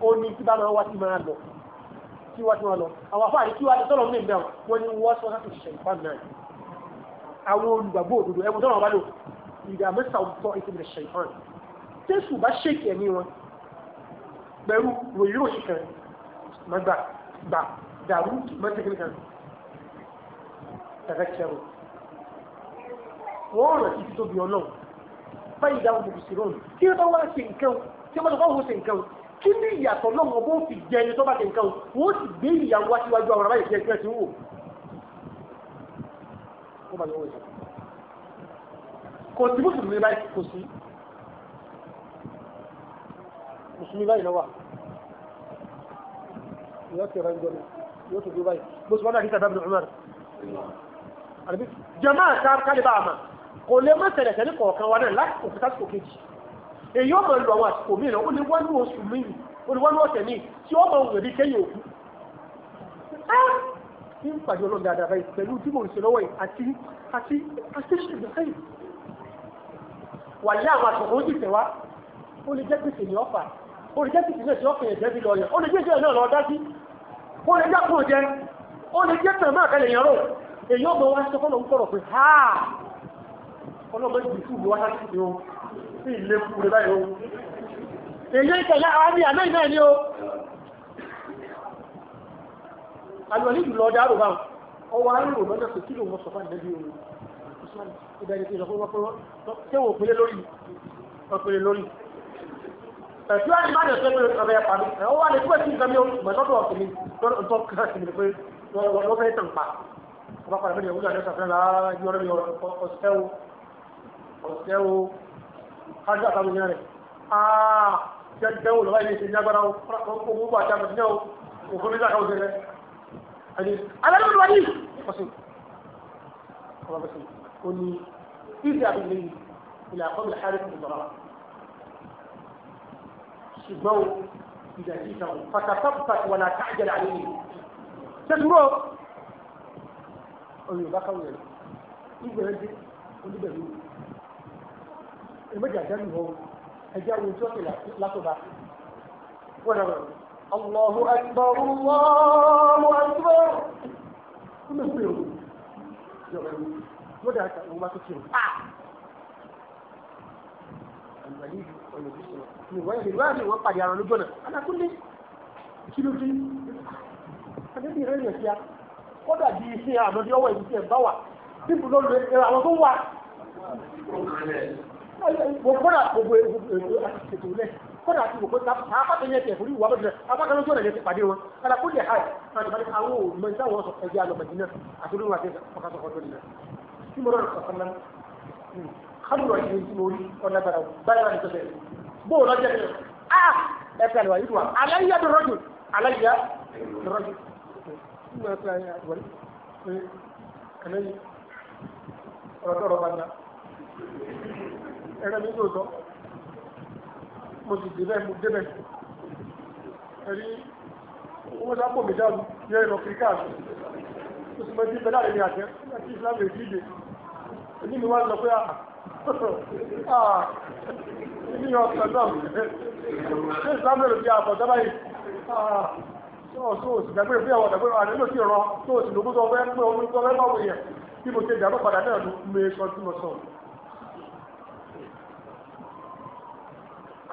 ó ní tí bá máa wá sí máa lọ tí wá sí máa lọ àwọn afọ àti kíwá tọ́lọ̀ mí náà wọ́n ní wọ́n sọ láti ṣe ìfán náà àwọn olùgbàgbọ́ òdodo ẹ̀wọ̀n tọ́lọ̀ wá lò ìdámẹ́ta òtọ́ ìfún ṣe ìfán tẹ́sù bá ṣèkì ẹ̀mí wọn pẹ̀lú ròyìn òṣìkan mọ́gbà gbà داوود ما تقول كان تذكروا وانا تكتب بيولو فايدا ومبصرون كيف بقى سنكو كيف بقى سنكو kí ni ìyàtọ̀ náà wọn bó fi jẹ ẹni tó bá ti nǹkan wọn sì gbé ìyàwó wá síwájú àwọn aráyè tiẹ̀ tiẹ̀ ti wò. kò sí mùsùlùmí báyìí kò sí mùsùlùmí báyìí lọ́wọ́ ìyá tẹ̀ra ń gbọ́dọ̀ yóò tó dúró báyìí bó ti wọ́n náà kíkà sábìlì Umar jamaa kálí bá a ma kò lè má ṣẹlẹ̀ ṣẹlẹ̀ kọ̀ọ̀kan wa náà láti òkúta sí òkèjì èyí ó máa lu àwọn àsìkò míì náà ó ní wọ́n ní oṣù míì ó ní wọ́n ní ọ̀sẹ̀ míì tí ó máa wẹ̀ bí kẹ́yìn òkú tí ń pàdé ọlọ́run dáadáa báyìí pẹ̀lú tí mo ń ṣe lọ́wọ́ yìí àti àti àti ṣẹ̀dá báyìí. wàyí àwọn àtọ̀kọ̀ ó dìtẹ̀ wá ó lè jẹ́ ó lè yá kúrò jẹ ó lè jẹ́ tàn máa kẹlẹ̀ èyí ọmọ wa sọ fọlọ́ ń pé ha ọlọ́mọ ìgbì fún ìwọ́n láti ní o sí ilé kúrò báyìí èyí o ní ọjà àrùbá ọwọ́ lọ́jọ́ kí sọ fáìlẹ́ bí ìbẹ̀rẹ̀ ẹ̀sùn àti bá dẹ̀sẹ̀ pé ọbẹ̀ yẹn pàmì ẹ̀ wọ́n wà lè túwẹ̀ sí nǹkan mi ò mọ̀ lọ́dọ̀ ọ̀sìn mi tó kíkà sí mi pé wọ́n fẹ́ tàn pa ọba padà bẹ́ẹ̀ wúlò àdéhùn sàfihàn lára yọ ọ̀rẹ́ mi ọ̀sẹ̀ o ọ̀sẹ̀ o kájú àtàwọn ènìyàn rẹ̀ aa jẹ́ wò lọ́wọ́ ilé ìṣe ní agbára o owó bá àti àmọ̀tí náà o òfin nígbà kan òṣèré ẹni alẹ́ ló wà ní ọ̀sẹ̀ ọba bẹ́sẹ̀ o ní ìdí àbí ilé ìlà àkọ́bìlà ṣùgbọ́n ìdá sí ìtàn fàtàfàtà wà láà káàjẹ̀lẹ̀ àlẹ́ yìí ṣe dúró ọ̀rọ̀ yorùbá káwọn yẹn ìgbẹ̀rẹ̀ dé oníbẹ̀rù ẹgbẹ́jà jẹ́ nìhọ́ ẹjẹ́ àwọn ojú ọ̀sẹ̀ látọ̀bá wọ́n rẹ̀ Allahu akbar Allahu akbar ó àlùwàlì ọ̀nà òbí sọ̀rọ̀ ni wọ́n yẹ wọ́n wọ́n pàdé ara lójú ọ̀nà alákúndé kí ló dé adébí rẹ̀ yẹ̀ sí a kọ́dà bí iṣẹ́ àmọ́dé ọwọ́ ìbí tiẹ̀ bá wà bíbu ló lè ẹ àwọn tó wà. mo kọ́dà gbogbo ètò rẹ̀ kọ́dà àti gbogbo apáta yẹn tẹ̀ fúri ìwà bẹ́ẹ̀ tẹ̀ apáta lójú ọ̀nà yẹn ti pàdé wọn alákúndé ha àwọn òmọ ìdáwọ̀ sọ ẹ̀jẹ̀ alọ́mọdé náà àti olóńgbò àti ọ̀kasọ̀kọ̀ tó nìyẹn kálùrọ̀ yìí ní orí ọ̀nà bàrà báyìí wà ní tọ́sẹ̀ bóò lọ́jọ́ ní à ẹ̀ka ah! ni wà yìí wà aláyà dọ̀rọ̀jù aláyà dọ̀rọ̀jù. nígbà tí a yà wọlé pé kàlẹ́ yìí ọ̀rọ̀ tọ̀rọ̀ bá ń na ẹ̀rọ mi yóò sọ mo sì dé bẹ́ẹ̀ mo dé bẹ́ẹ̀ ẹ̀rí wọ́n sá pò mí dáàbò yẹ ìlọ kiri káàkiri mo sì mọ ibi bẹ́ẹ̀ láàrin mi àtẹ àti Islam èdè ìdè èmi ni wọ́n sọ pé àà ah, Ah, ní ọ̀sán náà ṣé ìsámẹ́lò ah, bí àbọ̀dá báyìí sóòsì gbàgbé fún ẹ̀wọ̀n ìgbàgbé àrẹ ló sì rọ sóòsì ló gbọ́dọ̀ fẹ́ pé omi gbọ́dọ̀ fẹ́ wọ̀nyẹn bí mo ṣe dàbí padà náà ló mú eṣọ tí mo sọ.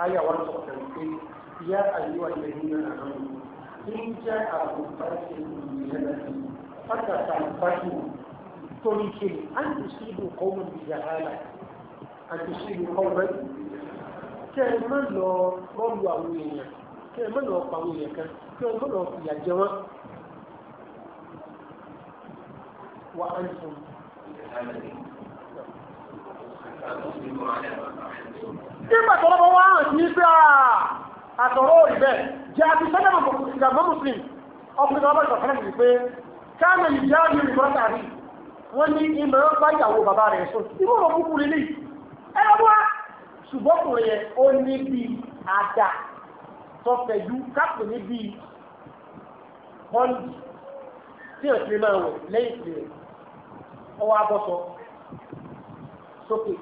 ayé àwọn ọ̀sán kan pé ìyá àyè wà ilẹ̀ nínú àwọn ọmọ ń jẹ́ àwọn ìbáṣe ìyẹn láti pàtàkì àìbáṣe torí kiri àǹtí sí ibùkọ́ omi ìyá àlàyé àti ṣíbi kọ́wẹ́ kẹ́ ẹ má lọ mọ́lu àwọn èèyàn kẹ́ ẹ má lọ pa àwọn èèyàn kan kẹ́ ẹ má lọ fìyà jẹ wọ́n. wà á ń sùn. Nígbà tó lọ́wọ́ wá hàn sí pé ah, àtọ̀rọ̀ òrì jẹ́ àti sẹ́dẹ̀ ìgbàgbọ́ Mùsùlùmí ọkùnrin tó wọ́n bá ìsọ̀kẹ́lẹ̀ pé káàmì ìjáàbí ìgbọ́ta rí wọ́n ní ìmọ̀ ń ìyàwó bàbá rẹ̀ sọ. Ìwọ́n kúkú lílì ẹ wá ṣùgbọ́n kò yẹ ó ní bí àdá tọ́fẹ̀dú kápò ní bí bọ́ọ̀lù tí o ti máa wò lẹ́yìn tí ọwọ́ abọ́sọ sókè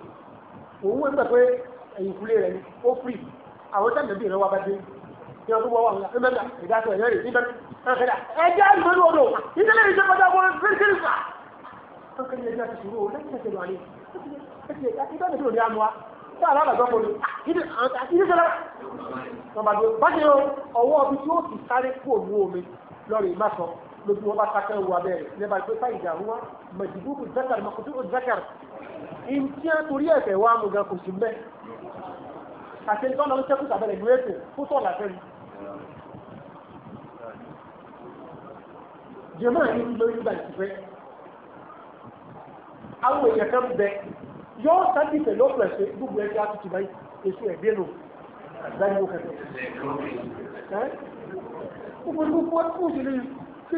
òun wọ́n gbà pé ẹ̀yìn kúlé rẹ̀ ni ó fìrì àwọn tẹ́lẹ̀ bíi ìrẹ́wà bá dé ní ọdún wọ́n wà wọn ẹ mẹ́ta ìdásọ ẹ̀yọ́ rẹ̀ níbẹ̀ ẹ̀kẹ́dà ẹ̀jẹ̀ àgbẹ̀lú ọdún ìdílé ìṣẹ́kọ̀dá wọn fẹ́ẹ́ kéré fà. ọkẹ́ ni ẹjọ́ ti ṣòro lẹ́yìn ẹ̀kẹ́ lọ́wọ́ ìtọ́ ìdílé òní àná wa tí àlọ́ àgbà kò ní ìdí sẹ́lẹ̀ o ọwọ́ ọbí tí ó ti sáré kú òwú omi lọ́rọ̀ ìmá sọ lójú wọn bá sákẹ́ owó abẹ́rẹ́ nígbà pé fáyì ìjà wọn mẹ̀jìbú kù zakar mọ̀kútù kù zakar ìntí á torí ẹ̀fẹ̀ wa mú gan kò sí mbẹ́ àti ìtọ́ náà ń sẹ́kù sàbẹ̀rẹ̀ ìlú ètò fún tọ́lá fẹ́mi. jẹ́mọ́ àyè ń àwọn èèyàn kan bẹ yóò sáàdì pẹ̀lú ọ̀pọ̀ ẹ̀ṣẹ̀ gbogbo ẹgbẹ́ àtútù báyìí èso ẹ̀dẹ́ lò àgbáyéwò kẹfẹ́ gbogbo gbogbo ẹ̀kọ́ òṣèlú kí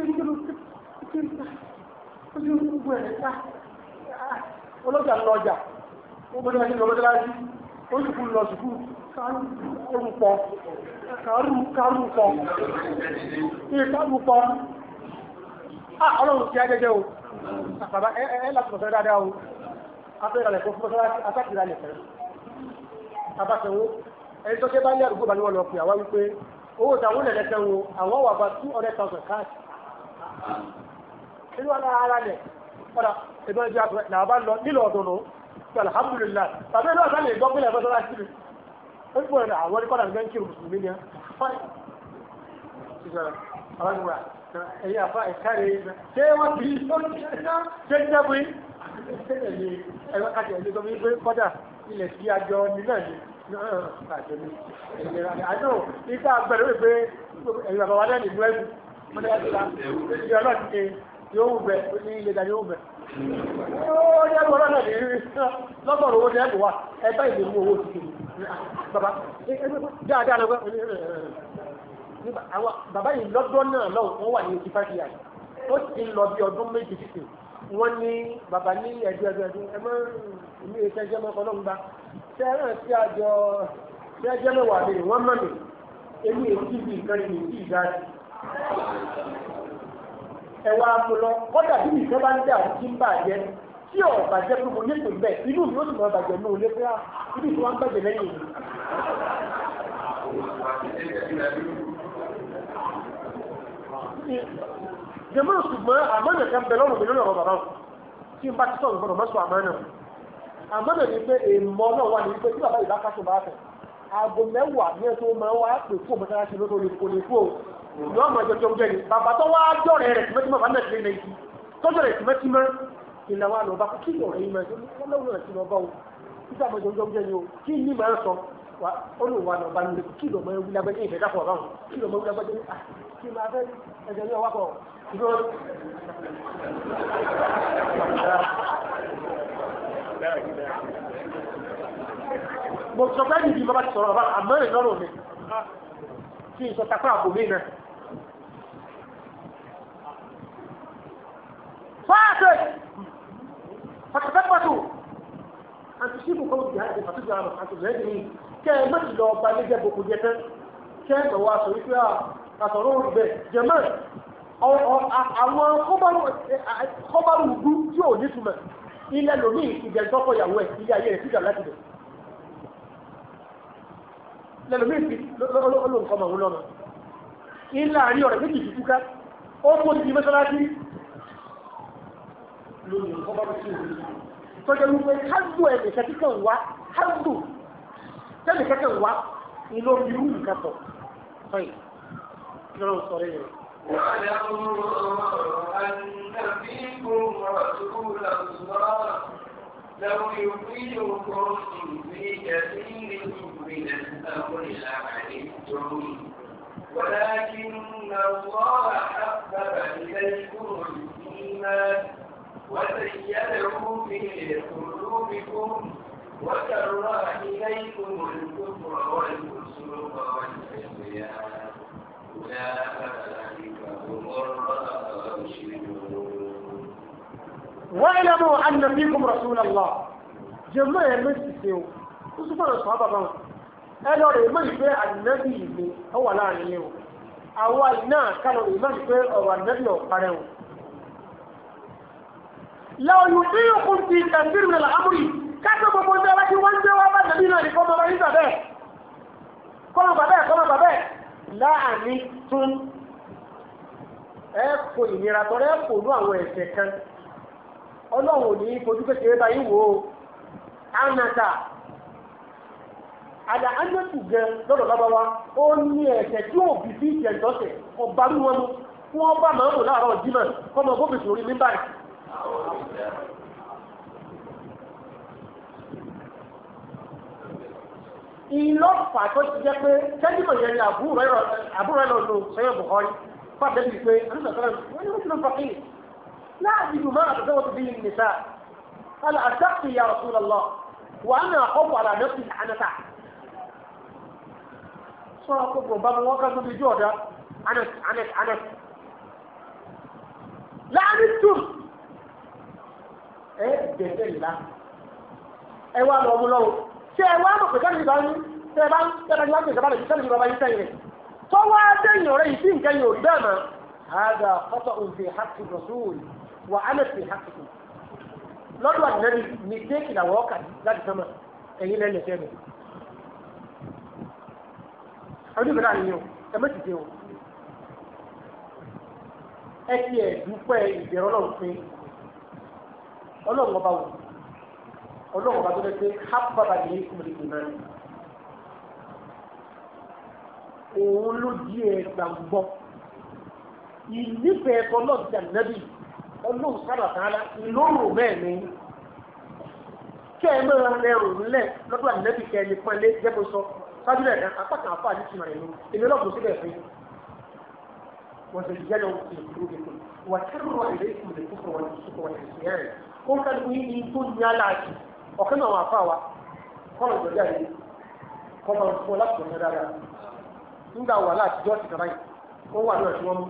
n gbogbo ẹ̀ ká ọlọ́jà lọ ọjà gbogbo ní ọjọ́ lọ́jọ́ láti ó o kúrò lọ sùkú kárù pọ̀ kárù pọ̀ kárù pọ̀ Ah, ọlọ́run ti ajẹ́jẹ́ o bàbá ẹ láti bọ̀ sọ dáadáa o afẹ́rẹ́lẹ̀ kó fún asákìrálẹ̀ fẹ́ abáṣẹwó ẹni tó ṣe bá ní àdúgbò bá ní wọn lọ pè àwa wípé owó tàwọn ẹ̀rẹ́ tẹ́ wo àwọn wà bá two hundred thousand cash nínú ara ara rẹ̀ padà ẹ̀dọ́ ẹ̀dọ́ àtọ̀ là bá lọ nílò ọ̀dọ̀ nù pé alhamdulilah bàbá ẹ̀dọ́ àtọ̀ lè gbọ́ pé lẹ́fẹ́ sọ́dá síbi ó ń bọ̀ ẹ̀ àwọn ẹ̀dọ́ àtọ̀ lè gbọ́ pé lẹ́fẹ́ sọ́dá síbi ẹ̀yà àbá ìkárẹ̀ ìgbà ṣé wọ́n fi ṣe ń jẹ́bù yìí ṣẹlẹ̀ ẹ̀rọ kájọ ẹ̀lẹ́ tó fi gbé kọ́dà ilẹ̀ sí àjọ nílẹ̀ yìí náà àjọ mi ẹ̀yẹ̀rẹ̀ àjọ ìgbà àgbẹ̀rẹ̀ wípé ẹ̀yìn bàbá wa náà nìlú ẹ̀rù mọ́lẹ́ ẹ̀dá ìdí ọlọ́ọ̀ ti yóò wù bẹ́ ní ilé ìdájọ́ wù bẹ́. ó yẹ kó lọ́nà ní rí lọ́gbọ̀n owó ní ẹ̀dùn wa ẹ̀bá ìlú owó ti kiri bàbá dáadáa lọ́gbọ̀n àwọn bàbá yìí lọ́dọ́ náà lọ́wọ́ wọ́n wà ní eighty five years ó ti lọ bí ọdún méjì sísè wọ́n ní bàbá ní ẹ̀dùn ẹ̀dùn ẹ̀dùn ẹ mọ́ èmi ètò ẹ̀jẹ̀ mọ́ ọlọ́run gba sẹ́ràn sí àjọ sí ẹ̀jẹ̀ mẹ́wàá lè wọ́n mọ̀ mí èmi ètí bí nǹkan ní ìdí ìdájì ẹ̀wà àmúlọ kọ́dà bí nìkan bá ń dà kí ń bàjẹ́ tí ọ̀ bàjẹ́ pé mo nípò bẹ́ẹ̀ inú mi ó sì máa bàjẹ́ náà lé pé ah, ibi tí wọ́n ń jẹmọ́ ṣùgbọ́n àmọ́nà kan bẹ lọ́rùn mi ọ̀rọ̀ bàbá tí n bá ti sọ̀rọ̀ gbọ́dọ̀ àmọ́nà àmọ́nà ni pé èèmọ́ náà wà ní pé tí bàbá ìbá kásùn bá fẹ̀ aago mẹ́wàá ní ẹ̀tọ́ máa wá pè fún ọmọdé láti lọ́dọ̀ ní kò ní kú o ní ọmọ ẹjọ́ tó ń jẹ ni bàbá tó wá jọ̀rẹ̀ rẹ̀ tìmẹ́tìmọ́ bàbá náà ti lé tọ́jọ́ rẹ̀ tìmẹ́tìmọ́ ìlànà àlọ́ bá kí ọ̀rẹ́ yìí máa ń jẹ́ lọ́wọ́ rẹ̀ ti lọ bá o títí àmọ́jọ́ ọjọ́ jẹ́ ni o kí ní máa ń sọ olùwà náà bá ń lè kí lọ́mọ ewúlẹ́gbẹ́ ní ìfẹ́ dáfọ̀ ọ̀rọ̀ kí lọ́mọ ewúlẹ́gbẹ́ ní ẹ̀jẹ̀ ní ọwọ́ pọ̀ ìdúró. mo sọ pé ní ìdìbò bá ti sọ̀rọ̀ bá àmọ́ ìlọ́rùn mi kí n sọ takọ́ àbò mi náà. فاتك فتثبتوا أن تصيبوا قوم بهذه فتجوا على أن تزهدني كان مثل لو بالجة بوكو جتا كان تواصل فيها àtọ̀rọ̀ òrì bẹ́ẹ̀ jẹ̀mọ́ àwọn kọ́bárù ìlú tí ò ní túmọ̀ ilẹ̀ lòmí ìgbẹ̀ntọ́kọ̀ ìyàwó ẹ̀ ilé ayé rẹ̀ síjà láti bẹ̀ lẹ́lòmí ti lọ́lọ́kọ́ màá lọ́nà ilé àárín ọ̀rẹ́ méjì tuntun ká ó kó ti di mọ́sálásí lónìí kọ́bárù sí òní tọ́jọ́ wípé hádù ẹ̀ lè kẹ́kẹ́ wá hádù tẹ́lẹ̀ kẹ́kẹ́ wá ìlú omi rú nǹkan tọ̀ sọ́yìn نعم صريح ولو أن فيكم رسول الله لو يطيعكم في كثير من الأمر أعلمتم ولكن الله حبب إليكم الإيمان وزينه في قلوبكم وكره إليكم الكفر والفسوق والعصيان لا واعلموا أن فيكم رسول الله جماعة المسلمين وسبحان الصحابة بان قالوا لي ما يبقى النبي هو لا يليه أول نا قالوا لي ما يبقى هو النبي وقرأوا لو يطيعكم في كثير من الأمر كتب من ذلك وانجوا ما النبي لا به كما بابه كما بابه láàánú tún ẹ kò ìnira tọrẹ kò ní àwọn ẹ̀ṣẹ̀ kan ọlọ́run ò ní fojú kékeré báyìí anata àdá ánátù gan lọ́dọ̀ lábáwá ó ní ẹ̀ṣẹ̀ tí ò bí sí ìjẹ̀ǹtọ́sẹ̀ ọba rú wọn mú bá màmú láàárọ̀ jimá kọ́mọ iná pàtó ti jẹ́ pé tẹ́lifọ̀ yẹn ni àbúrò ẹ̀rọ lò sẹ́yìn bùkọ́rí fàdé bíi pé alùpàtàkì wọ́n ní mùsùlùmí fàkì láàbí jùmọ́ àtúntò tó bí nìta ala àtàkì ya Rasulullah wà sọ láàrin tún ẹ dẹ̀dẹ̀ ẹ wá ṣe ẹ wá mọ̀ pé sẹ́ni ìgbà yín ṣe ẹ bá ń tẹ́lẹ̀ ní láti ìjọba lè fi sẹ́ni ìjọba yín sẹ́yìn rẹ̀ tó wá dẹ́yìn ọ̀rẹ́ yìí sí nǹkan yìí ò rí bẹ́ẹ̀ mọ́. àádọ́ ọ̀tọ̀ òǹfẹ hakki rasul wà á lẹ́sẹ̀ hakki kù lọ́dọ̀ àdìrẹ́ni ní téèkì làwọn ọkà láti sọ́mọ ẹ̀yìn lẹ́lẹ̀ fẹ́ mi. ọdún ìgbàlá ni o ẹ mọ̀ tìde o ẹ ti ẹ̀ dúpẹ́ ìbẹ̀rẹ̀ ọlọ́run pé ọlọ́run ọba wò ọlọ́run bá tó dẹ́ pé hábàbà ní ìkùnrin ìgbìmọ̀ rẹ̀ òun ló di ẹ̀ gbàgbọ́ ìnífẹ̀ẹ́ ọlọ́run ti ànábì ọlọ́run sábà sára ìlóòrò bẹ́ẹ̀ ni kẹ́ ẹ máa rẹrù ńlẹ̀ lọ́dọ̀ ànábì kẹ́ ẹ lè pọ́n lé jẹ́ kó sọ sáájú rẹ̀ dá apá kan àfa àdìsí rẹ̀ lọ èmi lọ́kùn síbẹ̀ fún yín wọ́n ti jẹ́ lọ́wọ́ ti ìlú gbèsè wà á kẹ́rù wà ilé ọ̀kan náà wà fà wá kọ́nà ìjọba yìí kọ́nà fún ọ láti ọ̀sẹ̀ dáadáa nígbà wà láti jọ́ ti kàbáyì ó wà náà tí wọ́n mú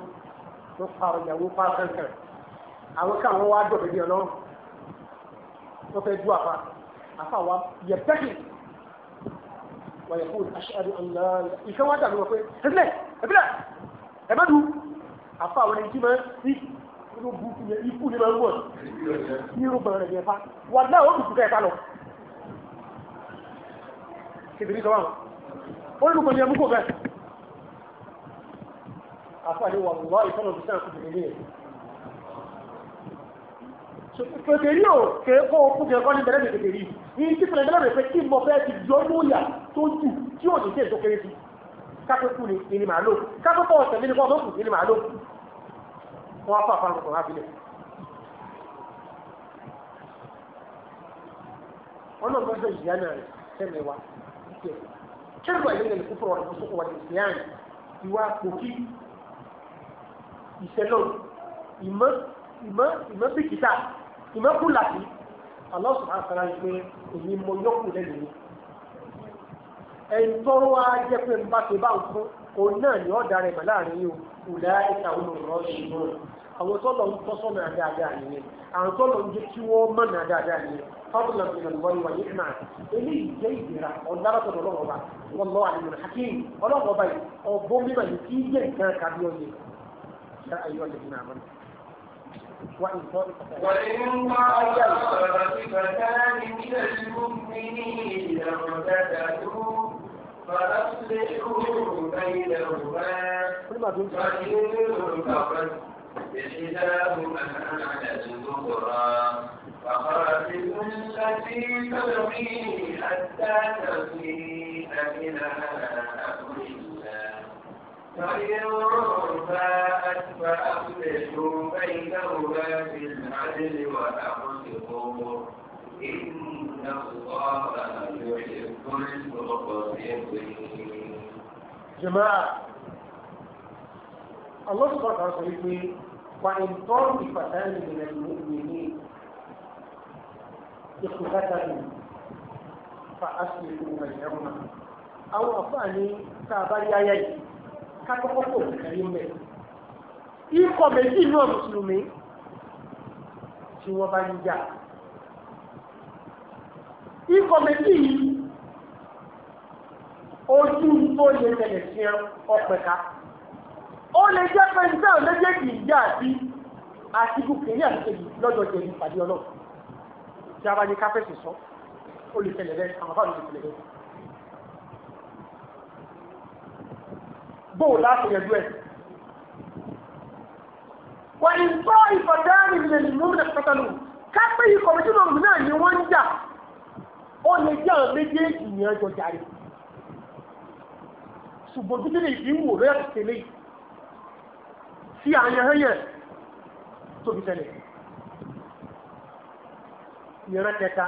wọ́n pa ọ̀rọ̀ ìyàwó pa kankan àwọn káwọn wá dọ̀bẹ̀ bí ọlọ́run wọ́n fẹ́ dú àfa àfa wa yẹ pẹ́kì wọ́n yẹ kó aṣáájú ọ̀nà ìfẹ́ wá dàbí wọn pé ẹ̀bílẹ̀ ẹ̀bílẹ̀ ẹ̀bẹ́dù àfa àwọn ẹni tí máa ń inú burúkú yẹn ikú ni máa ń bọ̀ ní irú gbọ̀ngàn rẹ̀ yẹn fa wà náà ó dùdú kẹta lọ. kìdìrí sọ wọn ó nínú gbọ̀ngàn yẹn mú kó bẹ́ẹ̀. àfààní wà wùwá ìtọ́nà òbí sáà kùdìrí ní yẹn. kèkèrí o kéèkó o kúkẹ́ kọ́ ní bẹ̀rẹ̀ bẹ̀ kèkèrí yìí tí fẹ̀rẹ̀ bẹ̀rẹ̀ fẹ́ kí mọ̀ bẹ́ẹ̀ ti jọ lóyà tó jù tí ò ní tẹ̀ tó kéré sí. kápẹ́kù ni ìní màá kápẹ́kù ọ̀sẹ̀ wọ́n fà fà lọ́kọ̀ lábílẹ̀. wọ́n lọ gbọ́dọ̀ ìyá náà rẹ̀ sẹ́mi wa ìkẹ́ kẹ́rù àyè lè kúfọ̀ wọn lọ́sọ̀ wọn lè fìyà ní ìwà pòkí ìṣẹ̀lọ̀ ìmọ̀ ìmọ̀ ìmọ̀ bìkítà ìmọ̀ kùlàkì Allah subhanahu wa ta'ala pé èmi mo yọkù lẹ́nu mi. ẹ̀yin tọ́rọ wa jẹ́ pé n bá ṣe bá ń fún òun náà ni ọ̀dà rẹ̀ mà àwọn tó lọ ń tọ́sọ́ náà dáadáa nìyẹn àwọn tó lọ ń jẹ́ kí wọ́n mọ̀ náà dáadáa nìyẹn fábùlà mìíràn wọ́n wà yìí náà eléyìí jẹ́ ìdíra ọ̀dáràtọ̀ ọlọ́wọ́ ọba wọn lọ́wọ́ àdìmọ̀ ọlọ́wọ́ ọba yìí ọ̀bọ mímọ̀ yìí kí nǹkan kábí ṣá ayé ọ̀lẹ́ náà mọ̀ إحداهما على الأخرى فقاتل التي تبغي حتى تفيء إلى أمر الله فإن فاءت فأصلحوا بينهما بالعدل وأقسطوا إن الله يحب المقسطين جماعة الله سبحانه وتعالى وإن طائفتان من المؤمنين اقتتلوا فأصلحوا بينهما àwọn àǹfààní tá a bá rí ayé yìí ká kọ́kọ́ kò kẹ́rí mẹ́. ikọ̀ méjì náà mùsùlùmí tí wọ́n bá ń jà. ikọ̀ méjì yìí ojú tó yẹ tẹ̀lẹ̀ sí ọpẹ̀ka lè jẹ́ pé nígbà méjèèjì ìjà àti àti gòkè ní àtúntò yìí lọ́jọ́ jẹ ní ìpàdé ọlọ́run tí a bá ní káfẹ́sì sọ ó lè tẹ̀lé bẹ́ẹ̀ àwọn afáàlú lè tẹ̀lé bẹ́ẹ̀. bóò láti yẹjú ẹ̀. wà ní gbọ́ ìfọ̀dáàrin lè ní múlẹ̀ pẹ̀tẹ̀lù kápẹ́ ikọ̀ méjì lòun náà ni wọ́n ń jà ó lè jẹ́ àwọn méjèèjì ní ọjọ́ jàre ṣùgbọ́n títí lè fi ń wò lóyà tẹ̀lé yìí tí àyẹ̀hẹ́yẹ̀ tóbi tẹ́lẹ̀ ìran kẹta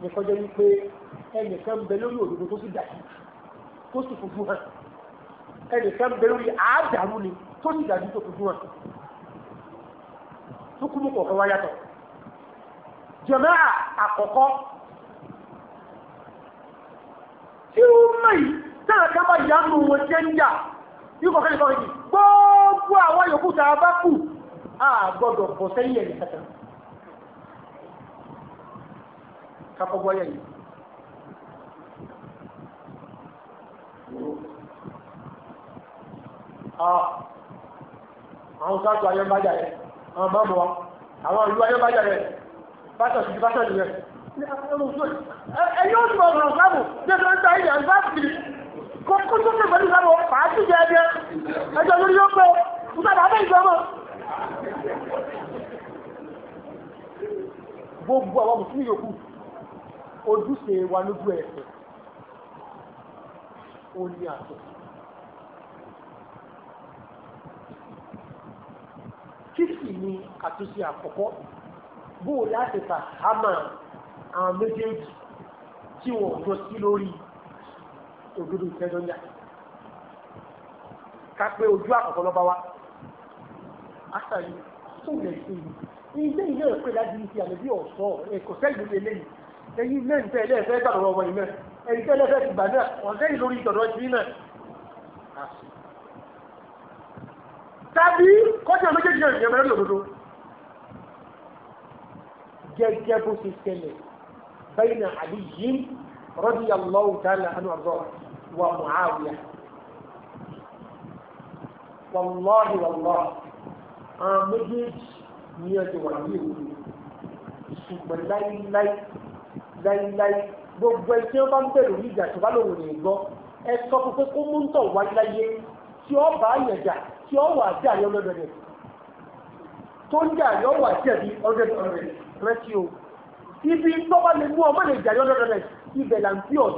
ní kọjá wípé ẹnìkan bẹ lórí òdodo tó sì dàjú tó sì fojú hàn ẹnìkan bẹ lórí àádàrú ni tó sì dàjú tó fojú hàn tó kú mú kọ̀ọ̀kan wá yàtọ̀ jẹ̀mẹ́ àkọ́kọ́ tí ó mẹ́yì táwọn kan bá yà nù wọn jẹ́ ń jà yóò kọ́kẹ́ nìkan yìí gbogbo àwọn yòókù tá a bá kù a gbọ́dọ̀ bọ̀ sẹ́yìn ẹ̀yìn kẹta kakọgbọ yẹn yìí. Ah, àwọn sáàtù ayọ́nbájà rẹ̀ àwọn bá mọ̀ àwọn ìlú ayọ́nbájà rẹ̀ pásọ̀tù ti pásọ̀tù rẹ̀ ẹ̀yọ́ ti ọ̀rọ̀ sáàmù jẹ́sọ̀ ń ta ilẹ̀ àgbà kiri kókó tó fẹ́ pẹ̀lú sáàmù pàápù jẹ́ ẹgbẹ́ ẹjọ́ lórí yóò pẹ́ ìsàlẹ̀ abẹ́ ìjọmọ́. gbogbo àwọn mùsùlùmí yòókù ojúṣe wa lójú ẹ̀sẹ̀ ó ní àtọ. kíkì ni àtúnṣe àkọ́kọ́ bó o láti ta hámà àwọn méjèèjì tí wọn ò jọ sí lórí òdodo ìtẹ́jọ́ yá ká pé ojú àkọ́kọ́ lọ́ba wa. àtàrí tó lè ṣe yìí ilé ilé ìpè láti ibi àlejò ọ̀ṣọ́ ẹ̀kọ́ sẹ́yìn lè léyìn ẹ̀yin ilé ìfẹ́ ilé ìfẹ́ gbàdọ̀rọ̀ ọmọ ìmẹ́ ẹ̀yin tẹ́ lẹ́fẹ́ ti gbà náà wọ́n sẹ́yìn lórí ìtọ̀dọ̀ ti náà. tàbí kọ́jà méjèèjì náà ìyẹn mẹ́rin òdodo gẹ́gẹ́ bó ṣe ṣẹlẹ̀ bẹ́yìn àdìyí radiyallahu ta'ala anhu àbọ̀ wa Muawiya wallahi wallahi àwọn méjèèjì ní ẹjọ́ wà ní èwe ṣùgbọ́n láíláí láíláí gbogbo ẹ tí wọ́n bá ń bẹ̀rù ní ìjà tó bá lòun ní gbọ́ ẹ sọ fún pé kó mú ń tọ̀ wáyé láyé tí ó bá yẹn jà tí ó wà jà yọ lọ́dọ̀dẹ̀ tó ń jà yọ wà jẹ̀bi ọ̀rẹ́dẹ̀ rẹ sí o ibi tó bá lè mú ọmọ lè jà yọ lọ́dọ̀dẹ̀ ibẹ̀ là ń fi ọ̀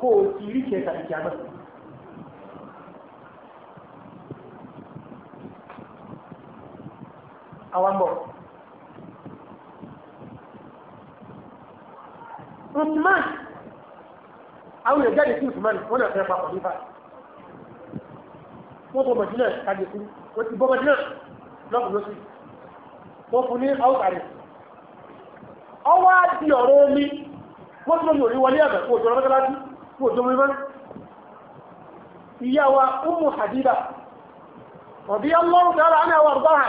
kó o ti rí kẹta ìjà náà. àwọn ń bọ̀. Usman àwọn èèyàn jáde sí Usman wọ́n náà fẹ́ papọ̀ nípa wọ́n tó Madina kàdé kúrú wọ́n ti bọ́ Madina lọ́kùn lọ́sí wọ́n fún ní àwùkàrẹ̀ ọwọ́ di ọ̀rọ̀ omi wọ́n tó lórí orí wọlé àgbà kó òjò ọlọ́gbẹ́lá sí kó òjò omi mọ́ ìyá wa Ummu Habiba ọ̀bí ọlọ́run dára ní àwọn ọ̀rọ̀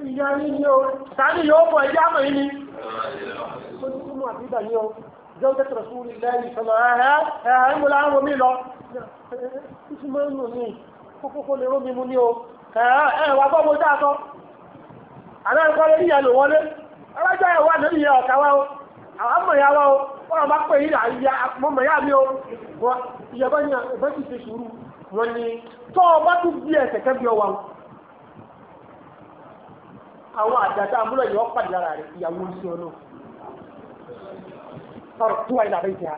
ìyá yín ni o tàbí yóò bọ̀ ẹjẹ́ àmọ̀ yín ni. ó ní àbídà ni o zẹ́wọ́tẹ́ tẹ̀rẹ̀ fún ilé ìfẹ̀lẹ̀ ẹ̀hẹ́ ẹ̀hẹ́ ń wọlé àwọn omi lọ. títí máa ń nù ní kókókó lè rómi mu ní o ẹ̀ wà gbọ́ mo dáa tọ́. àná ẹ̀kọ́ lórí ìyá lò wọlé ọlọ́jọ́ ẹ̀ wà lórí ìyá wa o ya wa o wọ́n bá pè ya mi o. ti ṣe sùúrù ni tọ́ ọ bá tún bí ẹ̀sẹ̀ kẹ́ bí àwọn àjàtà àmúlò yìí wọ́n pàdé lára rẹ̀ ìyàwó sí ọ ọ̀rọ̀ tó wà ìlànà ìjà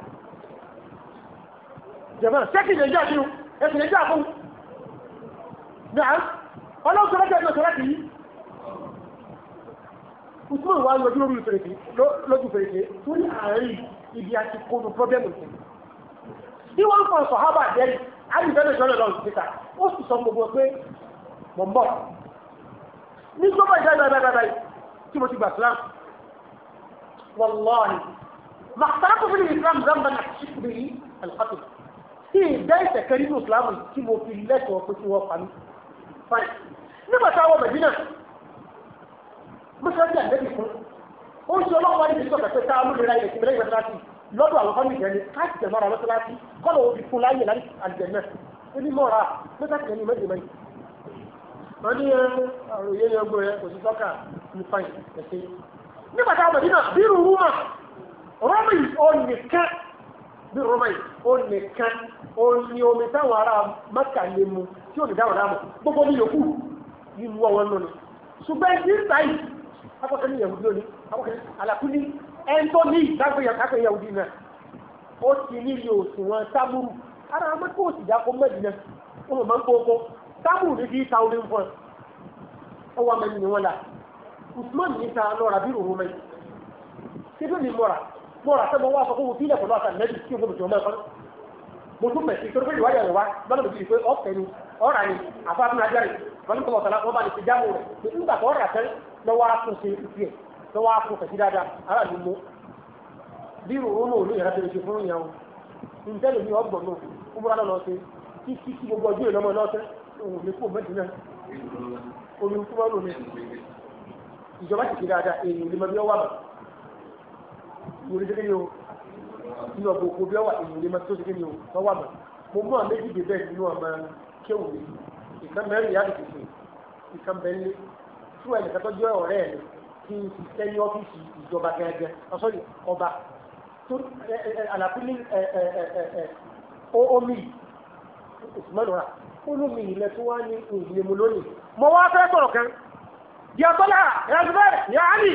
jẹ̀mọ́ sẹ́kì ìjọ àti ẹ̀sìn ìjọ àfún náà ọlọ́run tó lọ́jọ́ ìjọ láti yìí Usman wa lójú lórí fèrèsé lójú fèrèsé tó ní àárín ibi àti kóno pọ́bẹ́mù sí. Bí wọ́n ń fa sọ̀hábà dẹ́rì, á gbogbo ní sọ́bà ìjà ìbá ìbá ìbá tí mo ti gbà Islam wàlláhi màtàkùn fún Islam zamba náà ti kúrò yìí alhatu tí ìjà ìtẹ̀kẹ́ nínú Islam tí mo fi lẹ́tọ̀ọ́ pé kí wọ́n pa mí fine nígbà táwọn Mẹ̀dínà mọ́sálásí àdébì fún ó ń ṣe ọlọ́pàá níbi sọ̀kẹ́ pé táwọn olùrẹ́ra ilẹ̀ tìmílẹ̀ ìgbà sáàtì lọ́dọ̀ àwọn fámìlì jẹ́ ni káàkiri jẹ́ mọ́ra mọ́sálásí kọ́lọ̀ òbí fún láyé láti àjẹ́ ó ní mọ́ra mọ́sálásí jẹ́ mẹ́jọ mẹ́jọ wọ́n ní àròyé ah, ní ọgbọ̀n yẹn kò rúmà rọ́mì onìkan bírù rọ́mà onìkan oní omi táwọn ará mẹ́ta lè mu tí ò ní dáwọn dáàmú gbogbo ní yòókù ní ìlú ọwọ́ nù ni. ṣùgbọ́n ní sáì akọ́kẹ́ ní yahudi òní akọ́kẹ́ alakuli ẹ̀ńtọ́ni dágbé yahudi tábù ní bí thousand fún ọ wà mẹ́rin ni wọ́n Usman ní ta lọ́ra bí òru mẹ́rin síbí mi mọ́ra mọ́ra sọ fún mi sílẹ̀ pẹ̀lú àtàlẹ́ bí kí n gbọ́dọ̀ jọ mọ́ i mo tún mẹ̀sí wa lọ́nà mi ni ọ̀rà ni àfáàfin ajáre wọn ní kọ́ ọ̀tàlá wọn bá lè fi jáàmù rẹ̀ nígbà tó ọ̀rà tẹ́lẹ̀ lọ́wọ́ á tún òun lè kó mẹ́tì náà omi tó bá lòmí ìjọba ti ṣe dáadáa èyí ò lè mọ bí ọ wà mọ́ ìwò lè ṣẹ́kẹ́ ni o ní ọ̀bọ̀ òkú bí ọ wà èyí ò lè mọ tó ṣẹ́kẹ́ ni o ọ wà mọ́ mo mọ́ àwọn méjì bẹ́ẹ̀ nínú ọmọ kéwù mi ìkan bẹ́ẹ̀ rìyá lòdì sí ìkan bẹ́ẹ̀ lé tú ẹ̀ nìkan tó jẹ́ ọ̀rẹ́ ẹ̀ kí n ṣiṣẹ́ ní ọ́fíìsì ìjọba gẹ́gẹ́ ọ̀sọ́rì oh, ọba tó àlàkùnrin omi ìsúmọ́lùrà olómi ilẹ̀ tó wá ní ìlèmù lónìí mo wá fẹ́ sọ̀rọ̀ kan yà tọ́lá yà zubẹ́rẹ̀ yà ali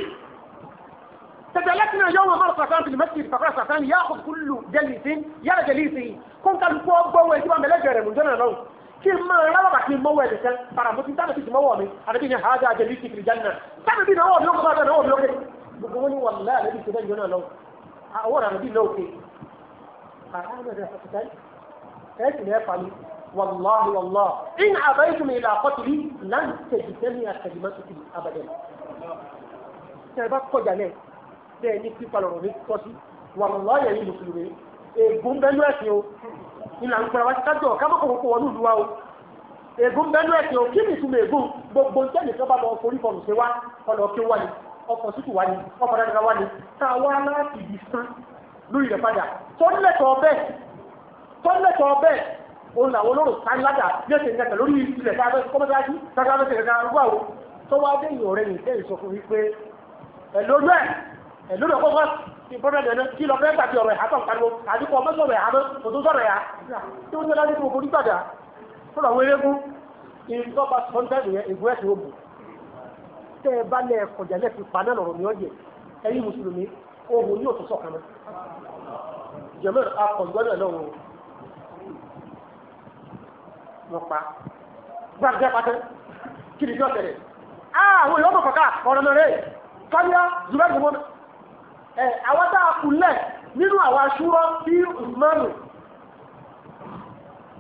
تجلسنا يوم مرة سكان في المسجد فقال سكان ياخذ كل جليس يا جليسه كون كان فوق بوه يجيب من لجرة من جنة نو kí n máa rábà bàtí mọ́wọ́ ẹ̀dẹ̀ kan parabo tí n tábà ti ti mọ́wọ́ mi àdébí ni ha dáa jẹ̀lí tìkìrì jánà tábà bí náwó mi ó kọ́ bá náwó mi ó ké gbogbo wọn ni wà láyà àdébí ti bẹ́ẹ̀ jọ náà lọ àwọn àdébí náà ó ké àrà àdébí àfàkùtà ẹ̀ sì ní ẹ̀ fà mí والله والله إن أبيتم إلى قتلي لن تجتمع كلمتكم أبدا سيبقى جميع سيني في فالروني كوسي والله يا مسلمين ègún bẹ́lú ẹ̀sìn o ìlànà ìpẹ̀rẹ̀ wá kájọ kábọ̀kọ̀ kò wọnú ìlú wa o ègún bẹ́lú ẹ̀sìn o kí ni ìtumọ̀ ègún gbogbo ìtẹ́lẹ̀ tó bá lọ forí fọ̀rùn sí wa ọ̀nà òkè wa ni ọkọ̀ sítù wa ni ọkọ̀ a wá láti ìdí sán lórí òun làwọn olóró ká ládà bí ẹsẹ̀ ìjẹta lórí ilẹ̀ tá a fẹ́ kọ́mọ́dájú tá a fẹ́ ṣe kankan arúgbó àwò tó wá dé ìyọ̀ rẹ̀ yìí tẹ́lẹ̀ sọ fún mi pé ẹ̀ lójú ẹ̀ ẹ̀ lójú ẹ̀ kọ́kọ́ ti bọ́dọ̀ dẹ̀ náà kí lọ fẹ́ gbàgbé ọ̀rọ̀ ẹ̀ hàtọ̀ pariwo àti kọ́ ọmọ sọ̀rọ̀ ẹ̀ hàmọ́ òtún sọ̀rọ̀ ẹ̀ tí ó ń yọlá nínú ogun nígbàdà tó làwọn eléegun ìtọ́ba sọ́ńdẹ́rì yẹn ègbó ẹ̀sìn òbò tẹ́ ẹ bá lẹ̀ kọjá lẹ́ fi pa náà lọ̀rọ̀ ní ọ̀yẹ̀ ẹ̀yin mùsùlùmí ohun yóò tó sọ̀kan náà jẹ̀mẹ́rẹ̀ akọ̀ ìgbọ́dọ̀ náà wọ́n pa gbàgbé pàtó kí ni yóò tẹ̀lé ah, àwọn èèyàn mọ̀ kọ̀ọ̀ká ọ̀rọ̀ mẹ́rẹ̀ kọ́bíyá zubẹ́rì ni wọ́n ẹ̀ àwọn tá a kù lẹ̀ nínú àwọn aṣúrọ́ bí mọ́nù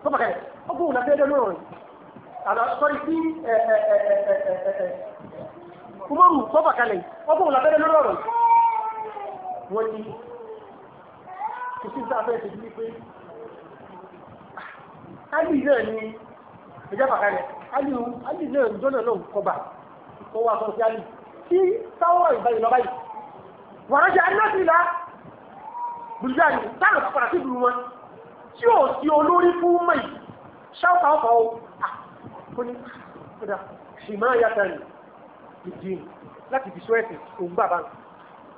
tó pàkẹ́ ó kún ìlànà ẹgbẹ́ lóòrùn àná sọ́rí sí umaru tó pàkẹ́lẹ̀ ó kún ìlànà ẹgbẹ́ lóòrùn wọ́n ní kò sí ìta abẹ́rẹ́ tẹ̀lé pé alì náà ni ìjà pàkàlẹ̀ alì alì náà jọ́nà náà kọba kó wá sọ sí alì tí sáwọ́ ìbáyìí lọ́ba yìí wàrájà anáfìlà bùrùdá ni táwọn sọ̀rọ̀ sí ìlú wọn tí ò sí olórí fún mọ̀ yìí ṣáwọ́ káwọ́ kọ́ ó ní kódà sì máa yàtọ̀ ní ìdí láti fi sọ́ẹ̀tì òun bàbá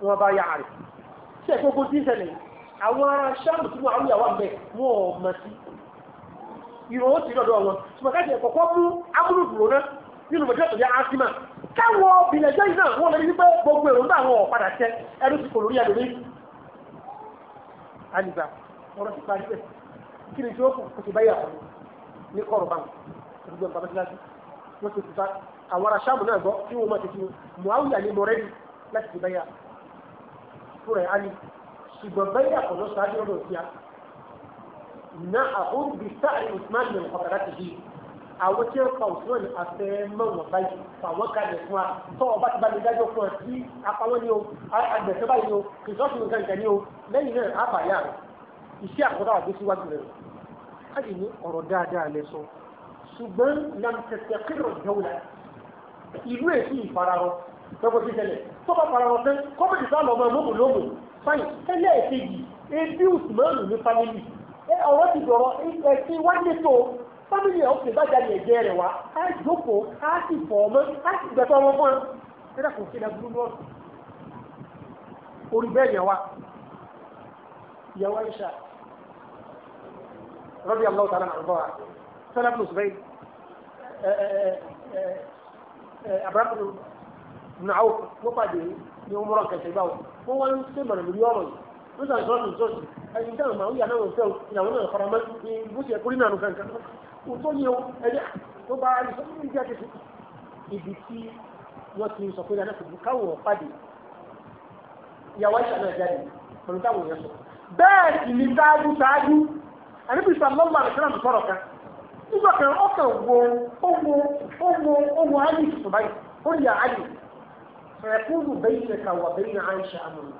wọn bá yà rẹ̀ tí ẹ̀kọ́ gbogbo tí ń ṣẹlẹ̀ àwọn ará ṣáàmù tí wọ́n àwọn ìyàwó àgbẹ̀ wọn ò mọ̀ sí ìròyìn ó sì lọ́dọ̀ wọn ṣùgbọ́n káṣí ẹ̀kọ́kọ́ mú amúlùdùrò náà nínú bẹ̀jẹ̀ tó yá ásímà káwọn obìnrin yìí náà wọ́n lè ní pé gbogbo àwọn ọ̀padà tẹ kò lórí ọ̀rọ̀ ti parí bẹ́ẹ̀ kí ni tí ó kù báyà wọn ní kọ́rọ̀ bá wọn wọ́n ti نحقود بسعر عثمان من خطراته àwọn tí ń pa òṣùwọ̀n ní afẹ́mọ́ wọn báyìí fàwọn kalẹ̀ fún wa tó ọba ti bá mi dájọ́ fún wa sí apáwọn ni o agbẹ̀sẹ̀ báyìí ni o kìsọ́ọ̀sì nǹkan nǹkan ni o lẹ́yìn náà á bàyà rẹ̀ iṣẹ́ àkọ́kọ́ àgbẹ̀ síwájú rẹ̀ á sì ní ọ̀rọ̀ dáadáa lẹ sọ ṣùgbọ́n làǹtẹ̀tẹ̀ kírọ̀ jọ́wọ́lá ìlú èsì ìfararọ lọ́kọ̀ sí tẹ́lẹ̀ tó bá fararọ tẹ́ kọ́mọ̀tì sá lọ́mọ mọ́kù lóògùn fáyìn tẹ́lẹ̀ èkejì ebi usman ní fámìlì ọ̀rọ̀ ti dọ̀rọ̀ ẹ̀sìn wá létò fámìlì ọ̀sẹ̀ bá jáde ẹ̀jẹ̀ rẹ̀ wá á jókòó á sì fọ̀ ọmọ á sì gbẹ̀tọ̀ ọmọ fún ẹ ẹ̀rọ kò sí ẹ̀dá burú lọ́ọ̀sì orí bẹ́ẹ̀ yẹn wá yẹn wá ìṣá rọ́bì àlọ́ tààrà náà bọ́ sọ́nà kẹsẹ̀ wọ́n wá ń lórí ọ̀rọ̀ yìí ń sàn sọ́ọ̀tì sọ́ọ̀tì ẹni dáhùn máa ń yà náà fẹ́ ìyàwó náà fara mọ́ ní bóṣe kúrí náà nǹkan kan kò tó yẹ ẹyẹ tó bá ẹni sọ́ọ̀tì ní ìjà kejì ibi tí wọ́n ti sọ pé dáná kejì káwọn pàdé ìyàwó àìsàn náà jáde pẹ̀lú táwọn èèyàn sọ bẹ́ẹ̀ sì ni ṣáájú ṣáájú àníbi ìsàlọ́mọ àlùsílámù sọ̀rọ̀ kan nígbà kan ọkàn wo owó owó owó alì sùbáyì ó yà alì fẹ̀kúrú bẹ́yìn ẹ̀ka wà bẹ́yìn àìsàn àmọ̀ràn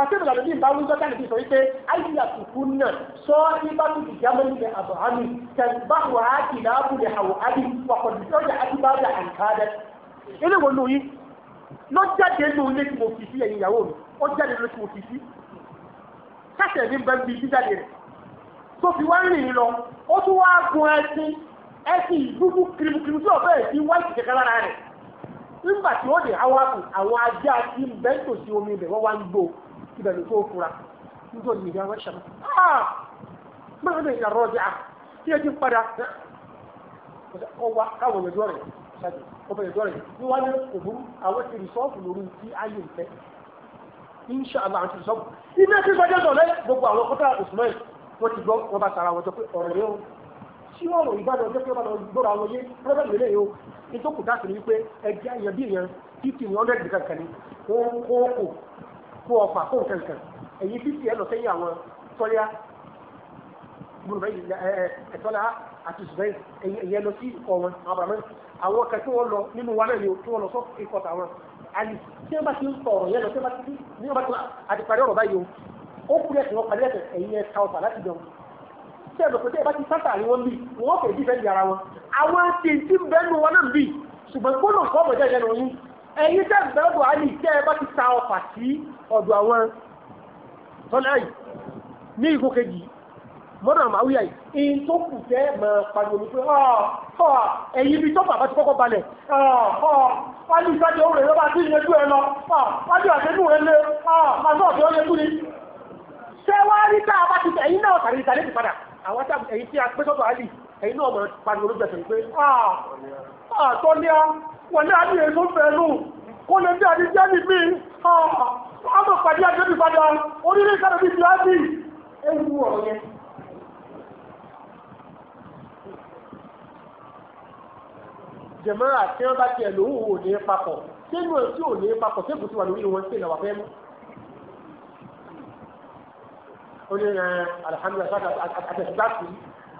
àtẹ́bùrà lórí ìbáwí gbọ́dá nìbí sọ wípé àyíyá kùkú náà sọ nípa tó ti jámọ́ nílẹ̀ àbọ̀hámi tẹ̀gbá wà á kì náà bùlẹ̀ àwọ̀ ábí wàkọ̀dù lọ́jà àdìbájà àǹkádẹ́. ilé wo lóyún ló jáde ló lé tí mo fi sí ẹ̀yìn ìyàwó mi ó jáde ló tí mo fi sí. kásẹ̀ mi bẹ́ẹ̀ bí jíjáde rẹ̀ tó fi wá rìn lọ ó tún wá gun ẹṣin ẹṣin ìdúdú kìrìmùkìrìmù tí ọ̀fẹ́ ẹ̀ fi wáìtì kẹ̀kẹ́ lára rẹ̀ nígbà tí ó dé àwọn àjá tí ń bẹ́ẹ̀ tòsí omi ibẹ̀ wọ́n wá ń gbó ibẹ̀ ló tó fura nítorí ìyá wọn ṣẹlẹ̀ máa ní ìyá ah! rọ́jà tí ẹ ti ń padà ọwọ́ káwọn ọmọ ìjọ rẹ̀ ṣáàjì ọmọ ìjọ rẹ̀ ní wọ́n ní òbúrú àwọn ti rìsọ́ọ̀fù lórí tí ayé ń fẹ́ insha Allah àti rìsọ́ọ̀fù iná tí sọjọ́ sọ lẹ́yìn gbogbo àwọn kọ́tà Usman wọ́n ti gbọ́ wọn bá sara wọn jọ pé ọ̀rọ̀ yẹn o tí ọ̀rọ̀ ìbàdàn jẹ́ pé wọn lọ gbọ́dọ̀ àwọn yé rọ́bẹ̀ lélẹ̀ yìí o nítorí kò dáàtì ní wípé ẹgbẹ́ àyẹ̀bí yẹn fifteen hundred kankan ni wọ́n kó kò fún ọfà fún nkankan èyí fífi ẹ lọ sẹ́yìn àwọn tọ́lá gbùnbẹ́ ẹ̀tọ́lá àti ṣùgbẹ́ ẹ̀yẹ lọ sí ikọ̀ wọn abàmẹ́ àwọn kan tí wọ́n lọ nínú wa náà ni tí wọ́n lọ sọ ikọ̀ tàwọn àyè tí wọ́n bá ti ń sọ ọ̀rọ̀ yẹn lọ tí wọ́n bá ti ní wọ́n bá ti àdìparí ọ̀rọ̀ báyìí o ó kúrẹ́ ẹ̀sìn wọn pàdé ẹ̀sìn ẹ̀yìn ẹ̀ka ọ̀tà láti jẹun tí ẹ̀dọ̀ pé tí ẹ bá ti sátà ni wọ́n bì wọ́n fẹ̀ dífẹ́ di ara wọn àwọn ti ti bẹ́nu wọn náà bì ṣùgbọ́n gbọ́dọ̀ kọ́ ọ̀bọ̀jẹ́ ìjẹun yín ẹ̀yin tẹ́ bẹ́ẹ̀ bọ̀ á ní tẹ́ ẹ bá Ọdụ awọn tọ́láì ní ìkó kejì mọdụ àmàwíyà yìí tó kù tẹ́ ma pàdé ní pé ẹ̀yìn ibi bi bàbá ti kọ́kọ́ balẹ̀ wájú ìsájọ òun rẹ̀ lọ́ba tí ìyẹjú ẹ lọ wájú àtẹnú rẹ̀ lé àtọ́ ọ̀dọ́ a bá ti ẹ̀yìn náà tàbí ìtàlẹ́ ti padà àwọn tá ẹ̀yìn tí a pé sọ́tọ̀ àlì ẹ̀yìn náà mọ̀ pàdé olóògbẹ̀sẹ̀ pé àtọ́ ní a wọ̀n ní àdìyẹ tó fẹ́ lù kó lè bí wọ́n tó pàdé àjọ́bí padà orílẹ̀ ìsàdọ̀ bí jùlọ́sì ewu ọ̀rọ̀ yẹn jẹ̀mọ́ra tí wọ́n bá tiẹ̀ lòun ò ní papọ̀ sínú ẹ̀ tí ò ní papọ̀ sí èkó tí wà lórí wọn sí ìlàwà fẹ́ mú ó ní alhamdulilayi àtẹ̀sígbà sí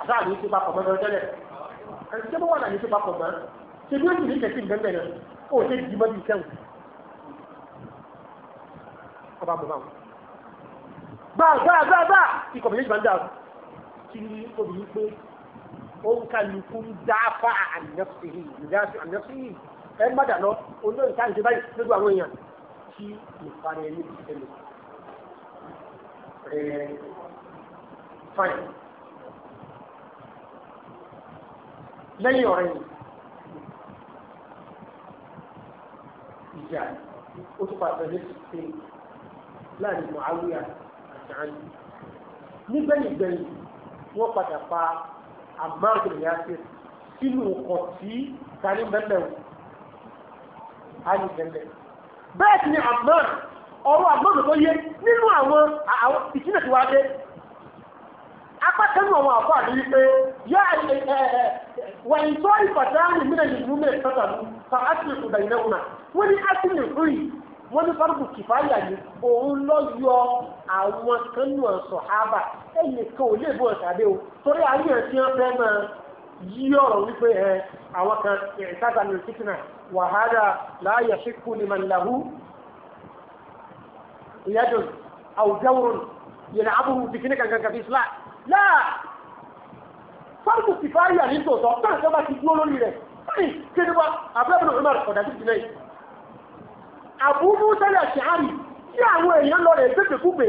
àtàwọn àmì ìṣe papọ̀ mọ́tò tẹ́lẹ̀ àti tí wọ́n wà ní ìṣe papọ̀ mọ́ ṣe bí ó sì ní kẹ̀kí ìgbẹ́gbẹ́ rẹ̀ ó ṣe jìmọ́ bí ìṣẹ́wọ̀n ọba mọ̀ báwọn. gbà gbà gbà gbà ikọ̀ méjèèjì máa ń dàrú kí ni obìnrin pé ó ń kálukú ń dáfà ànẹ́fìhì ìdáfì ànẹ́fìhì ẹ má dà lọ olóyè ká ìṣe lójú àwọn èèyàn kí ìparí ẹni ti tẹ̀lé. fine lẹ́yìn ọ̀rẹ́ yìí ìjà ó tún pàṣẹ ní ṣe láàrin Muawiya àti Ali nígbẹ̀yìn gbẹ̀yìn wọ́n padà pa Ammar bin Yasir sínú ọkọ̀ tí tani mẹ́lẹ̀ wò Ali mẹ́lẹ̀ bẹ́ẹ̀ sì ni Ammar ọ̀rọ̀ Ammar tó yẹ nínú àwọn àwọn ìtúnẹ̀ tí wàá dé apákanú àwọn àbọ̀ àti wípé yá wà ìtọ́ ìfàtà ní mílíọ̀nù mílíọ̀nù tọ́tà fún fa asìlẹ̀ ìgbà ìnáwó náà wọ́n ní asìlẹ̀ fún wọ́n ní fárúkù kìfáyà ni òun lọ yọ àwọn kan nù ọ̀sọ̀ ábà ẹ̀yìn kan ò lè bọ̀ ṣàdé o torí àríyàn tí wọ́n fẹ́ máa yí ọ̀rọ̀ wípé ẹ àwọn kan ìrìnsáta ní fitna wàhálà láàyè ṣíkú ni màláhù ìyádùn àwùjáwòrán yẹn àbúrú bìkínì kankan kàfi isla láà fárúkù kìfáyà ní tòótọ́ tó ń sọ àbúrú sẹ́lẹ̀ ṣáàrì tí àwọn èèyàn lọ rẹ̀ pépè kúpè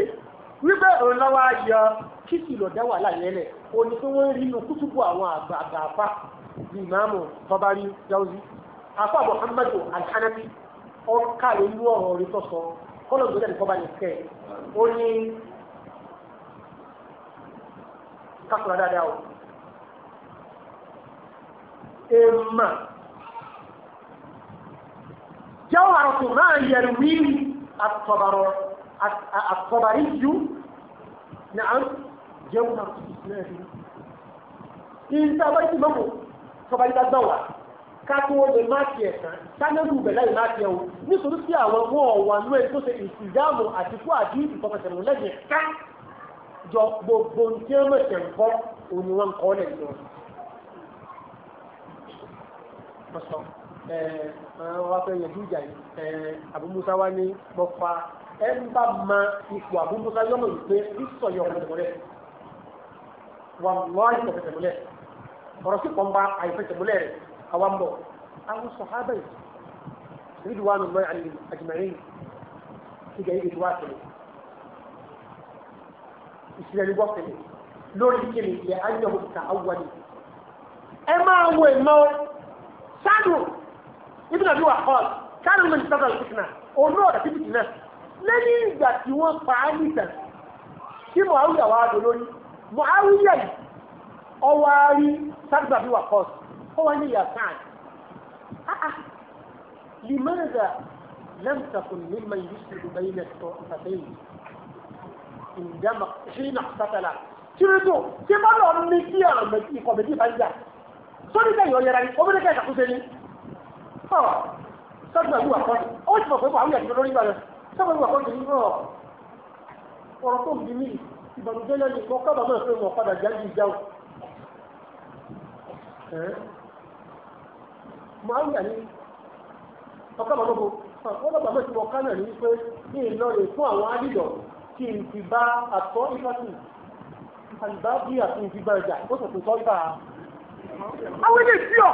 wípé òun lọ́wọ́ ayọ kìsì lọ́dá wà láyẹ̀lẹ̀ o ní pé wọ́n rí inú kútùbù àwọn àgbààgbà àfa bí ìmáàmù tọ́bárí jáuzi afa muhammadu alhanafi ọ̀ka ìlú ọ̀rọ̀ orí tọ̀sọ̀ kọ́lọ̀ gbọ́dọ̀ ní kọ́ba ní kẹ́ ó ní kásùrà dáadáa o èèmà جوهرة ما يرويه الطبر الطبري نعم جوهرة الإسلام إن تبعت ممو تبعت الدوار kátó lè má tiẹ̀ tán sánẹ́lù bẹ̀rẹ̀ ìmá tiẹ̀ o nítorí sí àwọn ọmọ ọ̀wà ló ẹ̀ tó ṣe ìsìdáàmù àti fún àdí ìfọkànsẹ̀mù lẹ́yìn ká jọ gbogbo tí wọ́n mẹ̀sẹ̀ ń kọ́ òní wọn kọ́ lẹ̀ lọ wọ́n fẹ́ yẹjú ìjà yìí abúmúsá wá ní mọ́fà ẹ ń bá ma ipò abúmúsá yọmọ yìí pé sísọ yọ ọ̀rọ̀ tẹ̀mọ́lẹ̀ wà lọ́ọ̀yì pọ̀ tẹ̀mọ́lẹ̀ ọ̀rọ̀ sí pọ̀nba àìfẹ́ tẹ̀mọ́lẹ̀ rẹ̀ àwa ń bọ̀ àwọn sàhábà yìí rídu wa nù lọ́ọ̀yì àlè àjùmọ̀rin ìgbà yìí ti wá tẹ̀lé ìṣẹ̀lẹ̀ ní gbọ́ tẹ̀lé lórí kíni ilẹ̀ ayélujára ẹ máa wọ ìmọ̀ sádùn ibùdó bí wà kọ́ọ̀lù káàlù mi ní sọ́dọ̀ ìfìtìnà òun náà dàbí fìtìnà lẹ́yìn ìgbà tí wọ́n pa á ní ìtàn kí Muawiya wà á dò lórí Muawiya yìí ọwọ́ á rí sábà bí wà kọ́ọ̀lù ó wá ní yàtàn ah, ah, limaza lam takun mimman yusiru bayna sọ̀tàtẹ́yìn ìjàmbá ṣì ń àkùsàtàlà tiridu tí bá lọ ní kí àmì ìkọ̀mẹ̀tì bá ń jà sórí kẹyọ̀ yẹra ni obìnrin kẹyọ̀ kúṣe ni ọ sọ́dọ̀ ìlú àkọ́ni ó ti mọ̀ pé wàhálà ìjọba lórí ìgbàlẹ̀ sọ́dọ̀ ìlú àkọ́ni ní ọ̀ ọ̀rọ̀ tó ń bí mí ìbànújẹ́ lẹ́nu mọ́ kábàá mọ́ ìfẹ́ mọ́ padà jáde ìjà o. Màáwìyà ni ọ̀kàbàá lóko wọ́n lọ́gbà mọ́ ìtumọ̀ kánà ní pé ní ìlọrin fún àwọn àdìdọ̀ kí n ti bá àtọ́ ìfàtì àlùbá bí àti ìfigbà ìjà ó sì pè sọ́ ìfà. Àwọn ilé ìfíọ̀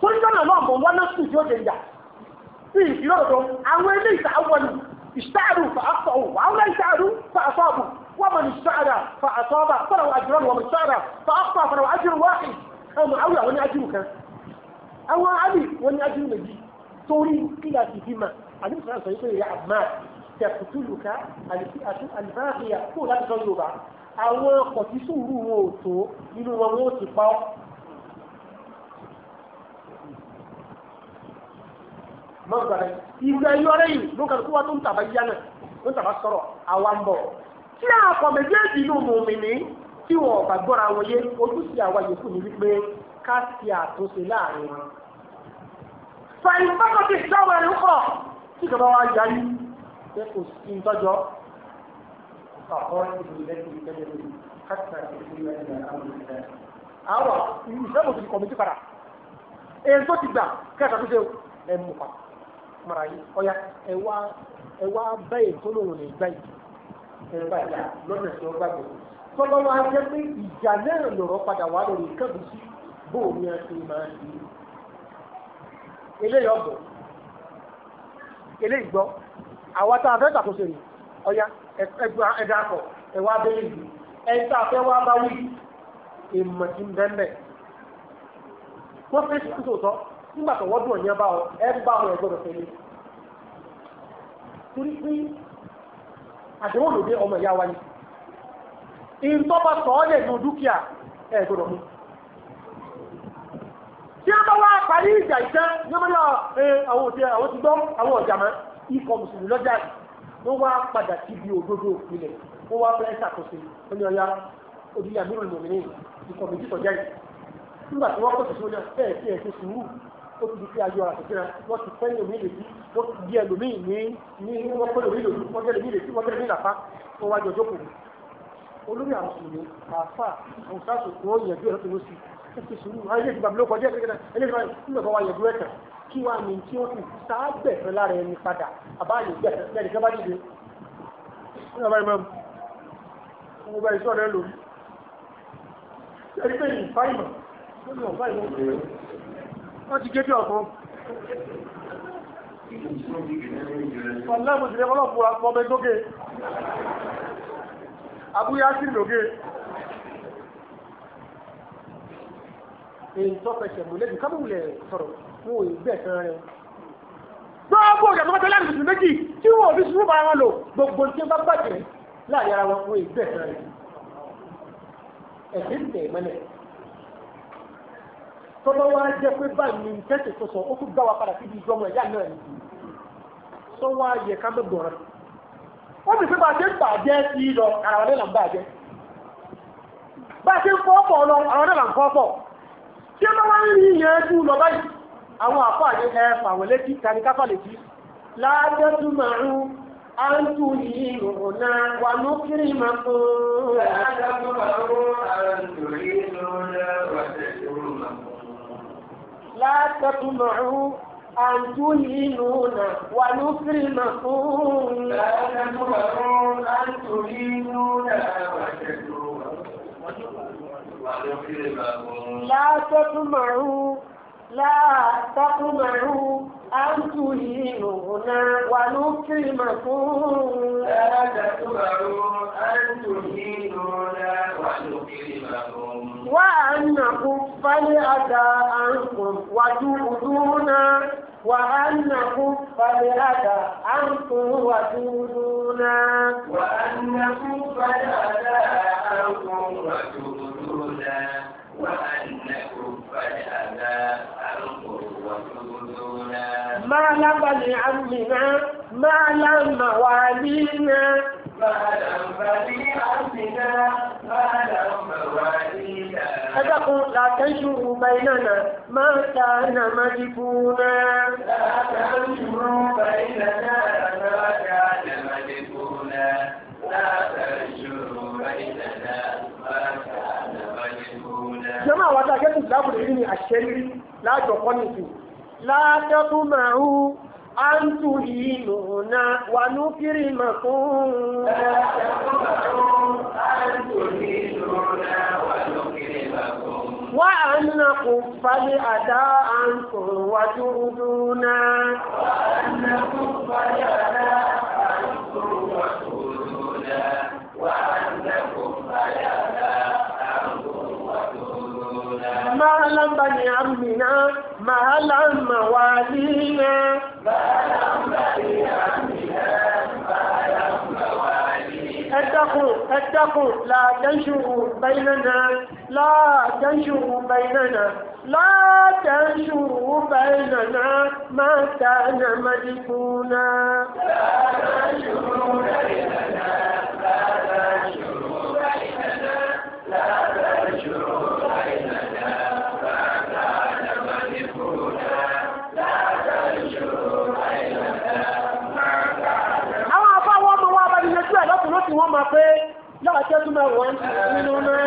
torí lọ́nà náà mọ̀ wọ́n lọ́sùn tí ó jẹ ìyà sí ìlọ́dọ̀ àwọn ilé ìta àwọn ìṣàrù fàáfọ̀ àwọn ìṣàrù fàáfọ̀ ومن استعلى فأصاب فله أجران ومن استعلى فأخطأ فله أجر واحد أو معاوية وني أجرك أو علي وني أجر نجي torí kílà ti bímọ àdúgbò sọ pé ìyá àmàd tẹkùtùlùkà àti àlùbáàbíyà kó láti sọ yorùbá àwọn ọkọ̀ tí sùúrù wọn ò tó nínú wọn wọn ò ti pa ọ́ mọ́gbàdá ìgbà yọrẹ yìí ló kàn kó wa tó ń tàbá yá náà ló ń tàbá sọ̀rọ̀ àwa ń bọ̀. tí àkọ méjèèjì inú mu mi ní tí wọn ọ̀gá gbọ́ra wọn yé ojúṣe àwa yòókù ní wípé ká ti àtúnṣe láàrin wọn. fàyín bákàtí ìdáwọ̀ ẹ̀rú kọ̀ tí ìjọba wa yá yí pé kò sí ìtọ́jọ́ ọ̀kọ́ ìdílé ìdílé ìdílé mara yìí ọ̀yà ẹ wá ẹ wá bẹ́ẹ̀ tó lòun ní gbà yìí ẹ gbà yà lọ́nà tí ó gbàgbé tọ́lọ́wọ́ á jẹ́ pé ìjà náà lọ̀rọ̀ padà wà lórí kẹ́bù sí bóun ni a ti máa ń di eléyìí ọ̀gbọ̀n eléyìí gbọ́ àwa tá a fẹ́ ṣàkóso rẹ̀ ọ̀yà ẹ̀dá akọ̀ ẹ̀wá abẹ́lé yìí ẹ̀ta fẹ́ wá bá wí èèmọ̀ tí ń bẹ́ẹ̀ bẹ́ẹ̀ wọ́n fẹ́ ṣe kí nígbà tó wọ́dún ọ̀yàn bá ọ ẹ bá ọ ẹgbọ́dọ̀ tẹ̀lé torí pé àdéhùn lòdì ọmọ ìyá wa yìí ìtọ́ba sọ̀ọ́lẹ̀ ní dúkìá ẹ gbọ́dọ̀ mú tí a bá wá parí ìjà ìjẹ́ nígbàlá àwọn òtí àwọn ti gbọ́ àwọn ọ̀jà mọ́ ikọ̀ mùsùlùmí lọ́jà wọ́n wá padà síbi òdodo ìpìlẹ̀ wọ́n wá fẹ́ ṣàkóso oní ọ̀yá odúyà mìíràn lòmìnir ikọ̀ méjì tọ́jà yìí nígbà tí wọ́n kọ́ sí sóyà bẹ́ẹ̀ sí ẹ̀ ó ti di pé ayọ̀ àti ìfẹ́ wọ́n ti fẹ́ lómi lòdì wọ́n ti di ẹlòmíì ní ní wọ́n pẹ́ lómi lòdì wọ́n jẹ́ lómi lòdì wọ́n jẹ́ lómi làpá wọ́n wá jọ jókòó. olórí àwọn mùsùlùmí àáfà àwọn sáàsù kò yẹ̀dú ẹ̀rọ tó ló sí ó ti sùúrù ayé ti bàbá kọjá ẹ̀kẹ́kẹ́ ẹlẹ́dìbà kí wàá ní tí ó kù sáábẹ̀ fẹ́ lára ẹni padà àbáyé gbẹ̀fẹ́ lẹ́yìn kẹ́ bá dìde. ní àbáyé mẹ́mu mo bá iṣọ́ rẹ lórí. ẹni pé ìfáìmọ̀ ó ní ọ̀fáìmọ̀ wọ́n ti gé bí ọ̀gbọ́n ọ̀lẹ́mùsílẹ̀ ọlọ́pùra pọ̀bẹ lókè abúyá sí lókè èyí tó fẹsẹ̀ mú lẹ́jù kábùlẹ̀ sọ̀rọ̀ fún òye bẹ́ẹ̀ kan rẹ̀ gbogbo ìjàmbá tó láti tuntun méjì tí wọn ò fi sùúrù bára wọn lò gbogbo tí wọn bá bàjẹ́ láàyè ara wọn fún òye bẹ́ẹ̀ kan rẹ̀ ẹ̀sìn tẹ̀ mọ́lẹ̀ tọ́lọ́ wá jẹ́ pé báyìí ní tẹ́sí tó sọ ó tún gbá wa padà síbi ìjọmọ ẹ̀yà náà ni sọ wá yẹ ká mọ̀ gbọ̀ràn ó sì pé bá a ṣe ń bàjẹ́ sí lọ ara ń bàjẹ́ bá a ṣe ń fọ́ lọ ara ń fọ́ tí bá wá ń rí ìyẹn lọ báyìí àwọn létí tani káfà látẹ̀kùnmọ̀rún àǹtúyìnúnà wà ní fílmù fún. látẹ̀kùnmọ̀rún àǹtúyìnúnà wà ní fílmù fún. látẹ̀kùnmọ̀rún látẹ̀kùnmọ̀rún. أنتهينونا ونكرمكم لا تكبروا أنتهينونا ونكرمكم وأن نكف الأذى عنكم وجودونا وأن نكف الأذى عنكم وجودونا وأن نكف الأذى عنكم وجودونا وأن نكف الأذى عنكم ما لم بني عمنا ما لم موالينا ما لم بني عمنا ما لم موالينا أتقوا لا تنشروا بيننا ما كان مجبونا لا تنشروا بيننا ما كان مجبونا jẹ́mọ́ àwọn tá a kẹ́kọ̀ọ́ ìsìláàmù lè rí ni àṣẹ́rí láàjọ kọ́nìtì látẹ́kùn máa ń àǹtù ìlú náà wà ní kiri màkún. látẹ́kùn máa ń àǹtù àdá àǹtù wà á nà مهلا بني عمنا مهلا موالينا مهلا بني عمنا مهلا موالينا اتقوا اتقوا لا تنشروا بيننا لا تنشروا بيننا لا تنشروا بيننا ما كان مدفونا لا تنشروا بيننا لا تنشروا بيننا لا تنشروا بيننا wa pé yóò jẹ́ tó máa wọ̀ nínú náà.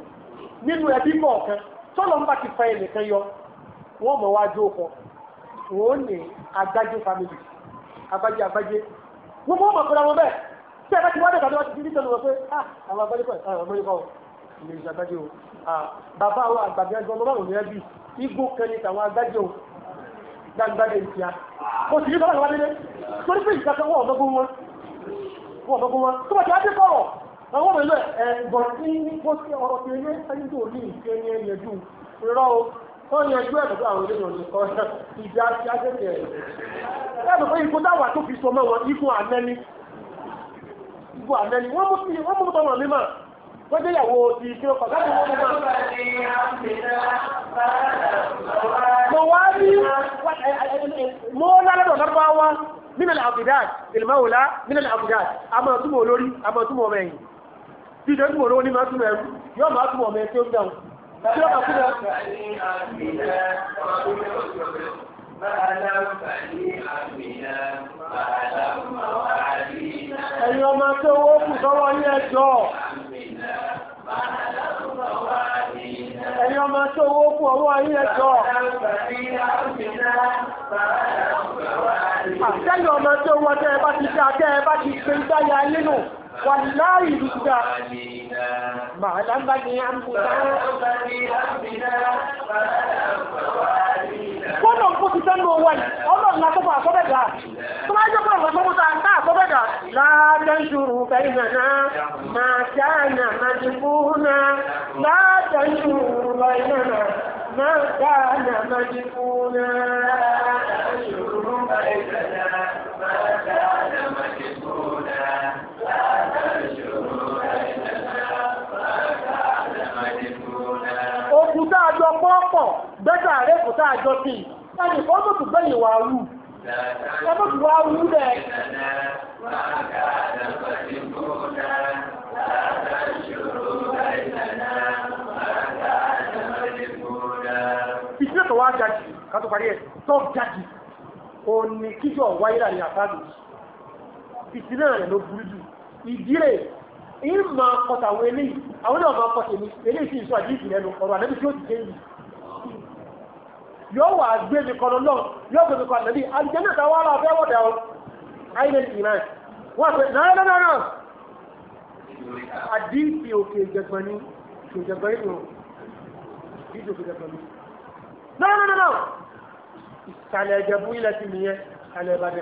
nínú ẹbí kọ̀ọ̀kan tọ́lọ̀ ń bá ti fa ẹnìkan yọ wọ́n mọ̀ wá ní agbájé family agbájé agbájé wọ́n bẹ́ẹ̀ tí ẹ bá ti wá ti fi nítorí wọn pé ah, àwọn àwọn ah, o ah, bàbá wa àgbàgbé ẹgbẹ́ ọmọ báwo ni ẹbí igbó kan tàwọn o gbàgbàgbé sì ní àwọn ọmọ ilé ẹ bọ̀ sí bó ṣe ọ̀rọ̀ ti ilé ẹni tó ní ìṣe ni ẹyẹ jù rírọ́ o wọ́n yẹ ẹgbẹ́ ẹ̀dọ́dọ́ àwọn olóyìn ọ̀dọ́ kan ìjà ti ajẹ́kẹ̀ ẹ̀. ẹ̀dọ̀ pé ikú dáwà tó fi sọmọ wọn ikú ànẹ́ni ikú ànẹ́ni wọ́n mú sí wọ́n mú tọmọ mímọ́ wọ́n jẹ́ ìyàwó ti ṣe ọkọ̀ láti wọ́n mú mọ́. mo wá ní mo lálẹ́dọ̀ lọ́dọ́ wá nínú àbùdá ìlmọ́wòlá nínú àbùdá àmọ̀ túnmọ̀ olórí àmọ̀ túnmọ̀ ọmọ ẹ̀yìn bí ìjọ ìgbòrò ní máa túnmọ̀ ẹ̀rú yóò máa túnmọ̀ ọmọ ẹ̀kẹ́ òun dáhùn tí ó máa túnmọ̀ ẹ̀yìn ọmọ tó owó kù sọ́wọ́ ní ẹjọ́ ẹ̀yìn ọmọ tó owó kù ọwọ́ ní ẹjọ́ àtẹ́yìn ọmọ tó owó tẹ́ ẹ bá ti ṣe àtẹ́ ẹ bá ti ṣe ń dáyà nínú والله بالله مهلا بني أنفسنا kọ́nà ń kó ti sẹ́nu owó ẹ̀ ọlọ́run akọ́kọ́ àkọ́bẹ̀dà tó máa jẹ́ pé àwọn ọmọ mọ́ta ńlá àkọ́bẹ̀dà láàdá ń ṣòro Na máa dáànà máa ti fúnná láàdá na. Òkú tá a jọ pọ́pọ̀ gbẹ́sà rẹ̀ kò tá a jọ sí. Ẹni tó wà rú. rú rẹ̀. Ìṣẹ́ tó wá jáde, parí ẹ̀, tó jáde. kíjọ wáyé láàrin àfáàlù. Ìṣẹ́ náà rẹ̀ ló burú jù. ìdílé ìmọ̀ akọta àwọn eléyìí àwọn náà máa kọ́ tèmi eléyìí sì ń sọ àdéhìí lẹ́nu ọ̀rọ̀ ànábì tí ó ti dé yìí yóò wà gbé mi kọ́ lọ́nà yóò gbé mi kọ́ ànábì àdìjẹ́ náà ta wàhálà ọ̀fẹ́ wọ̀dà ọ àìlẹ̀ ìmọ̀ wọ́n pẹ̀ náà náà náà àdéhìí òkè ìjẹgbọ̀n ni òkè ìjẹgbọ̀n ni àdéhìí òkè ìjẹgbọ̀n ni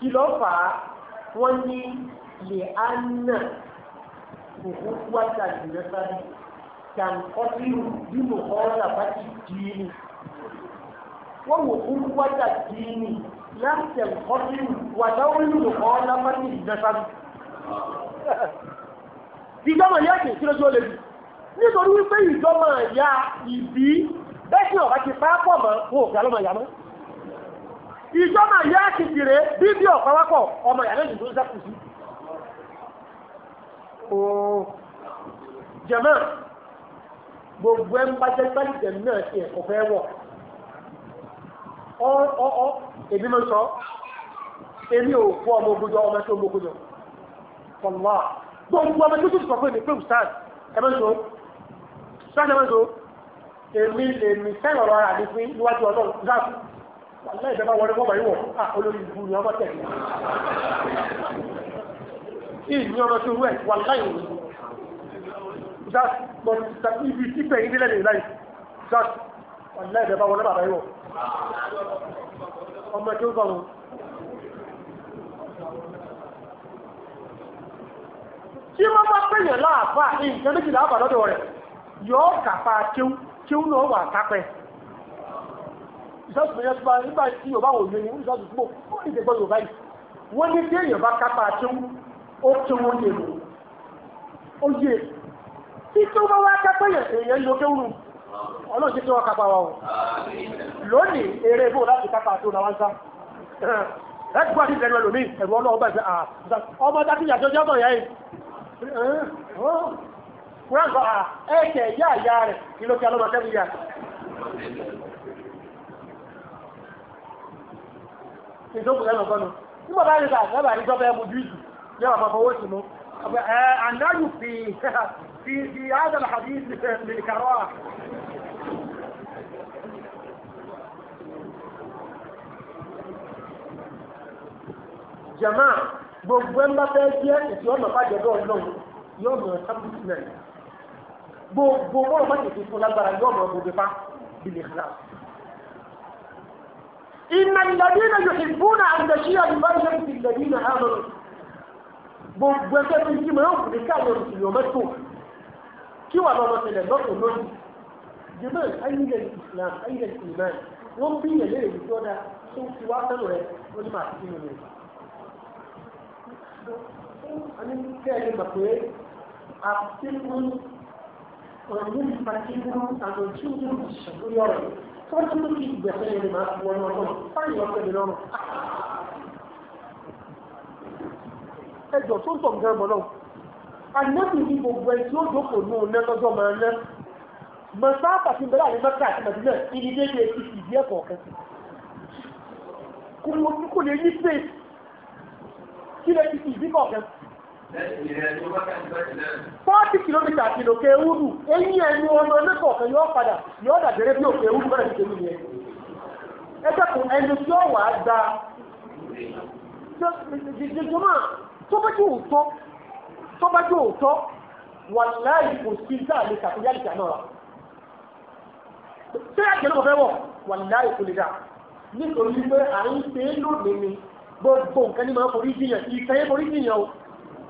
kí ló fà á wọ́n ní lè á nà kòkó wájà ìrìnà sáré kàǹkọ́sírù bí mo kọ́ làbá ti dì í ni wọ́n wò kó wájà dì í ni láti kàǹkọ́sírù wàjà ó ní mo kọ́ làbá ti ìrìnà sáré. ìjọba ìyá kìí kí lójú ó lè bì nítorí wípé ìjọba ìyá ìbí bẹ́ẹ̀ sì ọ̀gá ti pa á pọ̀ mọ́ wọn ò fi alọ́mọ ìyá mọ́ ìjọ náà yá kìkìrè bíbí ọ̀pọ̀lọpọ̀ ọmọ ìyàrá ìdìbò ń sẹ́kù sí. ooo jẹ̀mọ́ gbogbo ẹ̀ ń bá jẹ́ gbálí jẹ̀mí náà ti ẹ̀kọ́ fẹ́ wọ̀ ọ́ ọ́ ọ́ èmi ló sọ èmi ò fọ́ ọmọ ogun jọ ọmọ tó ń bogun jọ kọ̀ọ̀lá gbogbo ọmọ tó tún sọ fún mi pé ustaz ẹ mẹ́sọ ustaz ẹ mẹ́sọ èmi lèmi fẹ́ràn ọ̀rọ̀ àdéfín níwájú ọlọ́run gáàsì wàlẹ́ ìjọba wọlé wọ́n báyìí wọ̀ á ah, olórí ìbú ni wọ́n bá tẹ̀lé. ìlú ọmọ tó rú ẹ̀ wàlẹ́ ìwé just but that ibi tí bẹ̀rẹ̀ ìdílé lè láì just wàlẹ́ ìjọba wọlé bàbá yìí wọ̀ ọmọ tó bọ̀ wọn. tí wọ́n bá pèèyàn láàbà ní nǹkan méjìlá àbàdọ́dọ̀ rẹ̀ yọ ọ́ kàpa kéwú kéwú náà wà kápẹ́ ìṣàtúntò yẹn tó bá nígbà tí yorùbá wò lóyún ní ìṣàtúntò púpọ̀ wọ́n ní ìṣègbè yorùbá yìí wọ́n ní bí èèyàn bá kápá tún ó tún wọn yè lò ó yè tí tó bá wá kápá yẹn èèyàn ló kéwù ọlọ́run ti tí wọ́n kápá wa o lónìí eré bò láti kápá tó làwọn sá ẹgbẹ́ àti ìdẹ́nu ẹlòmíì ẹ̀rọ ọlọ́run bá ṣe ọmọ dákìyà tó jẹ́ ọmọ ìyá yìí kúrẹ́ǹkọ́ ẹ̀ẹ́kẹ̀ ìyá ìyá rẹ̀ ìdókòó lẹ́nu ọ̀gbọ́n nù nígbà bá rí ta lẹ́bàá ní gbọ́bẹ́ mu júùsù ní ọ̀pọ̀ fowó sí mu àndáyù <laughs> fi fi fi ádàlà àbí mìlìkàrọ́ à. jama gbogbo ẹ̀ ń bá fẹ́ jẹ́ èsì ọ̀nà bàjẹ́dọ̀ ọlọ́run yóò mọ̀ sábùsì náà gbogbo mọ́ọ̀mọ́ tètè fún lágbára yóò mọ̀ gbogbo pa bìlìkàrọ́. إن الذين يحبون أن تشيع الفاحشة في الذين آمنوا gbogbo ẹgbẹ́ tó ń jí máa ń kùnrin káàyè òṣèlú mẹ́tò kí wà lọ́mọ tẹ̀lẹ̀ lọ́kùn lónìí jùmọ̀ ayílẹ̀ islam ayílẹ̀ islam wọ́n bí ìyẹ̀lẹ̀ èyí tó dá tó fi wá sẹ́nu rẹ̀ ó ní màá sí nínú rẹ̀. a ní kẹ́ ẹ̀ mọ̀ pé àfikún ọ̀rọ̀ yìí ti pàṣẹ fún àwọn tí ó ń ṣàkóyọ̀ rẹ̀ sọ́ọ́ tí ó fi gbẹ̀sẹ̀ yẹn máa fi wọnú ọdún fáyìn ọ̀sẹ̀ mi lọ́rùn. ẹjọ́ tó ń tọ̀ nǹkan mọ́ náà anábì ní gbogbo ẹ̀ tí ó jókòó nù ná lọ́jọ́ máa ná mọ̀sáàpà ti bẹ̀rẹ̀ àwọn mẹ́ta àti mẹ́tìlẹ̀ ìdí déédéé ti fi ìdí ẹ̀kọ́ kan kò lè ní pé kí lè ti fi kọ̀ọ̀kan fọ́ọ̀tì kìlómítà ti lòkè ewúrú eyín ẹnu ọmọ ẹlẹ́kọ̀ọ̀kan yóò padà yóò dàgẹ́rẹ́ bí òkè ewúrú bẹ̀rẹ̀ sí nìyẹn ẹgbẹ́ kan ẹni tí ó wàá gba jẹjẹrẹ tó bá jẹ́ òótọ́ tó bá jẹ́ òótọ́ wà láàyè kò sí sáà lè kàkóyá lè kànáà ṣé àgbẹ̀rẹ̀ kò fẹ́ wọ̀ wà láàyè kò lè dà nítorí pé à ń ṣe é lónìí ni gbogbo nǹkan ní máa forí